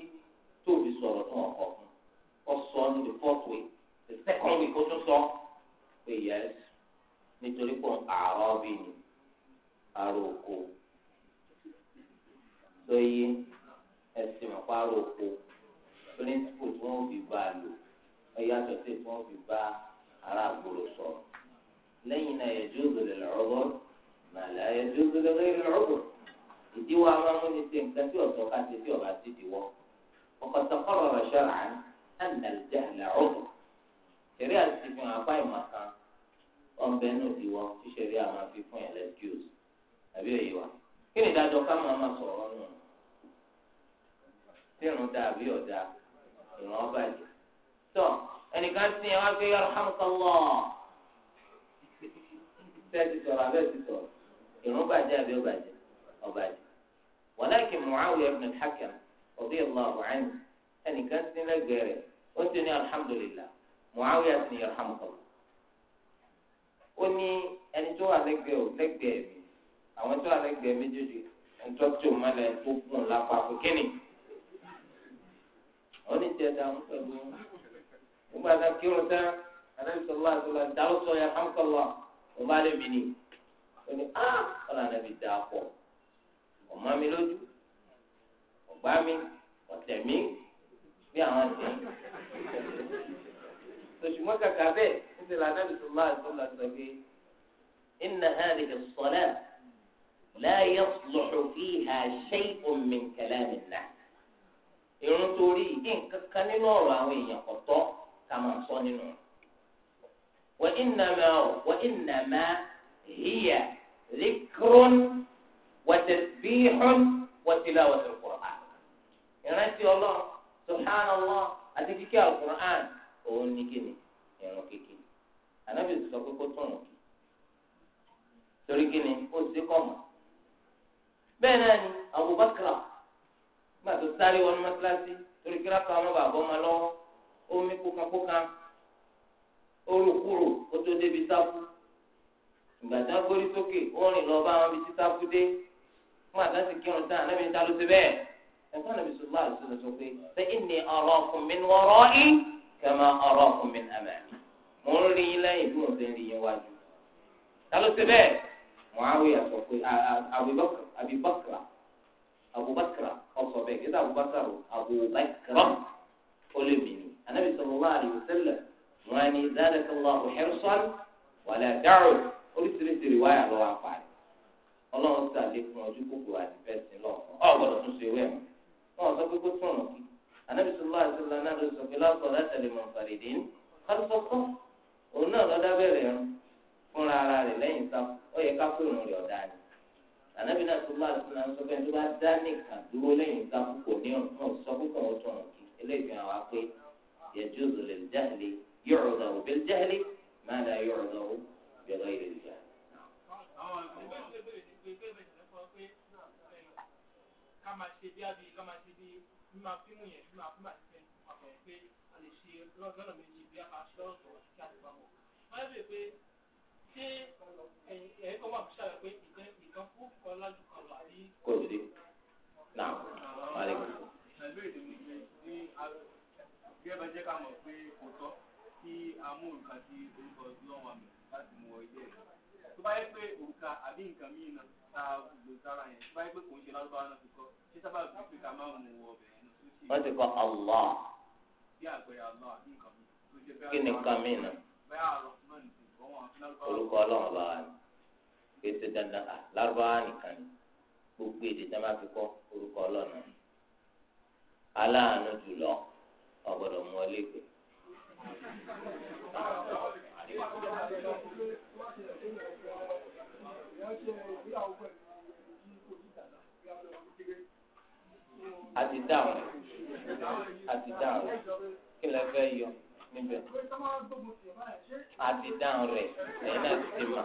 tóbi sọ̀rọ̀ fún ọkọ̀ fún ọ sọ ní the fourth way the second way aróko lóye ẹsìn ọ̀pá aróko píríncípù tí wọ́n fi bá a lò ẹ̀yàtọ̀ sí tí wọ́n fi bá ará àgbòrò sọ̀rọ̀ lẹ́yìn náà ẹ̀jọ́ òbèrè lọ́rọ́ màlá ẹ̀jọ́ òbèrè lọ́rọ́ ìdíwọ́ amámúni ṣe nǹkan tí ọ̀tọ̀ ká ṣe tí ọ̀bá ti dìwọ́ ọkọ̀ tọkọ̀rọ̀ ọ̀rọ̀ ṣọ́ra ẹ̀ńdà ìjà làọ́dọ̀ ṣẹ̀rí àti ìfihàn apá ìmọ̀ kan ọ̀nbẹ́nu ìwọ̀ ṣíṣẹ̀rí àwọn àfikún ẹ̀ lẹ́kíọ̀sì. àbí òye wa kí ni ìdájọ́ ká máa máa sọ̀rọ̀ nù tí ìrùn dá àbí ọ̀dá ìrùn ọba jù tọ ẹnìkan sí ẹ wá pé yarhamukallah sẹ́ẹ̀ ti sọ̀rọ̀ abẹ́ ti sọ̀rọ̀ ìrùn bàjẹ́ àbí ọbàjẹ́ ọbàjẹ́ walakin Muawiya ibn al-Hakam radiyallahu anhu ẹnìkan sí lẹ́gbẹ̀rẹ̀ ó ti ní alhamdulillah Muawiya ti ní yarhamukallah ó ní ẹni tó wà lẹ́gbẹ̀ẹ́ lẹ́gbẹ̀ẹ́ mi. àwọn tó àlẹgbẹẹ méjèèjì ẹnitọ́tò mọ́lẹ̀ tó gùn lápá kínní oníjẹta ń pẹ̀lú nígbà tá kírun tán anábìsọ̀lá àtúlá dárúsọ ya hàmkọ́lá ọba àdébì ni ó ní á ọ̀là àdébì dà pọ̀ ọ̀mọ́ mi lójú ọ̀gbá mi ọ̀tẹ̀ mi bí àwọn àti tòṣùmọ́ kàkà bẹ́ẹ̀ ń ṣe lànà àbìsọ̀lá àtúlá sọ pé ìnà hàn lè sọ̀lẹ́ la yasluhu fiha shay'un min kalamin nas. irun torí nǹkan kan nínú ọ̀rọ̀ àwọn èèyàn ọ̀tọ̀ ká máa sọ nínú rẹ̀. wa innama wa innama hiya dhikrun wa tasbihun wa tilawatul Qur'an. ìrántí ọlọ́run subhanallah àti kíkẹ́ al òun ní kíni ìrun kékeré. ànábìsí sọ pé kó tún un torí kíni ó ti kọ́ mọ́ bẹ́ẹ̀ náà ni Abubakar gbà tó sáré wọnú mọ́tíláṣí torí kíra pa ọmọ bàbá ọmọ lọ́wọ́ omi kókankóka orúkúrò ó tó débi sáfù ìgbà tí wọ́n gbórí sókè ó rìn lọ bá wọn bí tí sáfù dé fún àtàtì kírun tán ànábi ń ta ló ti bẹ́ẹ̀ ẹ̀fọ́ ànábi sọ̀rọ̀ àti sọ̀rọ̀ sọ pé ṣé ìní ọ̀rọ̀ ọkùnrin wọ́rọ́ yìí kama ọ̀rọ̀ ọkùnrin àmàmì mò ń rí yín lẹ́yìn bí mo ti rí yín wájú ta ló ti bẹ́ẹ̀ Muawiya sọ pé Abubakar àbí bàkàrà àbúbàkàrà ọ̀sọ̀ bẹ́ẹ̀ kí sàbúbàkàrà àbúbàkàrà ó lè mí ni anabi sallallahu alayhi wa sallam wọn ni zadakallahu hirsan wàlẹ̀ dàrú oríṣiríṣi rìwáyà lọ́wọ́ àpárí ọlọ́run sàlẹ̀ fún ojú kòkòrò àti bẹ́ẹ̀ sí lọ́wọ́ ọ̀ gbọ́dọ̀ tún ṣe wẹ̀ mọ́ wọn sọ pé kó tún ọ̀nà kí anabi sallallahu alayhi wa sallam náà ló sọ pé lọ́sọ̀ látàlẹ́ mọ̀nfàdìdín kálífọ́kọ́ òun náà lọ́dá bẹ̀rẹ̀ fúnra ara rẹ̀ lẹ́yìn sáfù ó yẹ ká pé òun rẹ̀ ọ̀dà ni ànábì náà tó bá tó náà sọ pé tó bá dá nìkan dúró lẹ́yìn ìgbà púpọ̀ ní ọ̀tún sọ púpọ̀ ọ̀tún ọ̀tún eléyìí àwọn apẹ́ yẹjú òzòlè jáde yọ̀rọ̀ dàrú bẹ́ẹ̀ jáde máa dà yọ̀rọ̀ dàrú bẹ́ẹ̀ lọ́yẹ̀ lè jà. ṣé ẹ̀yin kan wà fún ṣàlàyé pé kó o dé náà wà lè. bí ẹ bá jẹ́ ká mọ̀ pé kò tọ́ kí amóhùnká tí orúkọ ọdún ọ̀wà mi láti mú ilé ẹ̀ tó bá yẹ pé òrùka àbí nǹkan míì náà tá a sára yẹn tó bá yẹ pé kò ń ṣe lárúbáwá náà ti kọ́ ṣé sábà bí pé ká máa mú ọbẹ̀ yẹn náà. wọ́n ti kọ́ Allah. bí àgbẹ̀rẹ̀ Allah àbí nǹkan míì. kí ni nǹkan míì náà. bẹ́ẹ̀ àrọ̀ náà nìkan orúkọ ọlọ́run ètò dandan à lárúbáwá nìkan ni gbogbo èdè tí a máa fi kọ́ orúkọ ọlọ́run aláàánú jùlọ ọ̀gbọ́dọ̀ mú ọ lẹ́gbẹ̀ẹ́. a ti dáhùn a ti dáhùn kí lè fẹ́ yọ níbẹ̀ a ti dáhùn rẹ̀ ẹ̀yin náà ti ti mọ̀.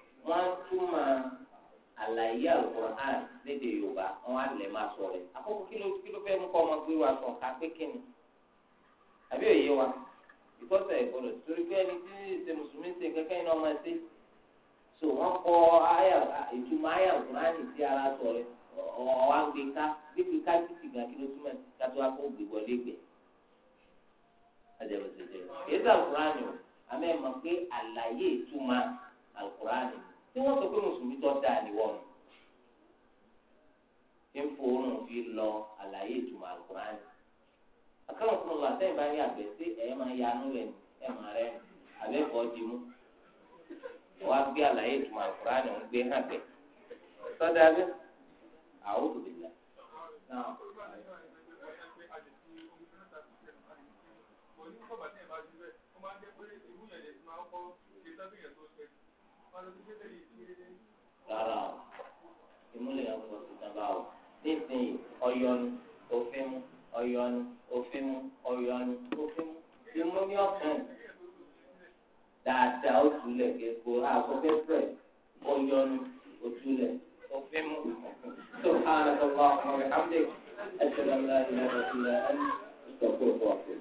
wọ́n túmọ̀ àlàyé alukur'an lédè yorùbá wọ́n á lè máa sọ rẹ̀ àkókò kí ló kí ló fẹ́ mú kọ́ ọmọ gbé wa sọ ká pé kíni àbí òye wa ìkọ́sẹ̀ ìkọlọ̀ torí pé ẹni tí ṣe mùsùlùmí ṣe kẹ́kẹ́ iná ọmọ ẹsẹ̀ so wọ́n kọ ìtumọ̀ àyà alukur'an sí ara sọ rẹ̀ ọ̀wá gbé ká gbégbé ká títì gan kí ló túmọ̀ ká tó wá kó gbégbọ́ lẹ́gbẹ̀ẹ́ àjẹbẹ̀sẹ̀ jẹ àlàyé ìtumọ̀ alukur'an tí wọ́n sọ pé mùsùlùmí tó dáa níwọ̀ nù ń fòórùn fi lọ àlàyé ìtumọ̀ àlùkùránì akáwọn fún wa sẹ́yìn bá rí àgbẹ̀ sí ẹ̀yẹ́ máa yanú rẹ̀ ẹ̀ máa rẹ̀ àbẹ́fọ́ di mú wọ́n á gbé àlàyé ìtumọ̀ àlùkùránì ń gbé hàn bẹ̀ sọ́dọ̀ abẹ́ àwọn òbílà náà. Thank you rárá o ìmúlẹ̀ yẹn kò sí tán báwo nísìnyí ọyọnu òfin mu ọyọnu òfin mu ọyọnu òfin mu ìmú ní ọ̀kan dáadáa ó túlẹ̀ kéko àkókẹ́fẹ́ ọyọnu òtúlẹ̀ òfin mu tó ká lọ́wọ́ ọmọ rẹ̀ hàmdè ẹ̀ṣẹ̀ lọ́la ìlànà ìlànà ìtọ́kùn ọ̀fìn.